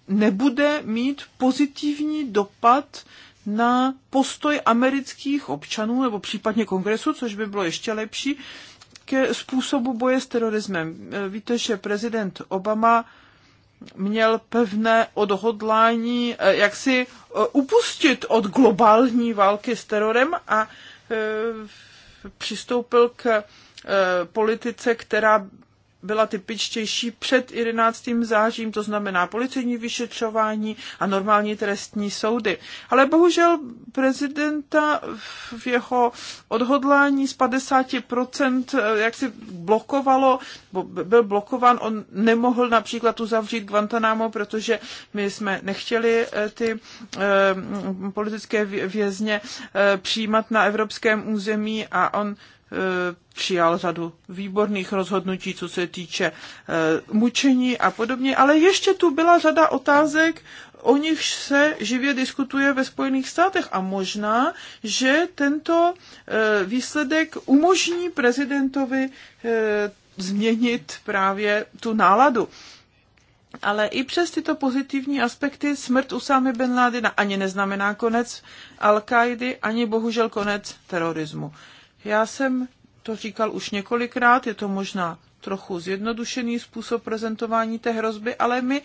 nebude mít pozitivní dopad na postoj amerických občanů nebo případně kongresu, což by bylo ještě lepší, ke způsobu boje s terorismem. Víte, že prezident Obama měl pevné odhodlání, eh, jak si eh, upustit od globální války s terorem a eh, přistoupil k politice, která byla typičtější před 11. zářím, to znamená policejní vyšetřování a normální trestní soudy. Ale bohužel prezidenta v jeho odhodlání z 50% eh, jak si blokovalo, byl blokován, on nemohl například uzavřít Guantanamo, protože my jsme nechtěli eh, ty eh, politické vězně přijímat na evropském území a on Eh, přijal řadu výborných rozhodnutí, co se týče eh, mučení a podobně, ale ještě tu byla řada otázek, o nichž se živě diskutuje ve Spojených státech a možná, že tento eh, výsledek umožní prezidentovi změnit právě tu náladu. Ale i přes tyto pozitivní aspekty smrt Usámy bin Ládina ani neznamená konec al kaidy ani bohužel konec terorismu. Já jsem to říkal už několikrát, je to možná trochu zjednodušený způsob prezentování té hrozby, ale my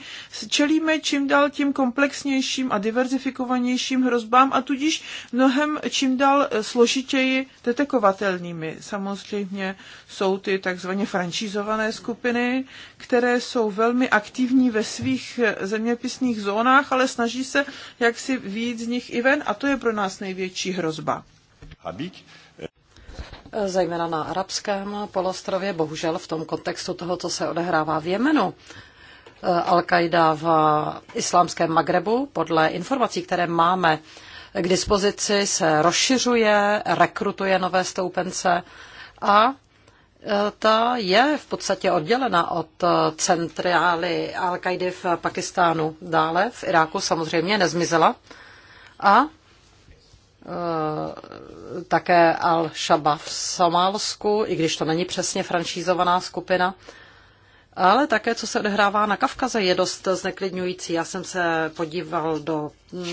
čelíme čím dál tím komplexnějším a diverzifikovanějším hrozbám a tudíž mnohem čím dál eh, složitěji detekovatelnými. Samozřejmě jsou ty takzvaně franšízované skupiny, které jsou velmi aktivní ve svých eh, zeměpisných zónách, ale snaží se jaksi výjít z nich i ven a to je pro nás největší hrozba. Habík zejména na arabském polostrově, bohužel v tom kontextu toho, co se odehrává v Jemenu. Eh, Al-Qaida v islámském Magrebu, podle informací, které máme k dispozici, se rozšiřuje, rekrutuje nové stoupence a eh, ta je v podstatě oddělena od eh, centrály al qaidi v Pakistánu. Dále v Iráku samozřejmě nezmizela. A Eh, také al shaba v Somálsku, i když to není přesně franšízovaná skupina. Ale také, co se odehrává na Kavkaze, je dost zneklidňující. Já jsem se podíval do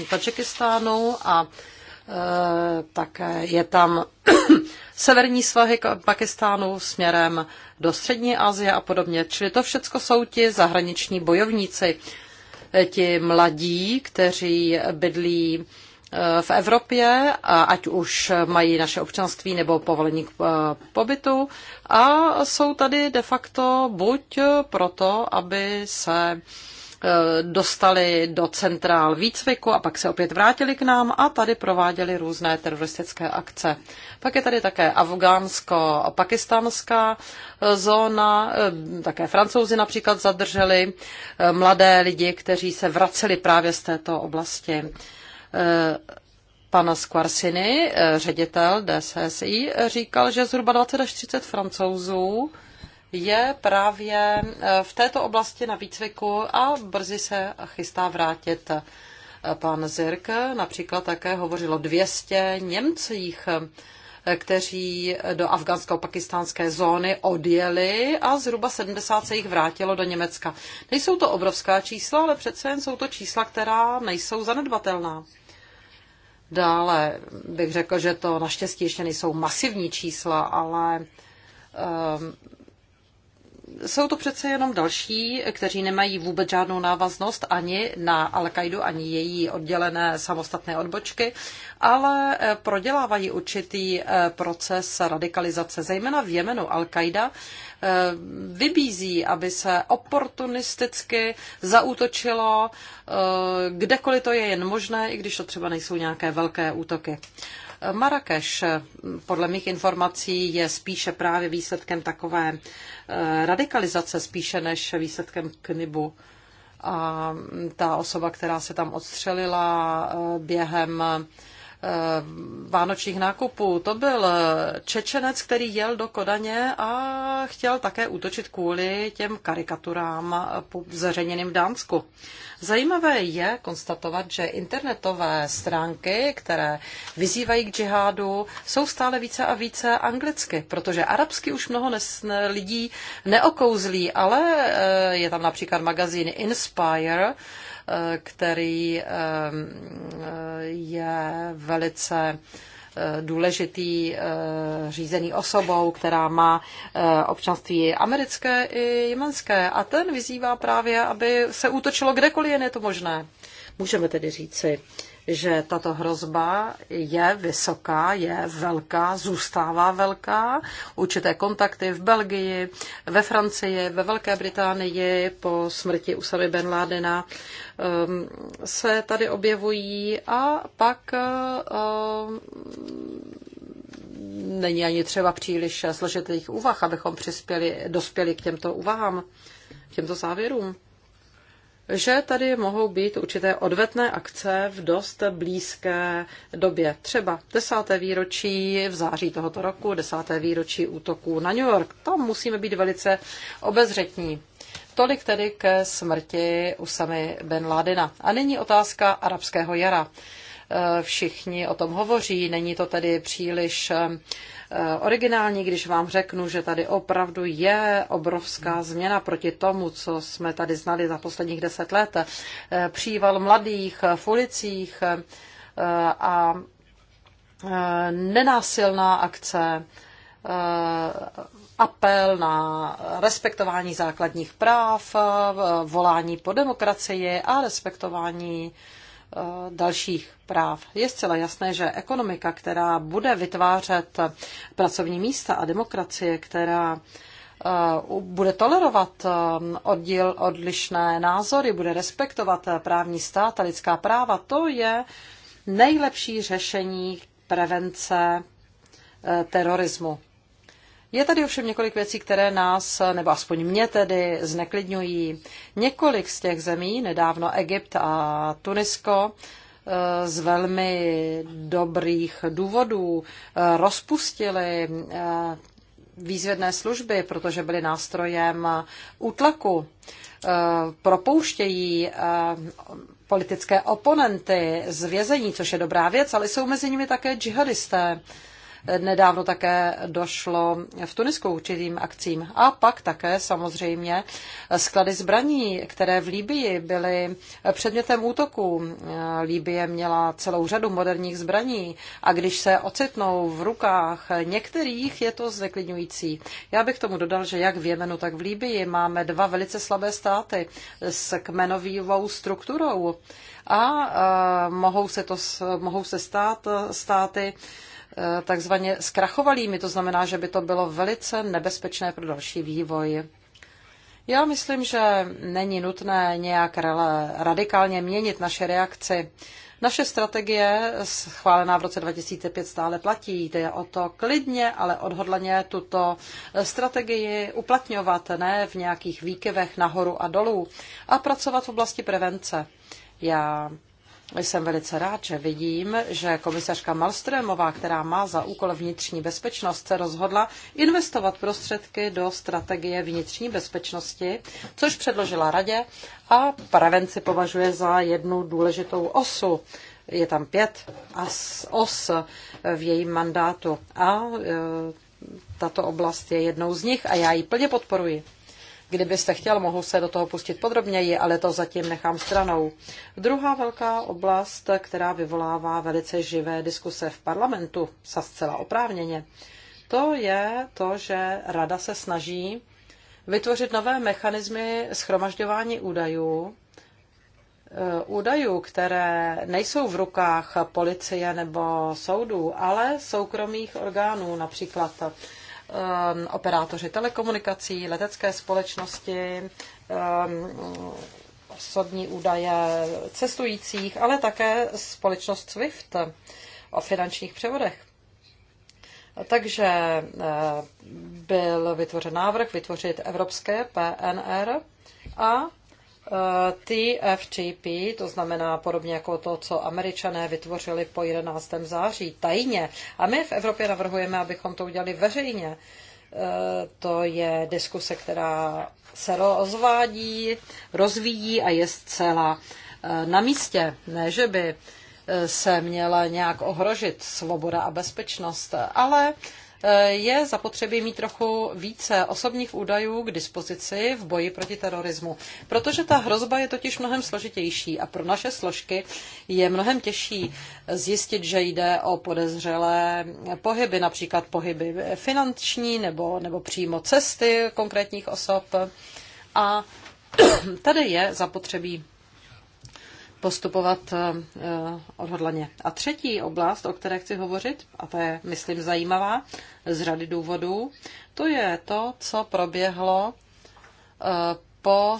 Tadžikistánu a e, také je tam (clears throat) severní svahy Pakistánu směrem do Střední Asie a podobně. Čili to všechno jsou ti zahraniční bojovníci, eh, ti mladí, kteří bydlí v Evropě, ať už mají naše občanství nebo povolení k eh, pobytu a jsou tady de facto buď proto, aby se eh, dostali do centrál výcviku a pak se opět vrátili k nám a tady prováděli různé teroristické akce. Pak je tady také afgánsko-pakistánská eh, zóna, také francouzi například zadrželi mladé lidi, kteří se vraceli právě z této oblasti. Eh, pana Skvarsiny, eh, ředitel DSSI, říkal, že zhruba 20 až 30 francouzů je právě eh, v této oblasti na výcviku a brzy se chystá vrátit. Pan Zirk například také hovořil o 200 Němcích, kteří do afgánsko-pakistánské zóny odjeli a zhruba 70 se jich vrátilo do Německa. Nejsou to obrovská čísla, ale přece jen jsou to čísla, která nejsou zanedbatelná. Dále bych řekl, že to naštěstí ještě nejsou masivní čísla, ale ehm, jsou to přece jenom další, kteří nemají vůbec žádnou návaznost ani na Al-Kaidu, ani její oddělené samostatné odbočky, ale eh, prodělávají určitý eh, proces radikalizace. Zejména v Jemenu Al-Kaida eh, vybízí, aby se oportunisticky zautočilo, kdekoliv to je jen možné, i když to třeba nejsou nějaké velké útoky. Marrakeš podle mých informací je spíše právě výsledkem takové eh, radikalizace, spíše než výsledkem knibu. A ta osoba, která se tam odstřelila eh, během eh, vánočních nákupů. To byl Čečenec, který jel do Kodaně a chtěl také útočit kvůli těm karikaturám zveřejněným v Dánsku. Zajímavé je konstatovat, že internetové stránky, které vyzývají k džihádu, jsou stále více a více anglicky, protože arabsky už mnoho nes- lidí neokouzlí, ale eh, je tam například magazín Inspire, eh, který eh, je velice Eh, důležitý, eh, řízený osobou, která má eh, občanství americké i jemenské. A ten vyzývá právě, aby se útočilo kdekoliv jen je to možné. Můžeme tedy říci, že tato hrozba je vysoká, je velká, zůstává velká. Určité kontakty v Belgii, ve Francii, ve Velké Británii po smrti Usamy Ben Ládena ehm, se tady objevují a pak ehm, není ani třeba příliš složitých úvah, abychom přispěli, dospěli k těmto úvahám, k těmto závěrům že tady mohou být určité odvetné akce v dost blízké době. Třeba desáté výročí v září tohoto roku, desáté výročí útoků na New York. Tam musíme být velice obezřetní. Tolik tedy ke smrti Usamy Ben Ládina. A nyní otázka arabského jara. Eh, všichni o tom hovoří, není to tedy příliš eh, originální, když vám řeknu, že tady opravdu je obrovská změna proti tomu, co jsme tady znali za posledních deset let. Eh, příval mladých v ulicích a nenásilná akce, apel na respektování základních práv, volání po demokracii a respektování Eh, dalších práv. Je zcela jasné, že ekonomika, která bude vytvářet pracovní místa a demokracie, která eh, bude tolerovat eh, oddíl odlišné názory, bude respektovat právní stát a lidská práva, to je nejlepší řešení prevence terorismu. Je tady ovšem několik věcí, které nás, nebo aspoň mě tedy, zneklidňují. Několik z těch zemí, nedávno Egypt a Tunisko, eh, z velmi dobrých důvodů eh, rozpustili eh, výzvědné služby, protože byly nástrojem útlaku. Propouštějí politické oponenty z vězení, což je dobrá věc, ale jsou mezi nimi také džihadisté. Nedávno také došlo v Tunisku určitým akcím. A pak také samozřejmě sklady zbraní, které v Líbii byly předmětem útoku. Líbie měla celou řadu moderních zbraní a když se ocitnou v rukách některých, je to zneklidňující. Já bych tomu dodal, že jak v Jemenu, tak v Líbii máme dva velice slabé státy s kmenovývou strukturou a eh, mohou se, to, mohou se stát eh, státy, Eh, takzvaně zkrachovalými. To znamená, že by to bylo velice nebezpečné pro další vývoj. Já myslím, že není nutné nějak radikálně měnit naše reakci. Naše strategie, schválená v roce 2005, stále platí. Jde o to klidně, ale odhodlaně tuto strategii uplatňovat, ne v nějakých výkyvech nahoru a dolů, a pracovat v oblasti prevence. Já jsem velice rád, že vidím, že komisařka Malströmová, která má za úkol vnitřní bezpečnost, se rozhodla investovat prostředky do strategie vnitřní bezpečnosti, což předložila radě a prevenci považuje za jednu důležitou osu. Je tam pět os v jejím mandátu a e, tato oblast je jednou z nich a já ji plně podporuji. Kdybyste chtěl, mohu se do toho pustit podrobněji, ale to zatím nechám stranou. Druhá velká oblast, která vyvolává velice živé diskuse v parlamentu, sa zcela oprávněně, to je to, že rada se snaží vytvořit nové mechanismy schromažďování údajů, eh, údajů, které nejsou v rukách policie nebo soudů, ale soukromých orgánů například. Um, operátoři telekomunikací, letecké společnosti, um, osobní údaje cestujících, ale také společnost SWIFT o finančních převodech. Takže uh, byl vytvořen návrh vytvořit evropské PNR a TFTP, to znamená podobně jako to, co američané vytvořili po 11. září, tajně. A my v Evropě navrhujeme, abychom to udělali veřejně. E, to je diskuse, která se rozvádí, rozvíjí a je zcela e, na místě. Ne, že by e, se měla nějak ohrožit svoboda a bezpečnost, ale je zapotřebí mít trochu více osobních údajů k dispozici v boji proti terorismu, protože ta hrozba je totiž mnohem složitější a pro naše složky je mnohem těžší zjistit, že jde o podezřelé pohyby, například pohyby finanční nebo, nebo přímo cesty konkrétních osob. A (clears throat) tady je zapotřebí postupovat eh, eh, odhodlaně. A třetí oblast, o které chci hovořit, a to je, myslím, zajímavá z řady důvodů, to je to, co proběhlo eh, po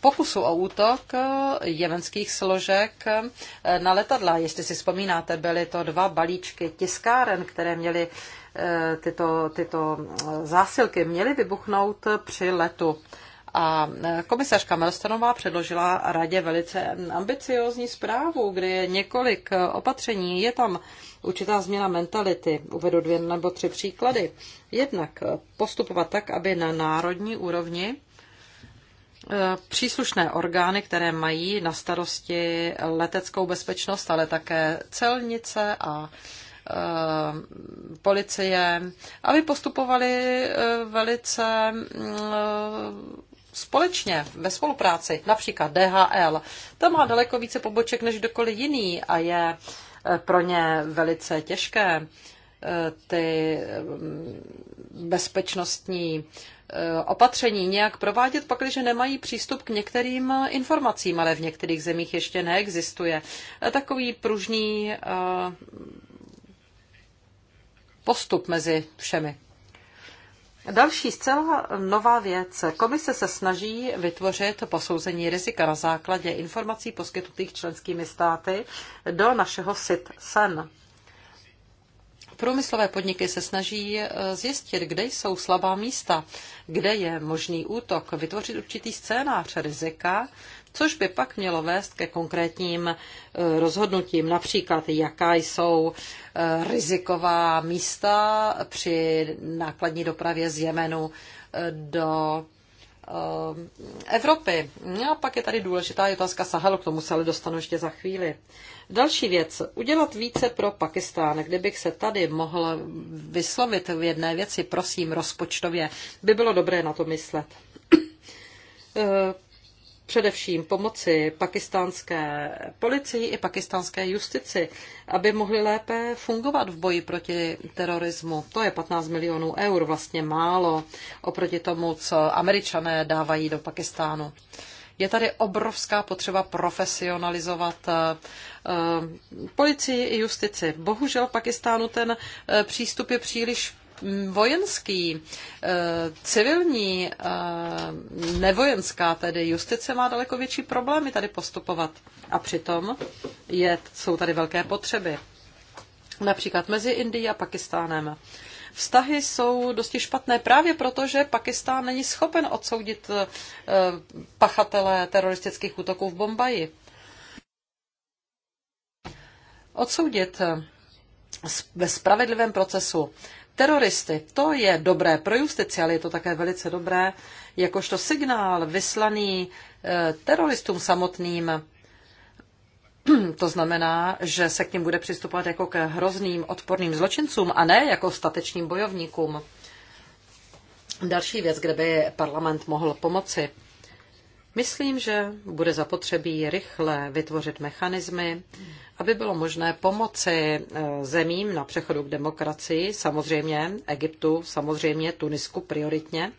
pokusu o útok jemenských složek na letadla. Jestli si vzpomínáte, byly to dva balíčky tiskáren, které měly tyto, tyto zásilky měly vybuchnout při letu. A e, komisařka Melstonová předložila radě velice ambiciozní zprávu, kde je několik e, opatření. Je tam určitá změna mentality. Uvedu dvě nebo tři příklady. Jednak e, postupovat tak, aby na národní úrovni příslušné orgány, které mají na starosti leteckou bezpečnost, ale také celnice a policie, aby postupovali velice společně, ve spolupráci, například DHL, To má daleko více poboček než kdokoliv jiný a je eh, pro ně velice těžké eh, ty mm, bezpečnostní eh, opatření nějak provádět, pakliže nemají přístup k některým informacím, ale v některých zemích ještě neexistuje takový pružný postup mezi všemi. Další zcela nová věc. Komise se snaží vytvořit posouzení rizika na základě informací poskytnutých členskými státy do našeho SIT SEN. Průmyslové podniky se snaží eh, zjistit, kde jsou slabá místa, kde je možný útok, vytvořit určitý scénář rizika což by pak mělo vést ke konkrétním e, rozhodnutím, například jaká jsou e, riziková místa při nákladní dopravě z Jemenu e, do Evropy. No a pak je tady důležitá otázka Sahelu, k tomu se ale dostanu ještě za chvíli. Další věc, udělat více pro Pakistán. Kdybych se tady mohl vyslovit v jedné věci, prosím, rozpočtově, by bylo dobré na to myslet. (clears throat) především pomoci pakistánské policii i pakistánské justici, aby mohli lépe fungovat v boji proti terorismu. To je 15 milionů eur, vlastně málo oproti tomu, co američané dávají do Pakistánu. Je tady obrovská potřeba profesionalizovat eh, eh, policii i justici. Bohužel Pakistánu ten eh, přístup je příliš vojenský, eh, civilní, eh, nevojenská tedy justice má daleko větší problémy tady postupovat. A přitom je, jsou tady velké potřeby. Například mezi Indií a Pakistánem. Vztahy jsou dosti špatné právě proto, že Pakistán není schopen odsoudit eh, pachatele teroristických útoků v Bombaji. Odsoudit ve spravedlivém procesu teroristy. To je dobré pro justici, ale je to také velice dobré jakožto signál vyslaný eh, teroristům samotným. (clears throat) To znamená, že se k ním bude přistupovat jako k hrozným odporným zločincům a ne jako statečným bojovníkům. Další věc, kde by parlament mohl pomoci, Myslím, že bude zapotřebí rychle vytvořit mechanismy, aby bylo možné pomoci eh, zemím na přechodu k demokracii, samozřejmě Egyptu, samozřejmě Tunisku prioritně,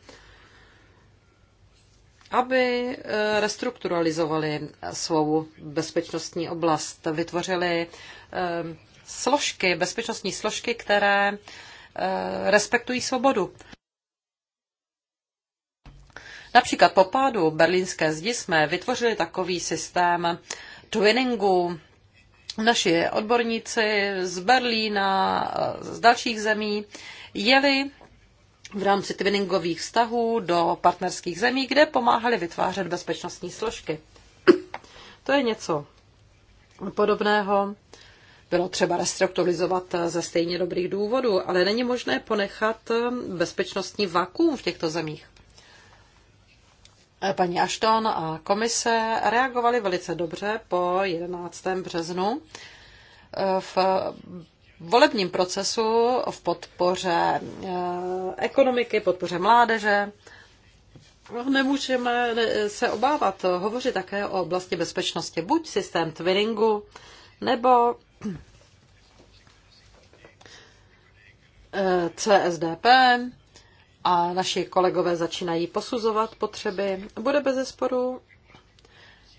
aby eh, restrukturalizovali svou bezpečnostní oblast, vytvořili eh, složky, bezpečnostní složky, které respektují svobodu. Například po pádu berlínské zdi jsme vytvořili takový systém twinningu. Naši odborníci z Berlína, z dalších zemí jeli v rámci twinningových vztahů do partnerských zemí, kde pomáhali vytvářet bezpečnostní složky. To je něco podobného. Bylo třeba restrukturalizovat ze stejně dobrých důvodů, ale není možné ponechat bezpečnostní vakuum v těchto zemích paní Ashton a komise reagovali velice dobře po 11. březnu v volebním procesu v podpoře eh, ekonomiky, podpoře mládeže. Nemůžeme se obávat. Hovoří také o oblasti bezpečnosti. Buď systém Twinningu, nebo eh, CSDP, a naši kolegové začínají posuzovat potřeby, bude bez zesporu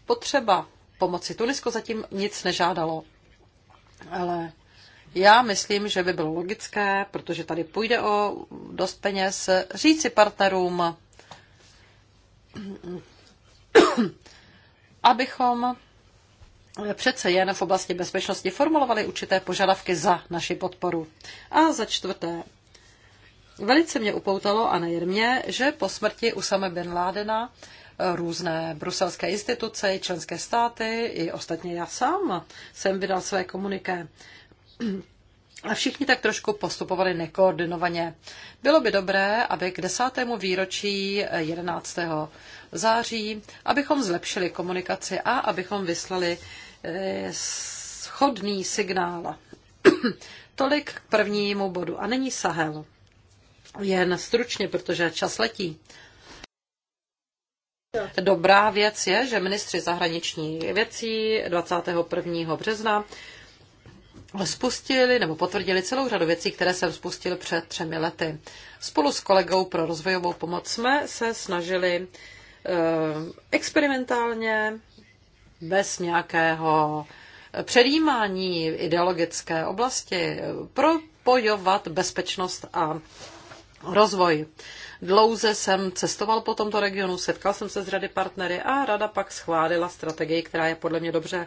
potřeba pomoci. Tunisko zatím nic nežádalo, ale já myslím, že by bylo logické, protože tady půjde o dost peněz, říci partnerům, abychom přece jen v oblasti bezpečnosti formulovali určité požadavky za naši podporu. A za čtvrté, Velice mě upoutalo, a nejen mě, že po smrti Usama bin Ládena eh, různé bruselské instituce, členské státy, i ostatně já sám jsem vydal své komuniké. (clears throat) A všichni tak trošku postupovali nekoordinovaně. Bylo by dobré, aby k desátému výročí 11. Eh, září, abychom zlepšili komunikaci a abychom vyslali eh, schodný signál. (clears throat) Tolik k prvnímu bodu. A není Sahel jen stručně, protože čas letí. Dobrá věc je, že ministři zahraničních věcí 21. března spustili nebo potvrdili celou řadu věcí, které jsem spustil před třemi lety. Spolu s kolegou pro rozvojovou pomoc jsme se snažili eh, experimentálně, bez nějakého předjímání ideologické oblasti, propojovat bezpečnost a rozvoj. Dlouze jsem cestoval po tomto regionu, setkal jsem se s řady partnery a rada pak schválila strategii, která je podle mě dobře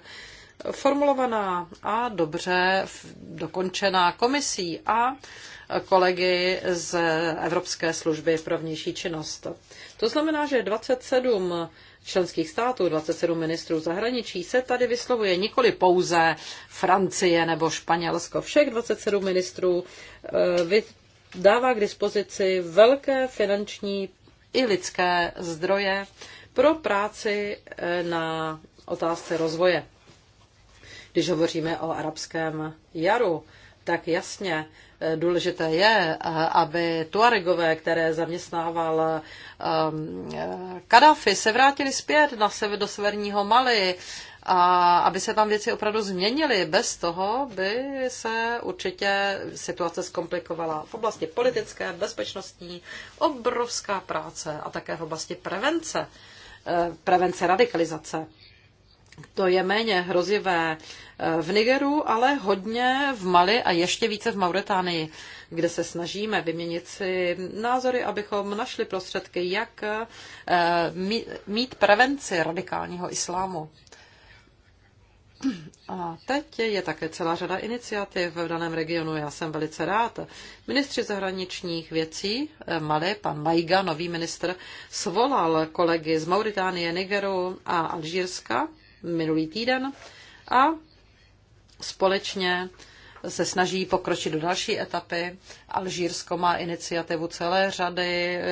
formulovaná a dobře dokončená komisí a kolegy z Evropské služby pro vnější činnost. To znamená, že 27 členských států, 27 ministrů zahraničí, se tady vyslovuje nikoli pouze Francie nebo Španělsko. Všech 27 ministrů eh, dává k dispozici velké finanční i lidské zdroje pro práci eh, na otázce rozvoje. Když hovoříme o arabském jaru, tak jasně eh, důležité je, eh, aby Tuaregové, které zaměstnával ehm, Kadafi, se vrátili zpět na sebe do severního Mali, a aby se tam věci opravdu změnily. Bez toho by se určitě situace zkomplikovala. V oblasti politické, bezpečnostní, obrovská práce a také v oblasti prevence, eh, prevence radikalizace. To je méně hrozivé eh, v Nigeru, ale hodně v Mali a ještě více v Mauretánii, kde se snažíme vyměnit si názory, abychom našli prostředky, jak eh, mít prevenci radikálního islámu. A teď je také celá řada iniciativ v daném regionu. Já jsem velice rád. Ministři zahraničních věcí eh, Malé, pan Majga, nový ministr, svolal kolegy z Mauritánie, Nigeru a Alžírska minulý týden a společně se snaží pokročit do další etapy. Alžírsko má iniciativu celé řady eh,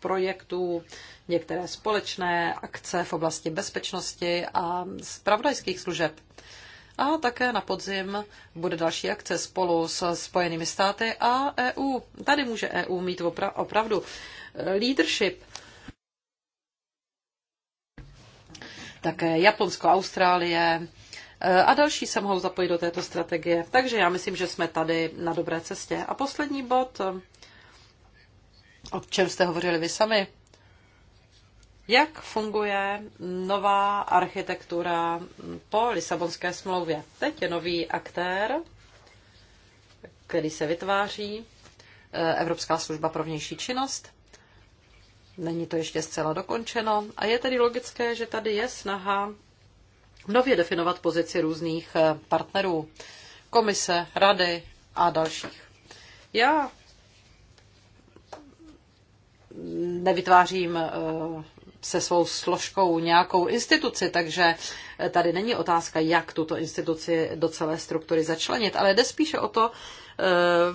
projektů, některé společné akce v oblasti bezpečnosti a spravodajských služeb. A také na podzim bude další akce spolu s Spojenými státy a EU. Tady může EU mít opra- opravdu eh, leadership. Také Japonsko, Austrálie eh, a další se mohou zapojit do této strategie. Takže já myslím, že jsme tady na dobré cestě. A poslední bod, o čem jste hovořili vy sami. Jak funguje nová architektura po Lisabonské smlouvě? Teď je nový aktér, který se vytváří, e, Evropská služba pro vnější činnost. Není to ještě zcela dokončeno a je tedy logické, že tady je snaha nově definovat pozici různých e, partnerů, komise, rady a dalších. Já nevytvářím eh, se svou složkou nějakou instituci, takže eh, tady není otázka, jak tuto instituci do celé struktury začlenit, ale jde spíše o to, eh,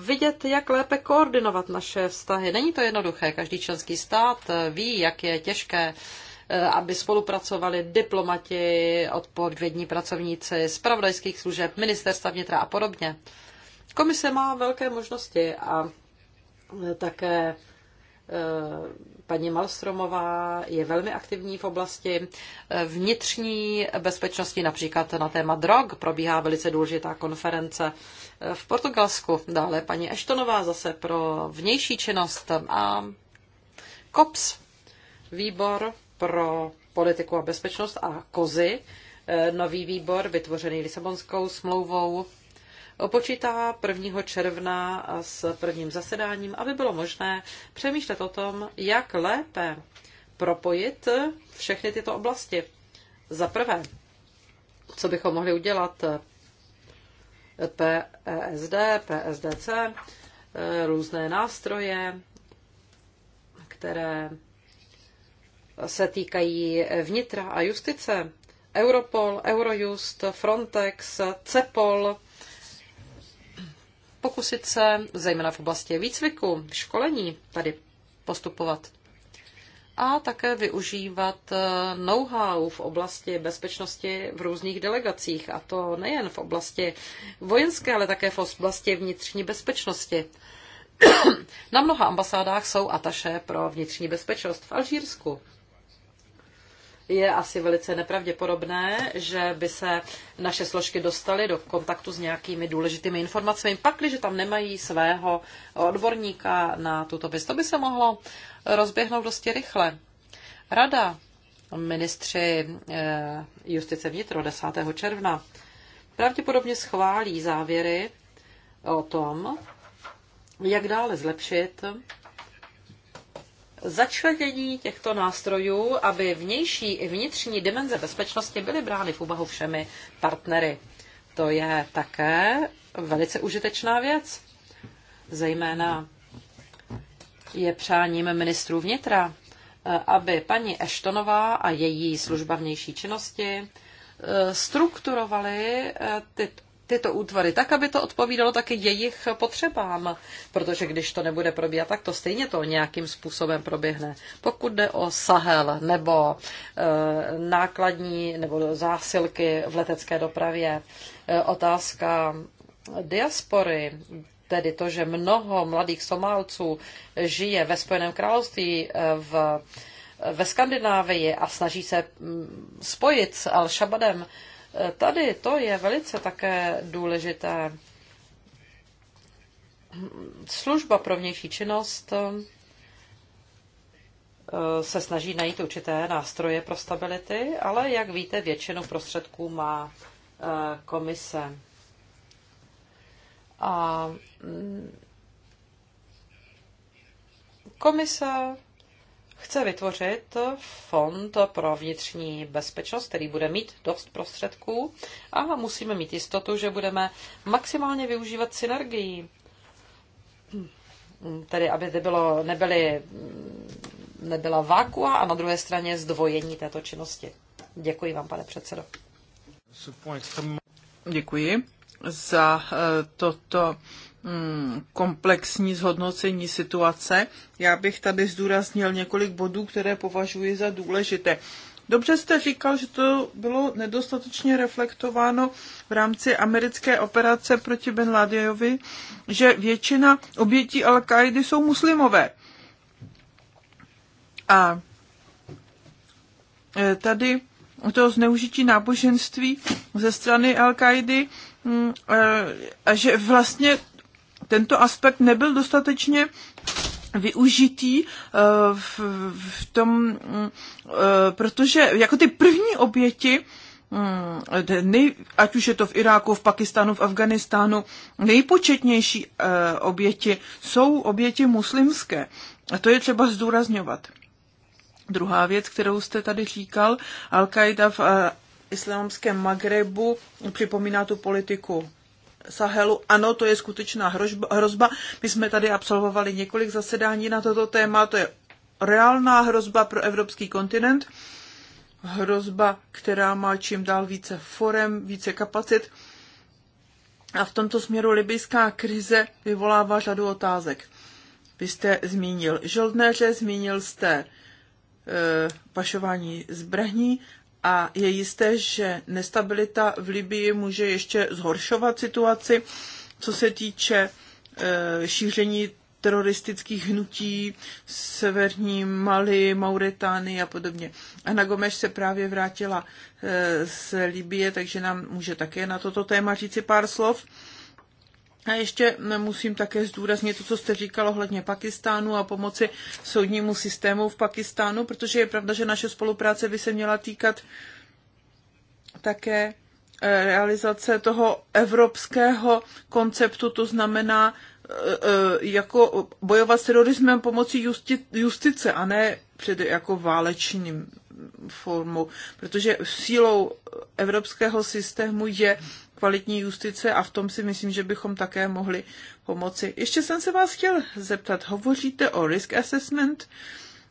vidět, jak lépe koordinovat naše vztahy. Není to jednoduché, každý členský stát ví, jak je těžké aby spolupracovali diplomati, odpovědní pracovníci zpravodajských služeb, ministerstva vnitra a podobně. Komise má velké možnosti a také Eh, paní Malstromová je velmi aktivní v oblasti eh, vnitřní bezpečnosti, například na téma drog. Probíhá velice důležitá konference eh, v Portugalsku. Dále paní Eštonová zase pro vnější činnost a COPS, výbor pro politiku a bezpečnost a COZY, nový výbor vytvořený Lisabonskou smlouvou počítá 1. června s prvním zasedáním, aby bylo možné přemýšlet o tom, jak lépe propojit všechny tyto oblasti. Za prvé, co bychom mohli udělat PSD, e PSDC, e různé nástroje, které se týkají vnitra a justice, Europol, Eurojust, Frontex, CEPOL, pokusit se, zejména v oblasti výcviku, školení, tady postupovat. A také využívat eh, know-how v oblasti bezpečnosti v různých delegacích, a to nejen v oblasti vojenské, ale také v oblasti vnitřní bezpečnosti. (clears throat) Na mnoha ambasádách jsou ataše pro vnitřní bezpečnost v Alžírsku, je asi velice nepravděpodobné, že by se naše složky dostaly do kontaktu s nějakými důležitými informacemi, pakliže tam nemají svého odborníka na tuto věc. To by se mohlo rozběhnout dosti rychle. Rada ministři eh, justice vnitro 10. června pravděpodobně schválí závěry o tom, jak dále zlepšit začlenění těchto nástrojů, aby vnější i vnitřní dimenze bezpečnosti byly brány v úvahu všemi partnery. To je také velice užitečná věc. Zejména je přáním ministrů vnitra, eh, aby paní Eštonová a její služba vnější činnosti eh, strukturovaly eh, ty tyto útvary tak, aby to odpovídalo taky jejich potřebám. Protože když to nebude probíhat, tak to stejně to nějakým způsobem proběhne. Pokud jde o Sahel nebo e, nákladní nebo zásilky v letecké dopravě, e, otázka diaspory, tedy to, že mnoho mladých Somálců žije ve Spojeném království e, v, ve Skandinávii a snaží se spojit s Al-Shabadem, Tady to je velice také důležité. Služba pro vnější činnost eh, se snaží najít určité nástroje pro stability, ale jak víte, většinu prostředků má eh, komise. A mm, komise chce vytvořit fond pro vnitřní bezpečnost, který bude mít dost prostředků a musíme mít jistotu, že budeme maximálně využívat synergii. Tedy, aby nebylo, nebyly, nebyla vákua a na druhé straně zdvojení této činnosti. Děkuji vám, pane předsedo. Děkuji za eh, toto Mm, komplexní zhodnocení situace. Já bych tady zdůraznil několik bodů, které považuji za důležité. Dobře jste říkal, že to bylo nedostatečně reflektováno v rámci americké operace proti Ben Ladejovi, že většina obětí al kaidy jsou muslimové. A e, tady to zneužití náboženství ze strany al kaidy mm, e, a že vlastně tento aspekt nebyl dostatečně využitý eh, v, v tom, mm, eh, protože jako ty první oběti mm, nej, ať už je to v Iráku, v Pakistánu, v Afganistánu, nejpočetnější eh, oběti jsou oběti muslimské. A to je třeba zdůrazňovat. Druhá věc, kterou jste tady říkal, Al-Qaida v islámském Magrebu připomíná tu politiku Sahelu. Ano, to je skutečná hrozba. My jsme tady absolvovali několik zasedání na toto téma. To je reálná hrozba pro evropský kontinent. Hrozba, která má čím dál více forem, více kapacit. A v tomto směru libyská krize vyvolává řadu otázek. Vy jste zmínil žoldnéře, zmínil jste e, pašování zbraní a je jisté, že nestabilita v Libii může ještě zhoršovat situaci, co se týče eh, šíření teroristických hnutí severní Mali, Mauretány a podobně. Ana Gomeš se právě vrátila eh, z Libie, takže nám může také na toto téma říci pár slov. A ještě musím také zdůraznit to, co jste říkal ohledně Pakistánu a pomoci soudnímu systému v Pakistánu, protože je pravda, že naše spolupráce by se měla týkat také eh, realizace toho evropského konceptu, to znamená eh, eh, jako bojovat s terorismem pomocí justice a ne před jako válečným formou, protože sílou evropského systému je kvalitní justice a v tom si myslím, že bychom také mohli pomoci. Ještě jsem se vás chtěl zeptat, hovoříte o risk assessment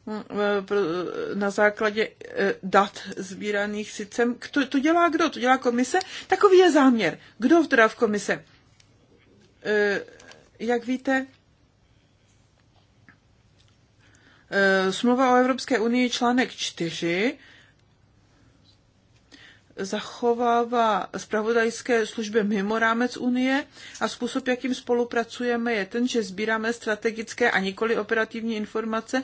mm, e, na základě e, dat sbíraných SICem. kdo to dělá kdo? To dělá komise? Takový je záměr. Kdo teda v komise? E, jak víte, smlouva o Evropské unii článek 4 zachovává spravodajské služby mimo rámec Unie a způsob, jakým spolupracujeme, je ten, že sbíráme strategické a nikoli operativní informace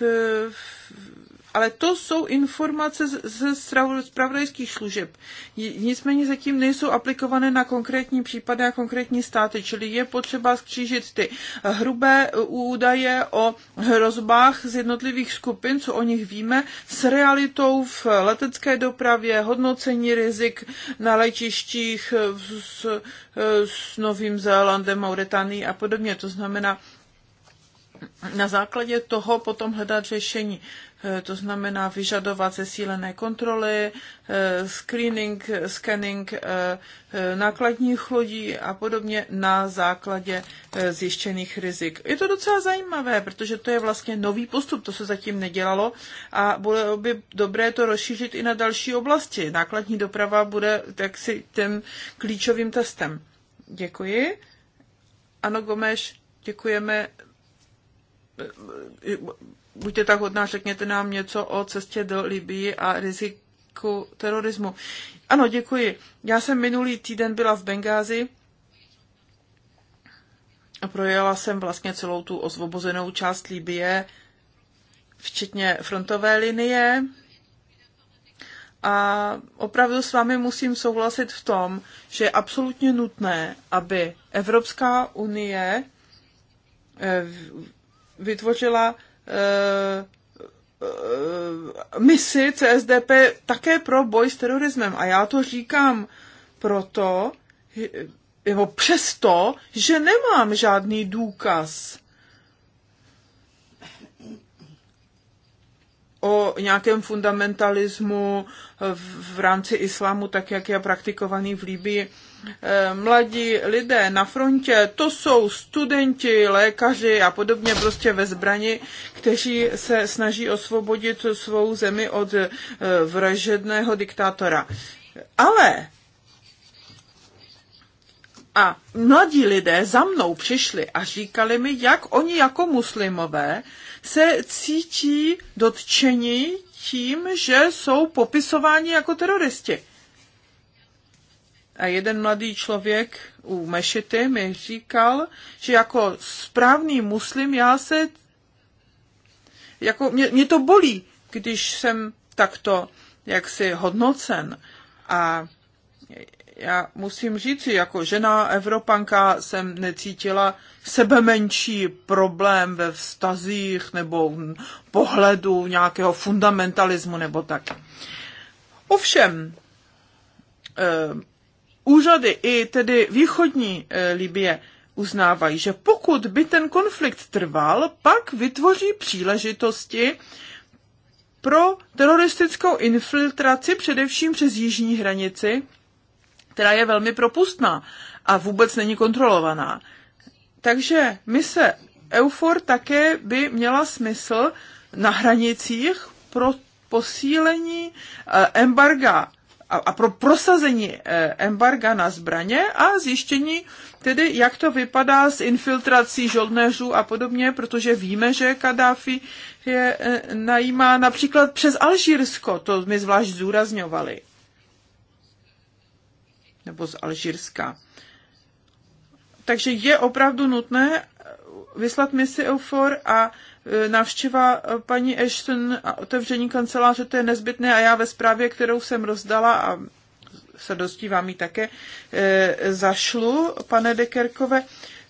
v, v ale to jsou informace ze spravodajských služeb. Nicméně zatím nejsou aplikované na konkrétní případy a konkrétní státy, čili je potřeba skřížit ty hrubé údaje o hrozbách z jednotlivých skupin, co o nich víme, s realitou v letecké dopravě, hodnocení rizik na letištích s, s Novým Zélandem, Mauritánií a podobně. To znamená, na základě toho potom hledat řešení. Eh, to znamená vyžadovat zesílené kontroly, eh, screening, scanning eh, nákladních lodí a podobně na základě zjištěných rizik. Je to docela zajímavé, protože to je vlastně nový postup, to se zatím nedělalo a bylo by dobré to rozšířit i na další oblasti. Nákladní doprava bude jaksi ten klíčovým testem. Děkuji. Ano, Gomeš, děkujeme Eh, eh, buďte tak hodná, řekněte nám něco o cestě do Libii a riziku terorismu. Ano, děkuji. Já jsem minulý týden byla v Bengázi a projela jsem vlastně celou tu osvobozenou část Libie, včetně frontové linie. A opravdu s vámi musím souhlasit v tom, že je absolutně nutné, aby Evropská unie eh, vytvořila eh, eh, misi CSDP také pro boj s terorismem. A já to říkám proto, nebo přesto, že nemám žádný důkaz o nějakém fundamentalismu v, v rámci islámu, tak jak je praktikovaný v Líbii. Eh, mladí lidé na frontě, to jsou studenti, lékaři a podobně prostě ve zbrani, kteří se snaží osvobodit svou zemi od eh, vražedného diktátora. Ale a mladí lidé za mnou přišli a říkali mi, jak oni jako muslimové se cítí dotčeni tím, že jsou popisováni jako teroristi. A jeden mladý člověk u Mešity mi říkal, že jako správný muslim já se, jako mě, mě to bolí, když jsem takto jaksi hodnocen. A já musím říct, jako žena Evropanka jsem necítila sebe menší problém ve vztazích nebo pohledu nějakého fundamentalismu nebo tak. Ovšem, eh, úřady i tedy východní eh, Libie uznávají, že pokud by ten konflikt trval, pak vytvoří příležitosti pro teroristickou infiltraci především přes jižní hranici, která je velmi propustná a vůbec není kontrolovaná. Takže mise EUFOR také by měla smysl na hranicích pro posílení eh, embarga a, a pro prosazení eh, embarga na zbraně a zjištění tedy, jak to vypadá s infiltrací žoldnéřů a podobně, protože víme, že Kadáfi je eh, najímá například přes Alžírsko, to my zvlášť zúrazňovali. Nebo z Alžírska. Takže je opravdu nutné, vyslat misi EUFOR a e, návštěva e, paní Ashton a otevření kanceláře, to je nezbytné a já ve zprávě, kterou jsem rozdala a se dostívám ji také, e, zašlu, pane Dekerkové,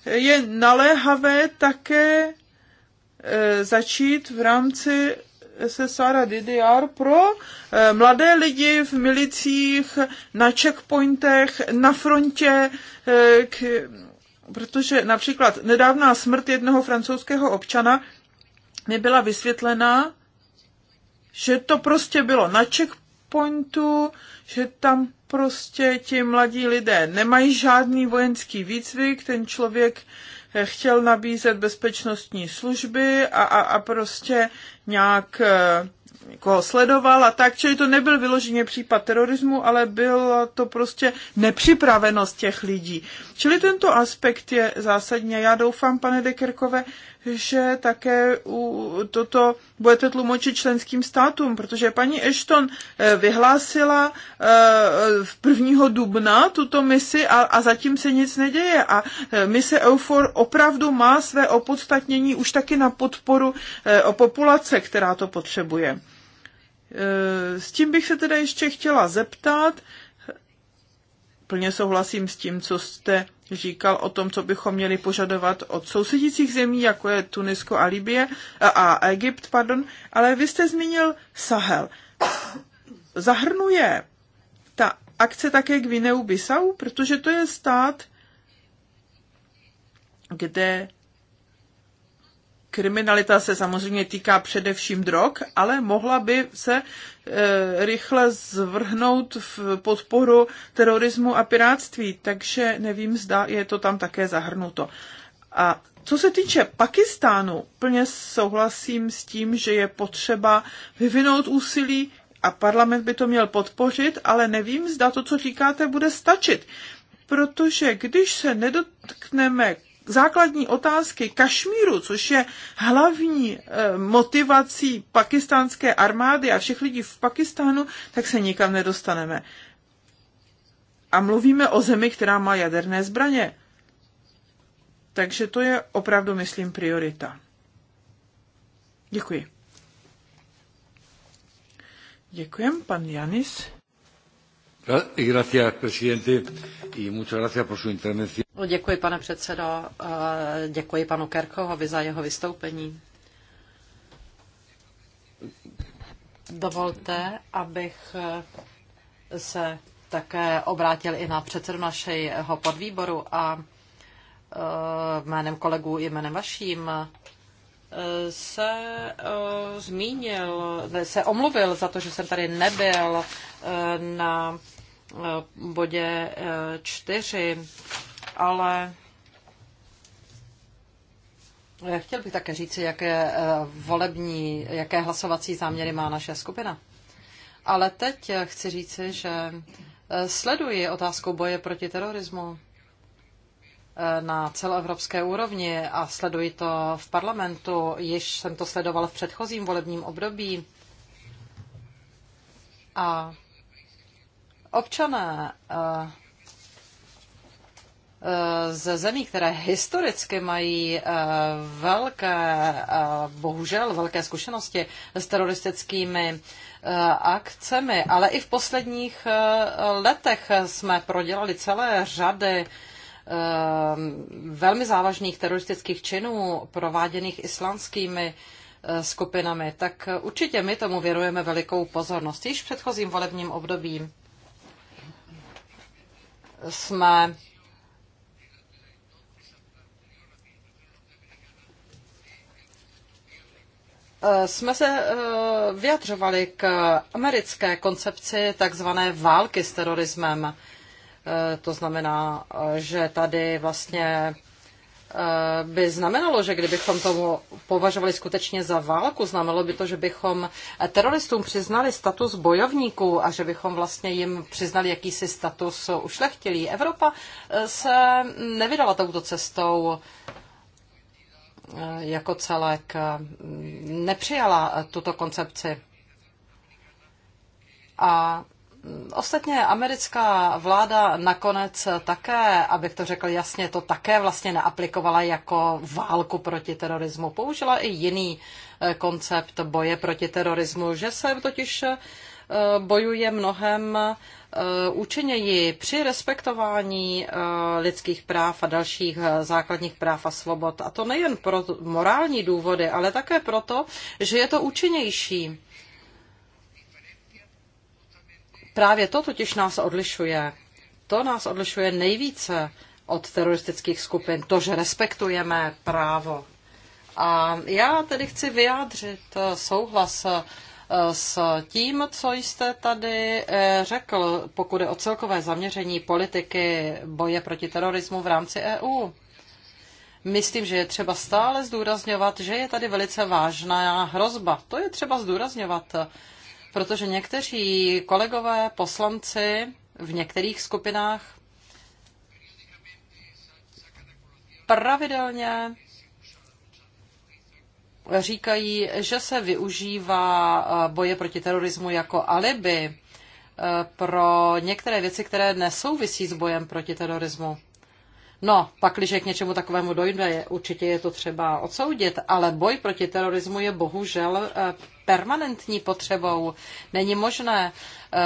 je naléhavé také začít v rámci SSR a DDR pro mladé lidi v milicích, na checkpointech, na frontě, k, protože například nedávná smrt jednoho francouzského občana mi byla vysvětlena, že to prostě bylo na checkpointu, že tam prostě ti mladí lidé nemají žádný vojenský výcvik, ten člověk eh, chtěl nabízet bezpečnostní služby a, a, a prostě nějak eh, někoho sledoval a tak, čili to nebyl vyloženě případ terorismu, ale byl to prostě nepřipravenost těch lidí. Čili tento aspekt je zásadně. Já doufám, pane Dekerkové, že také u, toto budete tlumočit členským státům, protože paní Ashton eh, vyhlásila eh, v 1. dubna tuto misi a, a zatím se nic neděje. A eh, mise EUFOR opravdu má své opodstatnění už taky na podporu populace, která to potřebuje. Eh, s tím bych se teda ještě chtěla zeptat. Plně souhlasím s tím, co jste říkal o tom, co bychom měli požadovat od sousedících zemí, jako je Tunisko a Libie a Egypt, pardon, ale vy jste zmínil Sahel. Zahrnuje ta akce také Gvineu Bissau, protože to je stát, kde kriminalita se samozřejmě týká především drog, ale mohla by se e, rychle zvrhnout v podporu terorismu a piráctví, takže nevím, zda je to tam také zahrnuto. A co se týče Pakistánu, plně souhlasím s tím, že je potřeba vyvinout úsilí a parlament by to měl podpořit, ale nevím, zda to, co říkáte, bude stačit. Protože když se nedotkneme základní otázky Kašmíru, což je hlavní eh, motivací pakistánské armády a všech lidí v Pakistánu, tak se nikam nedostaneme. A mluvíme o zemi, která má jaderné zbraně. Takže to je opravdu, myslím, priorita. Děkuji. Děkujem, pan Janis. No, děkuji, pane předsedo. Eh, děkuji panu Kerkohovi za jeho vystoupení. Dovolte, abych eh, se také obrátil i na předsedu našeho podvýboru a eh, jménem kolegů i jménem vaším se zmínil, se omluvil za to, že jsem tady nebyl na bodě eh, čtyři, ale eh, chtěl bych také říci, jaké eh, volební, jaké hlasovací záměry má naše skupina. Ale teď chci říci, že sleduji otázku boje proti terorismu na celoevropské úrovni a sleduji to v parlamentu. Již jsem to sledoval v předchozím volebním období. A Občané eh, eh, ze zemí, které historicky mají eh, velké, bohužel velké zkušenosti s teroristickými akcemi, ale i v posledních letech jsme prodělali celé řady velmi závažných teroristických činů prováděných islandskými skupinami, tak určitě my tomu věnujeme velikou pozornost již v předchozím volebním období jsme eh, jsme se eh, vyjadřovali k americké koncepci takzvané války s terorismem. Eh, to znamená, že tady vlastně Eh, by znamenalo, že kdybychom to považovali skutečně za válku, znamenalo by to, že bychom eh, teroristům přiznali status bojovníků a že bychom vlastně jim přiznali jakýsi status ušlechtilý. Evropa eh, se nevydala touto cestou jako celek, nepřijala tuto koncepci. A Ostatně americká vláda nakonec také, abych to řekl jasně, to také vlastně neaplikovala jako válku proti terorismu. Použila i jiný eh, koncept boje proti terorismu, že se totiž eh, bojuje mnohem eh, účinněji při respektování lidských práv a dalších základních práv a svobod. A to nejen pro morální důvody, ale také proto, že je to účinnější. Právě to totiž nás odlišuje. To nás odlišuje nejvíce od teroristických skupin, to, že respektujeme právo. A já tedy chci vyjádřit eh, souhlas eh, s tím, co jste tady eh, řekl, pokud je o celkové zaměření politiky boje proti terorismu v rámci EU. Myslím, že je třeba stále zdůrazňovat, že je tady velice vážná hrozba. To je třeba zdůrazňovat protože někteří kolegové, poslanci v některých skupinách pravidelně říkají, že se využívá eh, boje proti terorismu jako alibi eh, pro některé věci, které nesouvisí s bojem proti terorismu. No, pakliže k něčemu takovému dojde, je, určitě je to třeba odsoudit, ale boj proti terorismu je bohužel eh, permanentní potřebou. Není možné eh,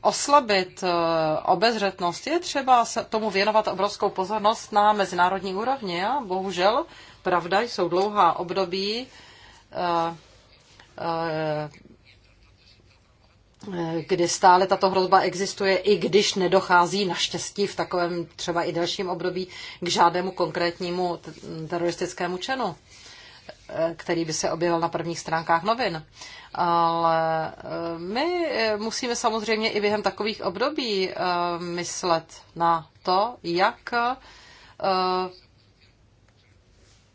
oslabit eh, obezřetnost. Je třeba se tomu věnovat obrovskou pozornost na mezinárodní úrovni. A bohužel, pravda, jsou dlouhá období kdy stále tato hrozba existuje, i když nedochází naštěstí v takovém třeba i delším období k žádnému konkrétnímu teroristickému činu, eh, který by se objevil na prvních stránkách novin. Ale eh, my eh, musíme samozřejmě i během takových období myslet na to, jak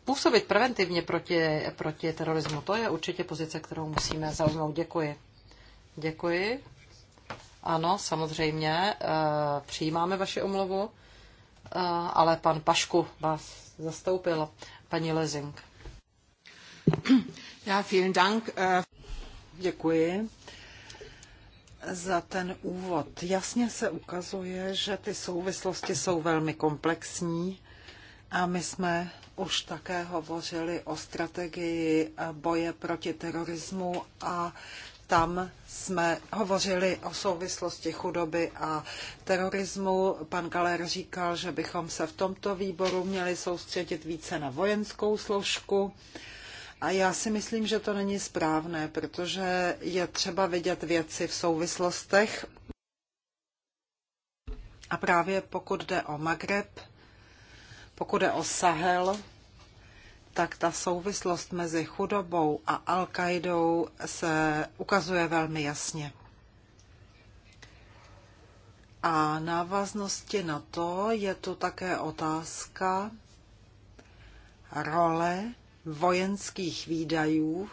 působit preventivně proti, proti terorismu. To je určitě pozice, kterou musíme zaujmout. Děkuji. Děkuji. Ano, samozřejmě, eh, přijímáme vaši omluvu, eh, ale pan Pašku vás zastoupil, paní Lezing. Já vielen Dank. Eh. Děkuji za ten úvod. Jasně se ukazuje, že ty souvislosti jsou velmi komplexní a my jsme už také hovořili o strategii boje proti terorismu a tam jsme hovořili o souvislosti chudoby a terorismu. Pan Galer říkal, že bychom se v tomto výboru měli soustředit více na vojenskou složku. A já si myslím, že to není správné, protože je třeba vidět věci v souvislostech. A právě pokud jde o Magreb, pokud jde o Sahel, tak ta souvislost mezi chudobou a al kaidou se ukazuje velmi jasně. A návaznosti na to je tu také otázka role vojenských výdajů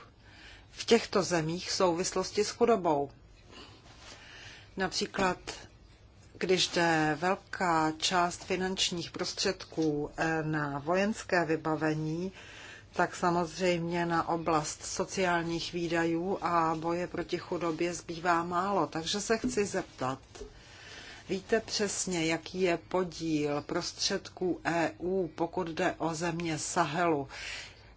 v těchto zemích v souvislosti s chudobou. Například, když jde velká část finančních prostředků eh, na vojenské vybavení, tak samozřejmě na oblast sociálních výdajů a boje proti chudobě zbývá málo. Takže se chci zeptat, víte přesně, jaký je podíl prostředků EU, pokud jde o země Sahelu?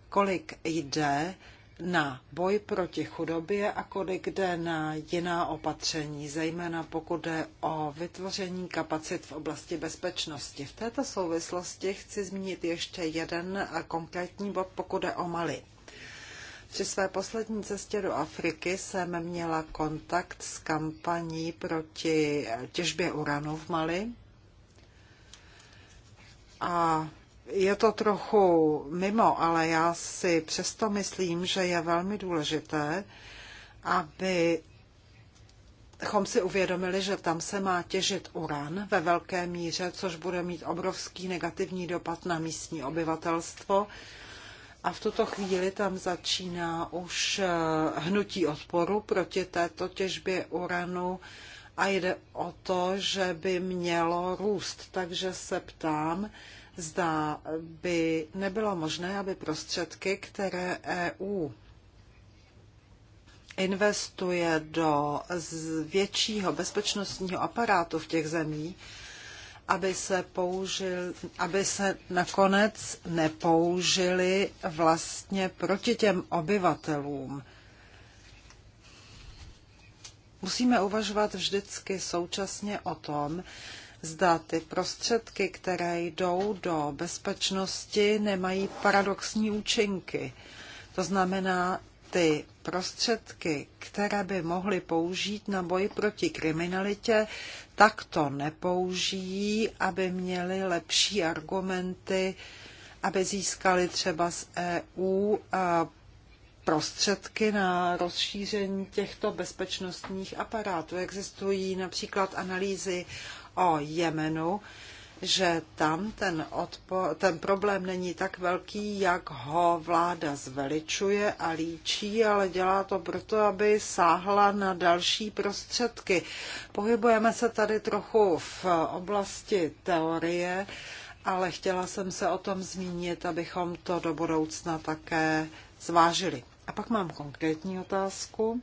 Kolik jde na boj proti chudobě a kolik jde na jiná opatření, zejména pokud jde o vytvoření kapacit v oblasti bezpečnosti. V této souvislosti chci zmínit ještě jeden konkrétní bod, pokud jde o Mali. Při své poslední cestě do Afriky jsem měla kontakt s kampaní proti těžbě uranu v Mali. A je to trochu mimo, ale já si přesto myslím, že je velmi důležité, aby chom si uvědomili, že tam se má těžit uran ve velké míře, což bude mít obrovský negativní dopad na místní obyvatelstvo. A v tuto chvíli tam začíná už eh, hnutí odporu proti této těžbě uranu a jde o to, že by mělo růst. Takže se ptám, zda by nebylo možné, aby prostředky, které EU investuje do většího bezpečnostního aparátu v těch zemích, aby se, použil, aby se nakonec nepoužili vlastně proti těm obyvatelům. Musíme uvažovat vždycky současně o tom, zda ty prostředky, které jdou do bezpečnosti, nemají paradoxní účinky. To znamená, ty prostředky, které by mohly použít na boj proti kriminalitě, tak to nepoužijí, aby měli lepší argumenty, aby získali třeba z EU eh, prostředky na rozšíření těchto bezpečnostních aparátů. Existují například analýzy o Jemenu, že tam ten, odpo- ten problém není tak velký, jak ho vláda zveličuje a líčí, ale dělá to proto, aby sáhla na další prostředky. Pohybujeme se tady trochu v oblasti teorie, ale chtěla jsem se o tom zmínit, abychom to do budoucna také zvážili. A pak mám konkrétní otázku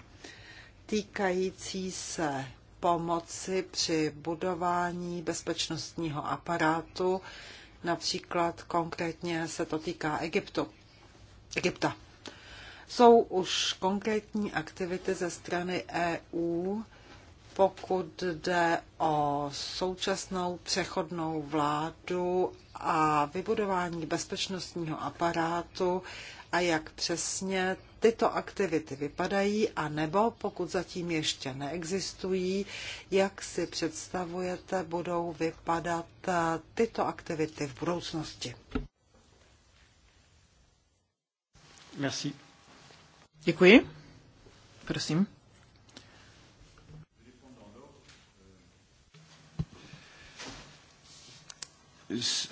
týkající se pomoci při budování bezpečnostního aparátu. Například konkrétně se to týká Egyptu. Egypta. Jsou už konkrétní aktivity ze strany EU, pokud jde o současnou přechodnou vládu a vybudování bezpečnostního aparátu a jak přesně tyto aktivity vypadají, a nebo pokud zatím ještě neexistují, jak si představujete, budou vypadat eh, tyto aktivity v budoucnosti. Merci. Děkuji. Prosím.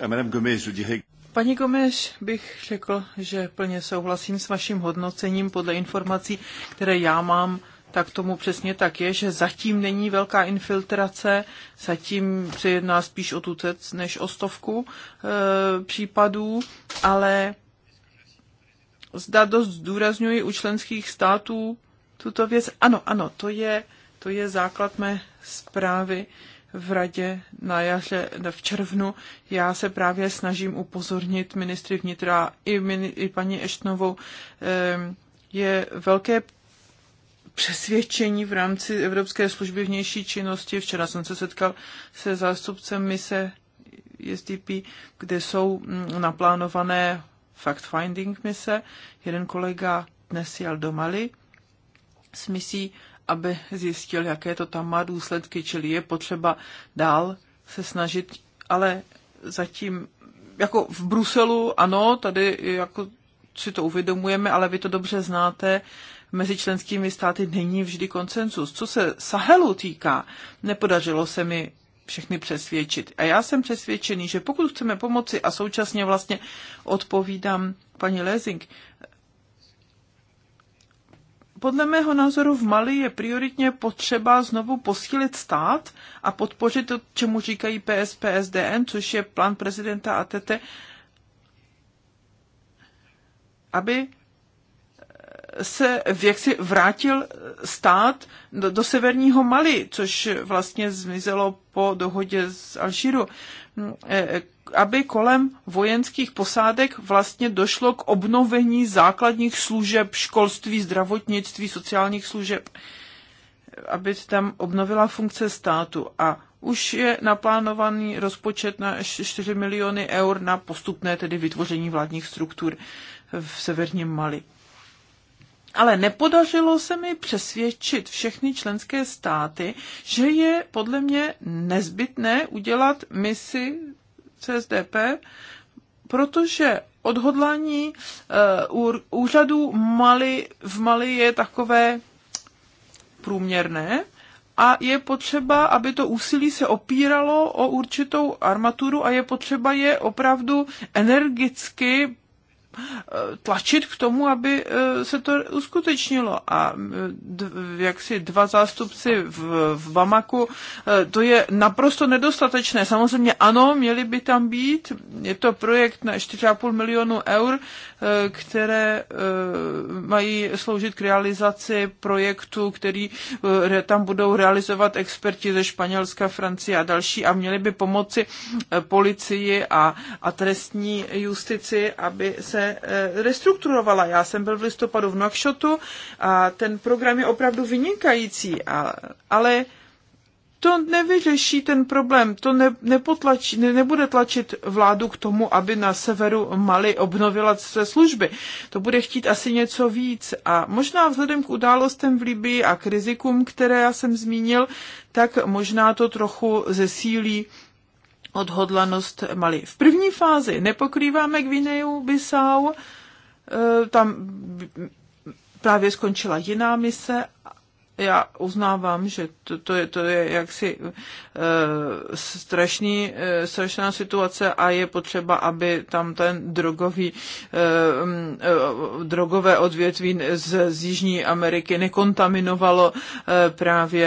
A Madame Gomez, je dirais Paní Gomeš, bych řekl, že plně souhlasím s vaším hodnocením podle informací, které já mám tak tomu přesně tak je, že zatím není velká infiltrace, zatím se jedná spíš o tucec než o stovku e, případů, ale zda dost zdůrazňuji u členských států tuto věc. Ano, ano, to je, to je základ mé zprávy, v radě na jaře, v červnu. Já se právě snažím upozornit ministry vnitra i, mini, i paní Eštnovou. Ehm, je velké přesvědčení v rámci Evropské služby vnější činnosti. Včera jsem se setkal se zástupcem mise e SDP, kde jsou mm, naplánované fact-finding mise. Jeden kolega dnes jel do Mali s misí aby zjistil, jaké to tam má důsledky, čili je potřeba dál se snažit, ale zatím, jako v Bruselu, ano, tady jako si to uvědomujeme, ale vy to dobře znáte, mezi členskými státy není vždy koncensus. Co se Sahelu týká, nepodařilo se mi všechny přesvědčit. A já jsem přesvědčený, že pokud chceme pomoci a současně vlastně odpovídám paní Lezing, podle mého názoru v Mali je prioritně potřeba znovu posílit stát a podpořit to, čemu říkají PSPSDN, což je plán prezidenta ATT, aby eh, se v jaksi vrátil stát do, do severního Mali, což vlastně zmizelo po dohodě z Alžíru. Mm, eh, aby kolem vojenských posádek vlastně došlo k obnovení základních služeb, školství, zdravotnictví, sociálních služeb, aby tam obnovila funkce státu. A už je naplánovaný rozpočet na 4 miliony eur na postupné tedy vytvoření vládních struktur v severním Mali. Ale nepodařilo se mi přesvědčit všechny členské státy, že je podle mě nezbytné udělat misi CSDP, protože odhodlání eh, úřadů Mali, v Mali je takové průměrné a je potřeba, aby to úsilí se opíralo o určitou armaturu a je potřeba je opravdu energicky Eh, tlačit k tomu, aby eh, se to uskutečnilo. A eh, jak si dva zástupci v, v Bamaku, to je naprosto nedostatečné. Samozřejmě ano, měli by tam být. Je to projekt na 4,5 milionu eur, které mají sloužit k realizaci projektu, který tam budou realizovat experti ze Španělska, Francie a další a měli by pomoci policii a, a trestní justici, aby se se eh, restrukturovala. Já jsem byl v listopadu v Nakšotu a ten program je opravdu vynikající, a, ale to nevyřeší ten problém, to ne, nepotlačí, ne, nebude tlačit vládu k tomu, aby na severu Mali obnovila své služby. To bude chtít asi něco víc a možná vzhledem k událostem v Libii a k rizikům, které já jsem zmínil, tak možná to trochu zesílí odhodlanost Mali. V první fázi nepokrýváme Gvineju Bissau, e, tam právě skončila jiná mise já uznávám, že to, to, je, to je jaksi e, strašný, e, strašná situace a je potřeba, aby tam ten drogový, e, e, drogové odvětví z, z Jižní Ameriky nekontaminovalo e, právě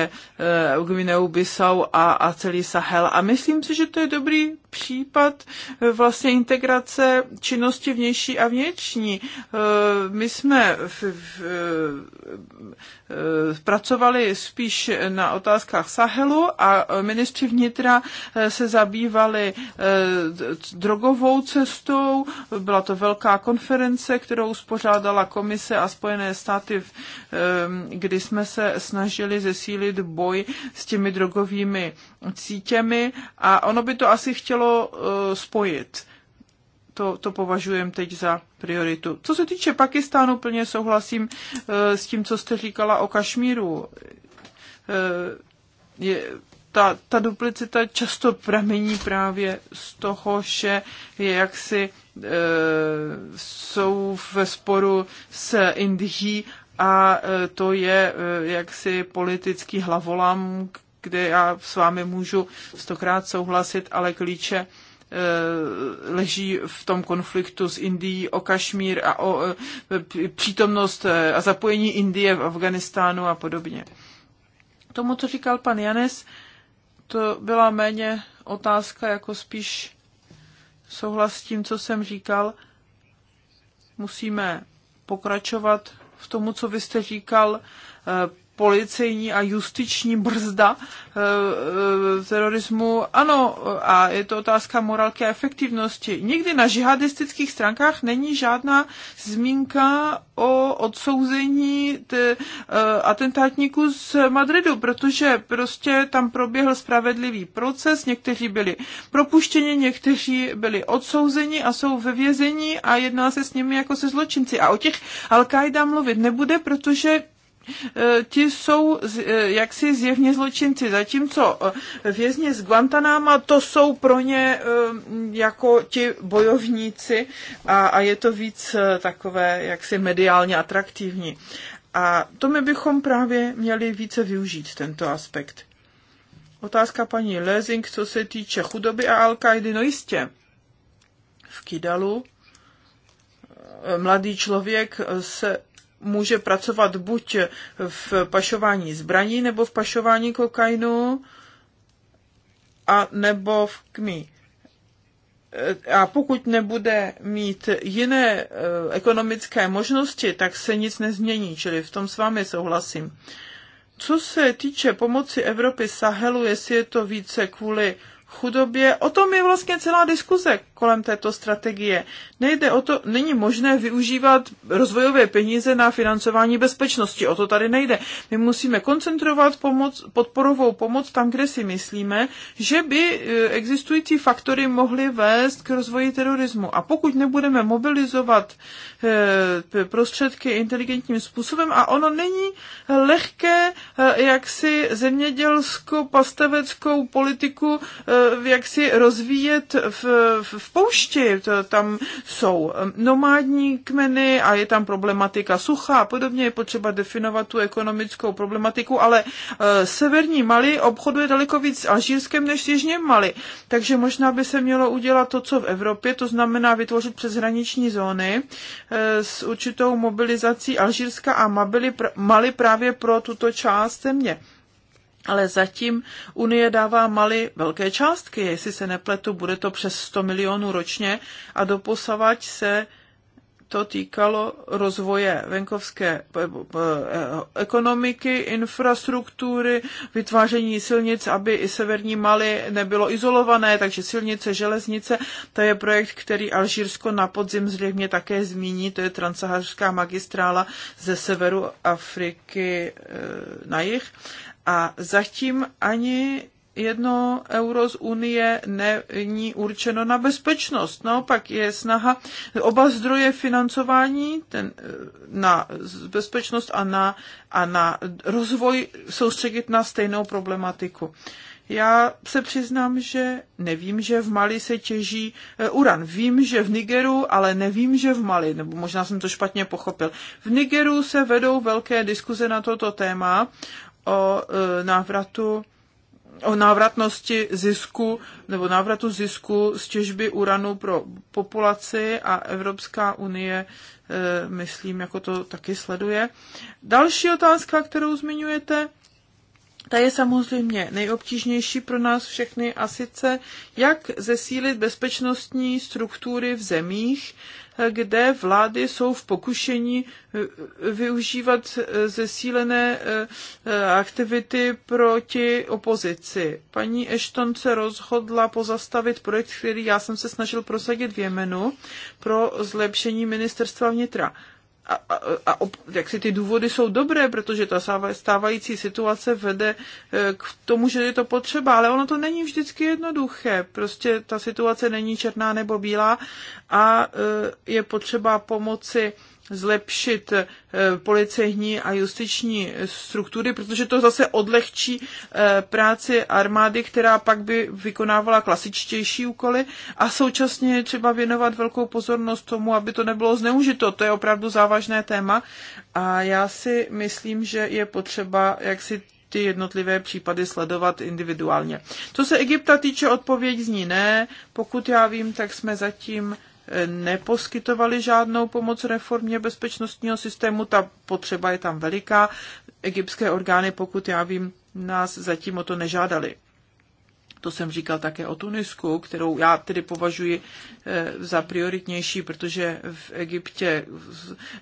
e, Gvineu Bissau a, a celý Sahel. A myslím si, že to je dobrý případ vlastně integrace činnosti vnější a vnitřní. E, my jsme v, v, Eh, pracovali spíš na otázkách Sahelu a ministři vnitra eh, se zabývali eh, drogovou cestou. Byla to velká konference, kterou spořádala komise a Spojené státy, kdy jsme se snažili zesílit boj s těmi drogovými cítěmi a ono by to asi chtělo spojit to, to považujeme teď za prioritu. Co se týče Pakistánu, plně souhlasím eh, s tím, co jste říkala o Kašmíru. Eh, je, ta, ta duplicita často pramení právě z toho, že je jaksi e, jsou ve sporu s Indií a e, to je e, jaksi politický hlavolam, kde já s vámi můžu stokrát souhlasit, ale klíče Eh, leží v tom konfliktu s Indií o Kašmír a o eh, přítomnost eh, a zapojení Indie v Afganistánu a podobně. Tomu, co říkal pan Janes, to byla méně otázka, jako spíš souhlas s tím, co jsem říkal. Musíme pokračovat v tomu, co vy jste říkal, policejní a justiční brzda eh, eh, terorismu. Ano, a je to otázka morálky a efektivnosti. Nikdy na žihadistických stránkách není žádná zmínka o odsouzení t, eh, atentátníků z Madridu, protože prostě tam proběhl spravedlivý proces, někteří byli propuštěni, někteří byli odsouzeni a jsou ve vězení a jedná se s nimi jako se zločinci. A o těch Al-Qaida mluvit nebude, protože E, ti jsou e, jaksi zjevně zločinci, zatímco e, vězni z Guantanáma to jsou pro ně jako ti bojovníci a, a je to víc takové jaksi mediálně atraktivní. A to my bychom právě měli více využít, tento aspekt. Otázka paní Lezing, co se týče chudoby a al no jistě. V Kidalu mladý člověk se může pracovat buď v pašování zbraní nebo v pašování kokainu a nebo v kmí. A pokud nebude mít jiné e, ekonomické možnosti, tak se nic nezmění, čili v tom s vámi souhlasím. Co se týče pomoci Evropy Sahelu, jestli je to více kvůli chudobě. O tom je vlastně celá diskuze kolem této strategie. Nejde o to, není možné využívat rozvojové peníze na financování bezpečnosti. O to tady nejde. My musíme koncentrovat pomoc, podporovou pomoc tam, kde si myslíme, že by e, existující faktory mohly vést k rozvoji terorismu. A pokud nebudeme mobilizovat e, prostředky inteligentním způsobem, a ono není lehké, e, jak si zemědělsko-pasteveckou politiku Eh, jak si rozvíjet v, v poušti. Tam jsou eh, nomádní kmeny a je tam problematika sucha a podobně. Je potřeba definovat tu ekonomickou problematiku, ale eh, severní Mali obchoduje daleko víc s Alžírskem než s jižním Mali. Takže možná by se mělo udělat to, co v Evropě, to znamená vytvořit přeshraniční zóny s určitou mobilizací Alžírska a Mali právě pro tuto část země ale zatím Unie dává Mali velké částky, jestli se nepletu, bude to přes 100 milionů ročně a doposavať se to týkalo rozvoje venkovské eh, eh, eh, ekonomiky, infrastruktury, vytváření silnic, aby i severní Mali nebylo izolované, takže silnice, železnice, to je projekt, který Alžírsko na podzim zřejmě také zmíní, to je transsaharská magistrála ze severu Afriky na jih a zatím ani jedno euro z Unie není určeno na bezpečnost. Naopak je snaha oba zdroje financování ten, eh, na bezpečnost a na, a na rozvoj soustředit na stejnou problematiku. Já se přiznám, že nevím, že v Mali se těží eh, uran. Vím, že v Nigeru, ale nevím, že v Mali, nebo možná jsem to špatně pochopil. V Nigeru se vedou velké diskuze na toto téma o e, návratu o návratnosti zisku nebo návratu zisku z těžby uranu pro populaci a Evropská unie, e, myslím, jako to taky sleduje. Další otázka, kterou zmiňujete, ta je samozřejmě nejobtížnější pro nás všechny a sice, jak zesílit bezpečnostní struktury v zemích, kde vlády jsou v pokušení eh, využívat eh, zesílené eh, aktivity proti opozici. Paní Ashton se rozhodla pozastavit projekt, který já jsem se snažil prosadit v Jemenu pro zlepšení ministerstva vnitra a, a, a jak si ty důvody jsou dobré, protože ta stávající situace vede eh, k tomu, že je to potřeba, ale ono to není vždycky jednoduché. Prostě ta situace není černá nebo bílá a eh, je potřeba pomoci zlepšit eh, policejní a justiční struktury, protože to zase odlehčí eh, práci armády, která pak by vykonávala klasičtější úkoly a současně je třeba věnovat velkou pozornost tomu, aby to nebylo zneužito. To je opravdu závažné téma a já si myslím, že je potřeba jak si ty jednotlivé případy sledovat individuálně. Co se Egypta týče, odpověď zní ne. Pokud já vím, tak jsme zatím neposkytovali žádnou pomoc reformě bezpečnostního systému. Ta potřeba je tam veliká. Egyptské orgány, pokud já vím, nás zatím o to nežádali. To jsem říkal také o Tunisku, kterou já tedy považuji eh, za prioritnější, protože v Egyptě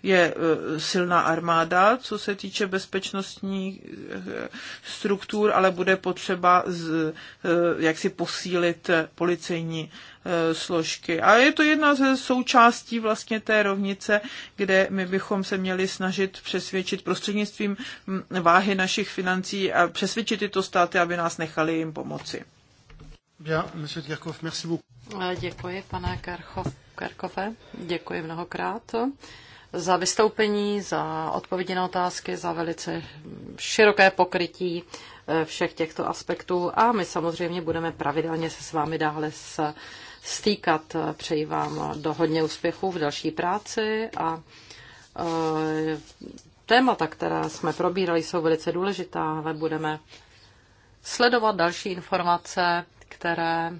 je eh, silná armáda, co se týče bezpečnostních eh, struktur, ale bude potřeba jaksi posílit policejní Eh, složky. A je to jedna ze součástí vlastně té rovnice, kde my bychom se měli snažit přesvědčit prostřednictvím hm, váhy našich financí a přesvědčit tyto státy, aby nás nechali jim pomoci. Já, monsieur merci eh, Děkuji, pane Kerkhofe. Děkuji mnohokrát za vystoupení, za odpovědi na otázky, za velice široké pokrytí eh, všech těchto aspektů a my samozřejmě budeme pravidelně se s vámi dále s stýkat. Přeji vám do hodně úspěchů v další práci a eh, témata, která jsme probírali, jsou velice důležitá, ale budeme sledovat další informace, které eh,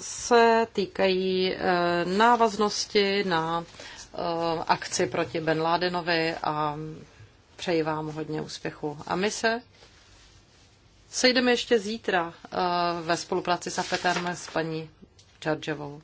se týkají eh, návaznosti na akci proti Ben Ládenovi a přeji vám hodně úspěchu. A my se sejdeme ještě zítra eh, ve spolupráci s Afetem s paní Čarževou.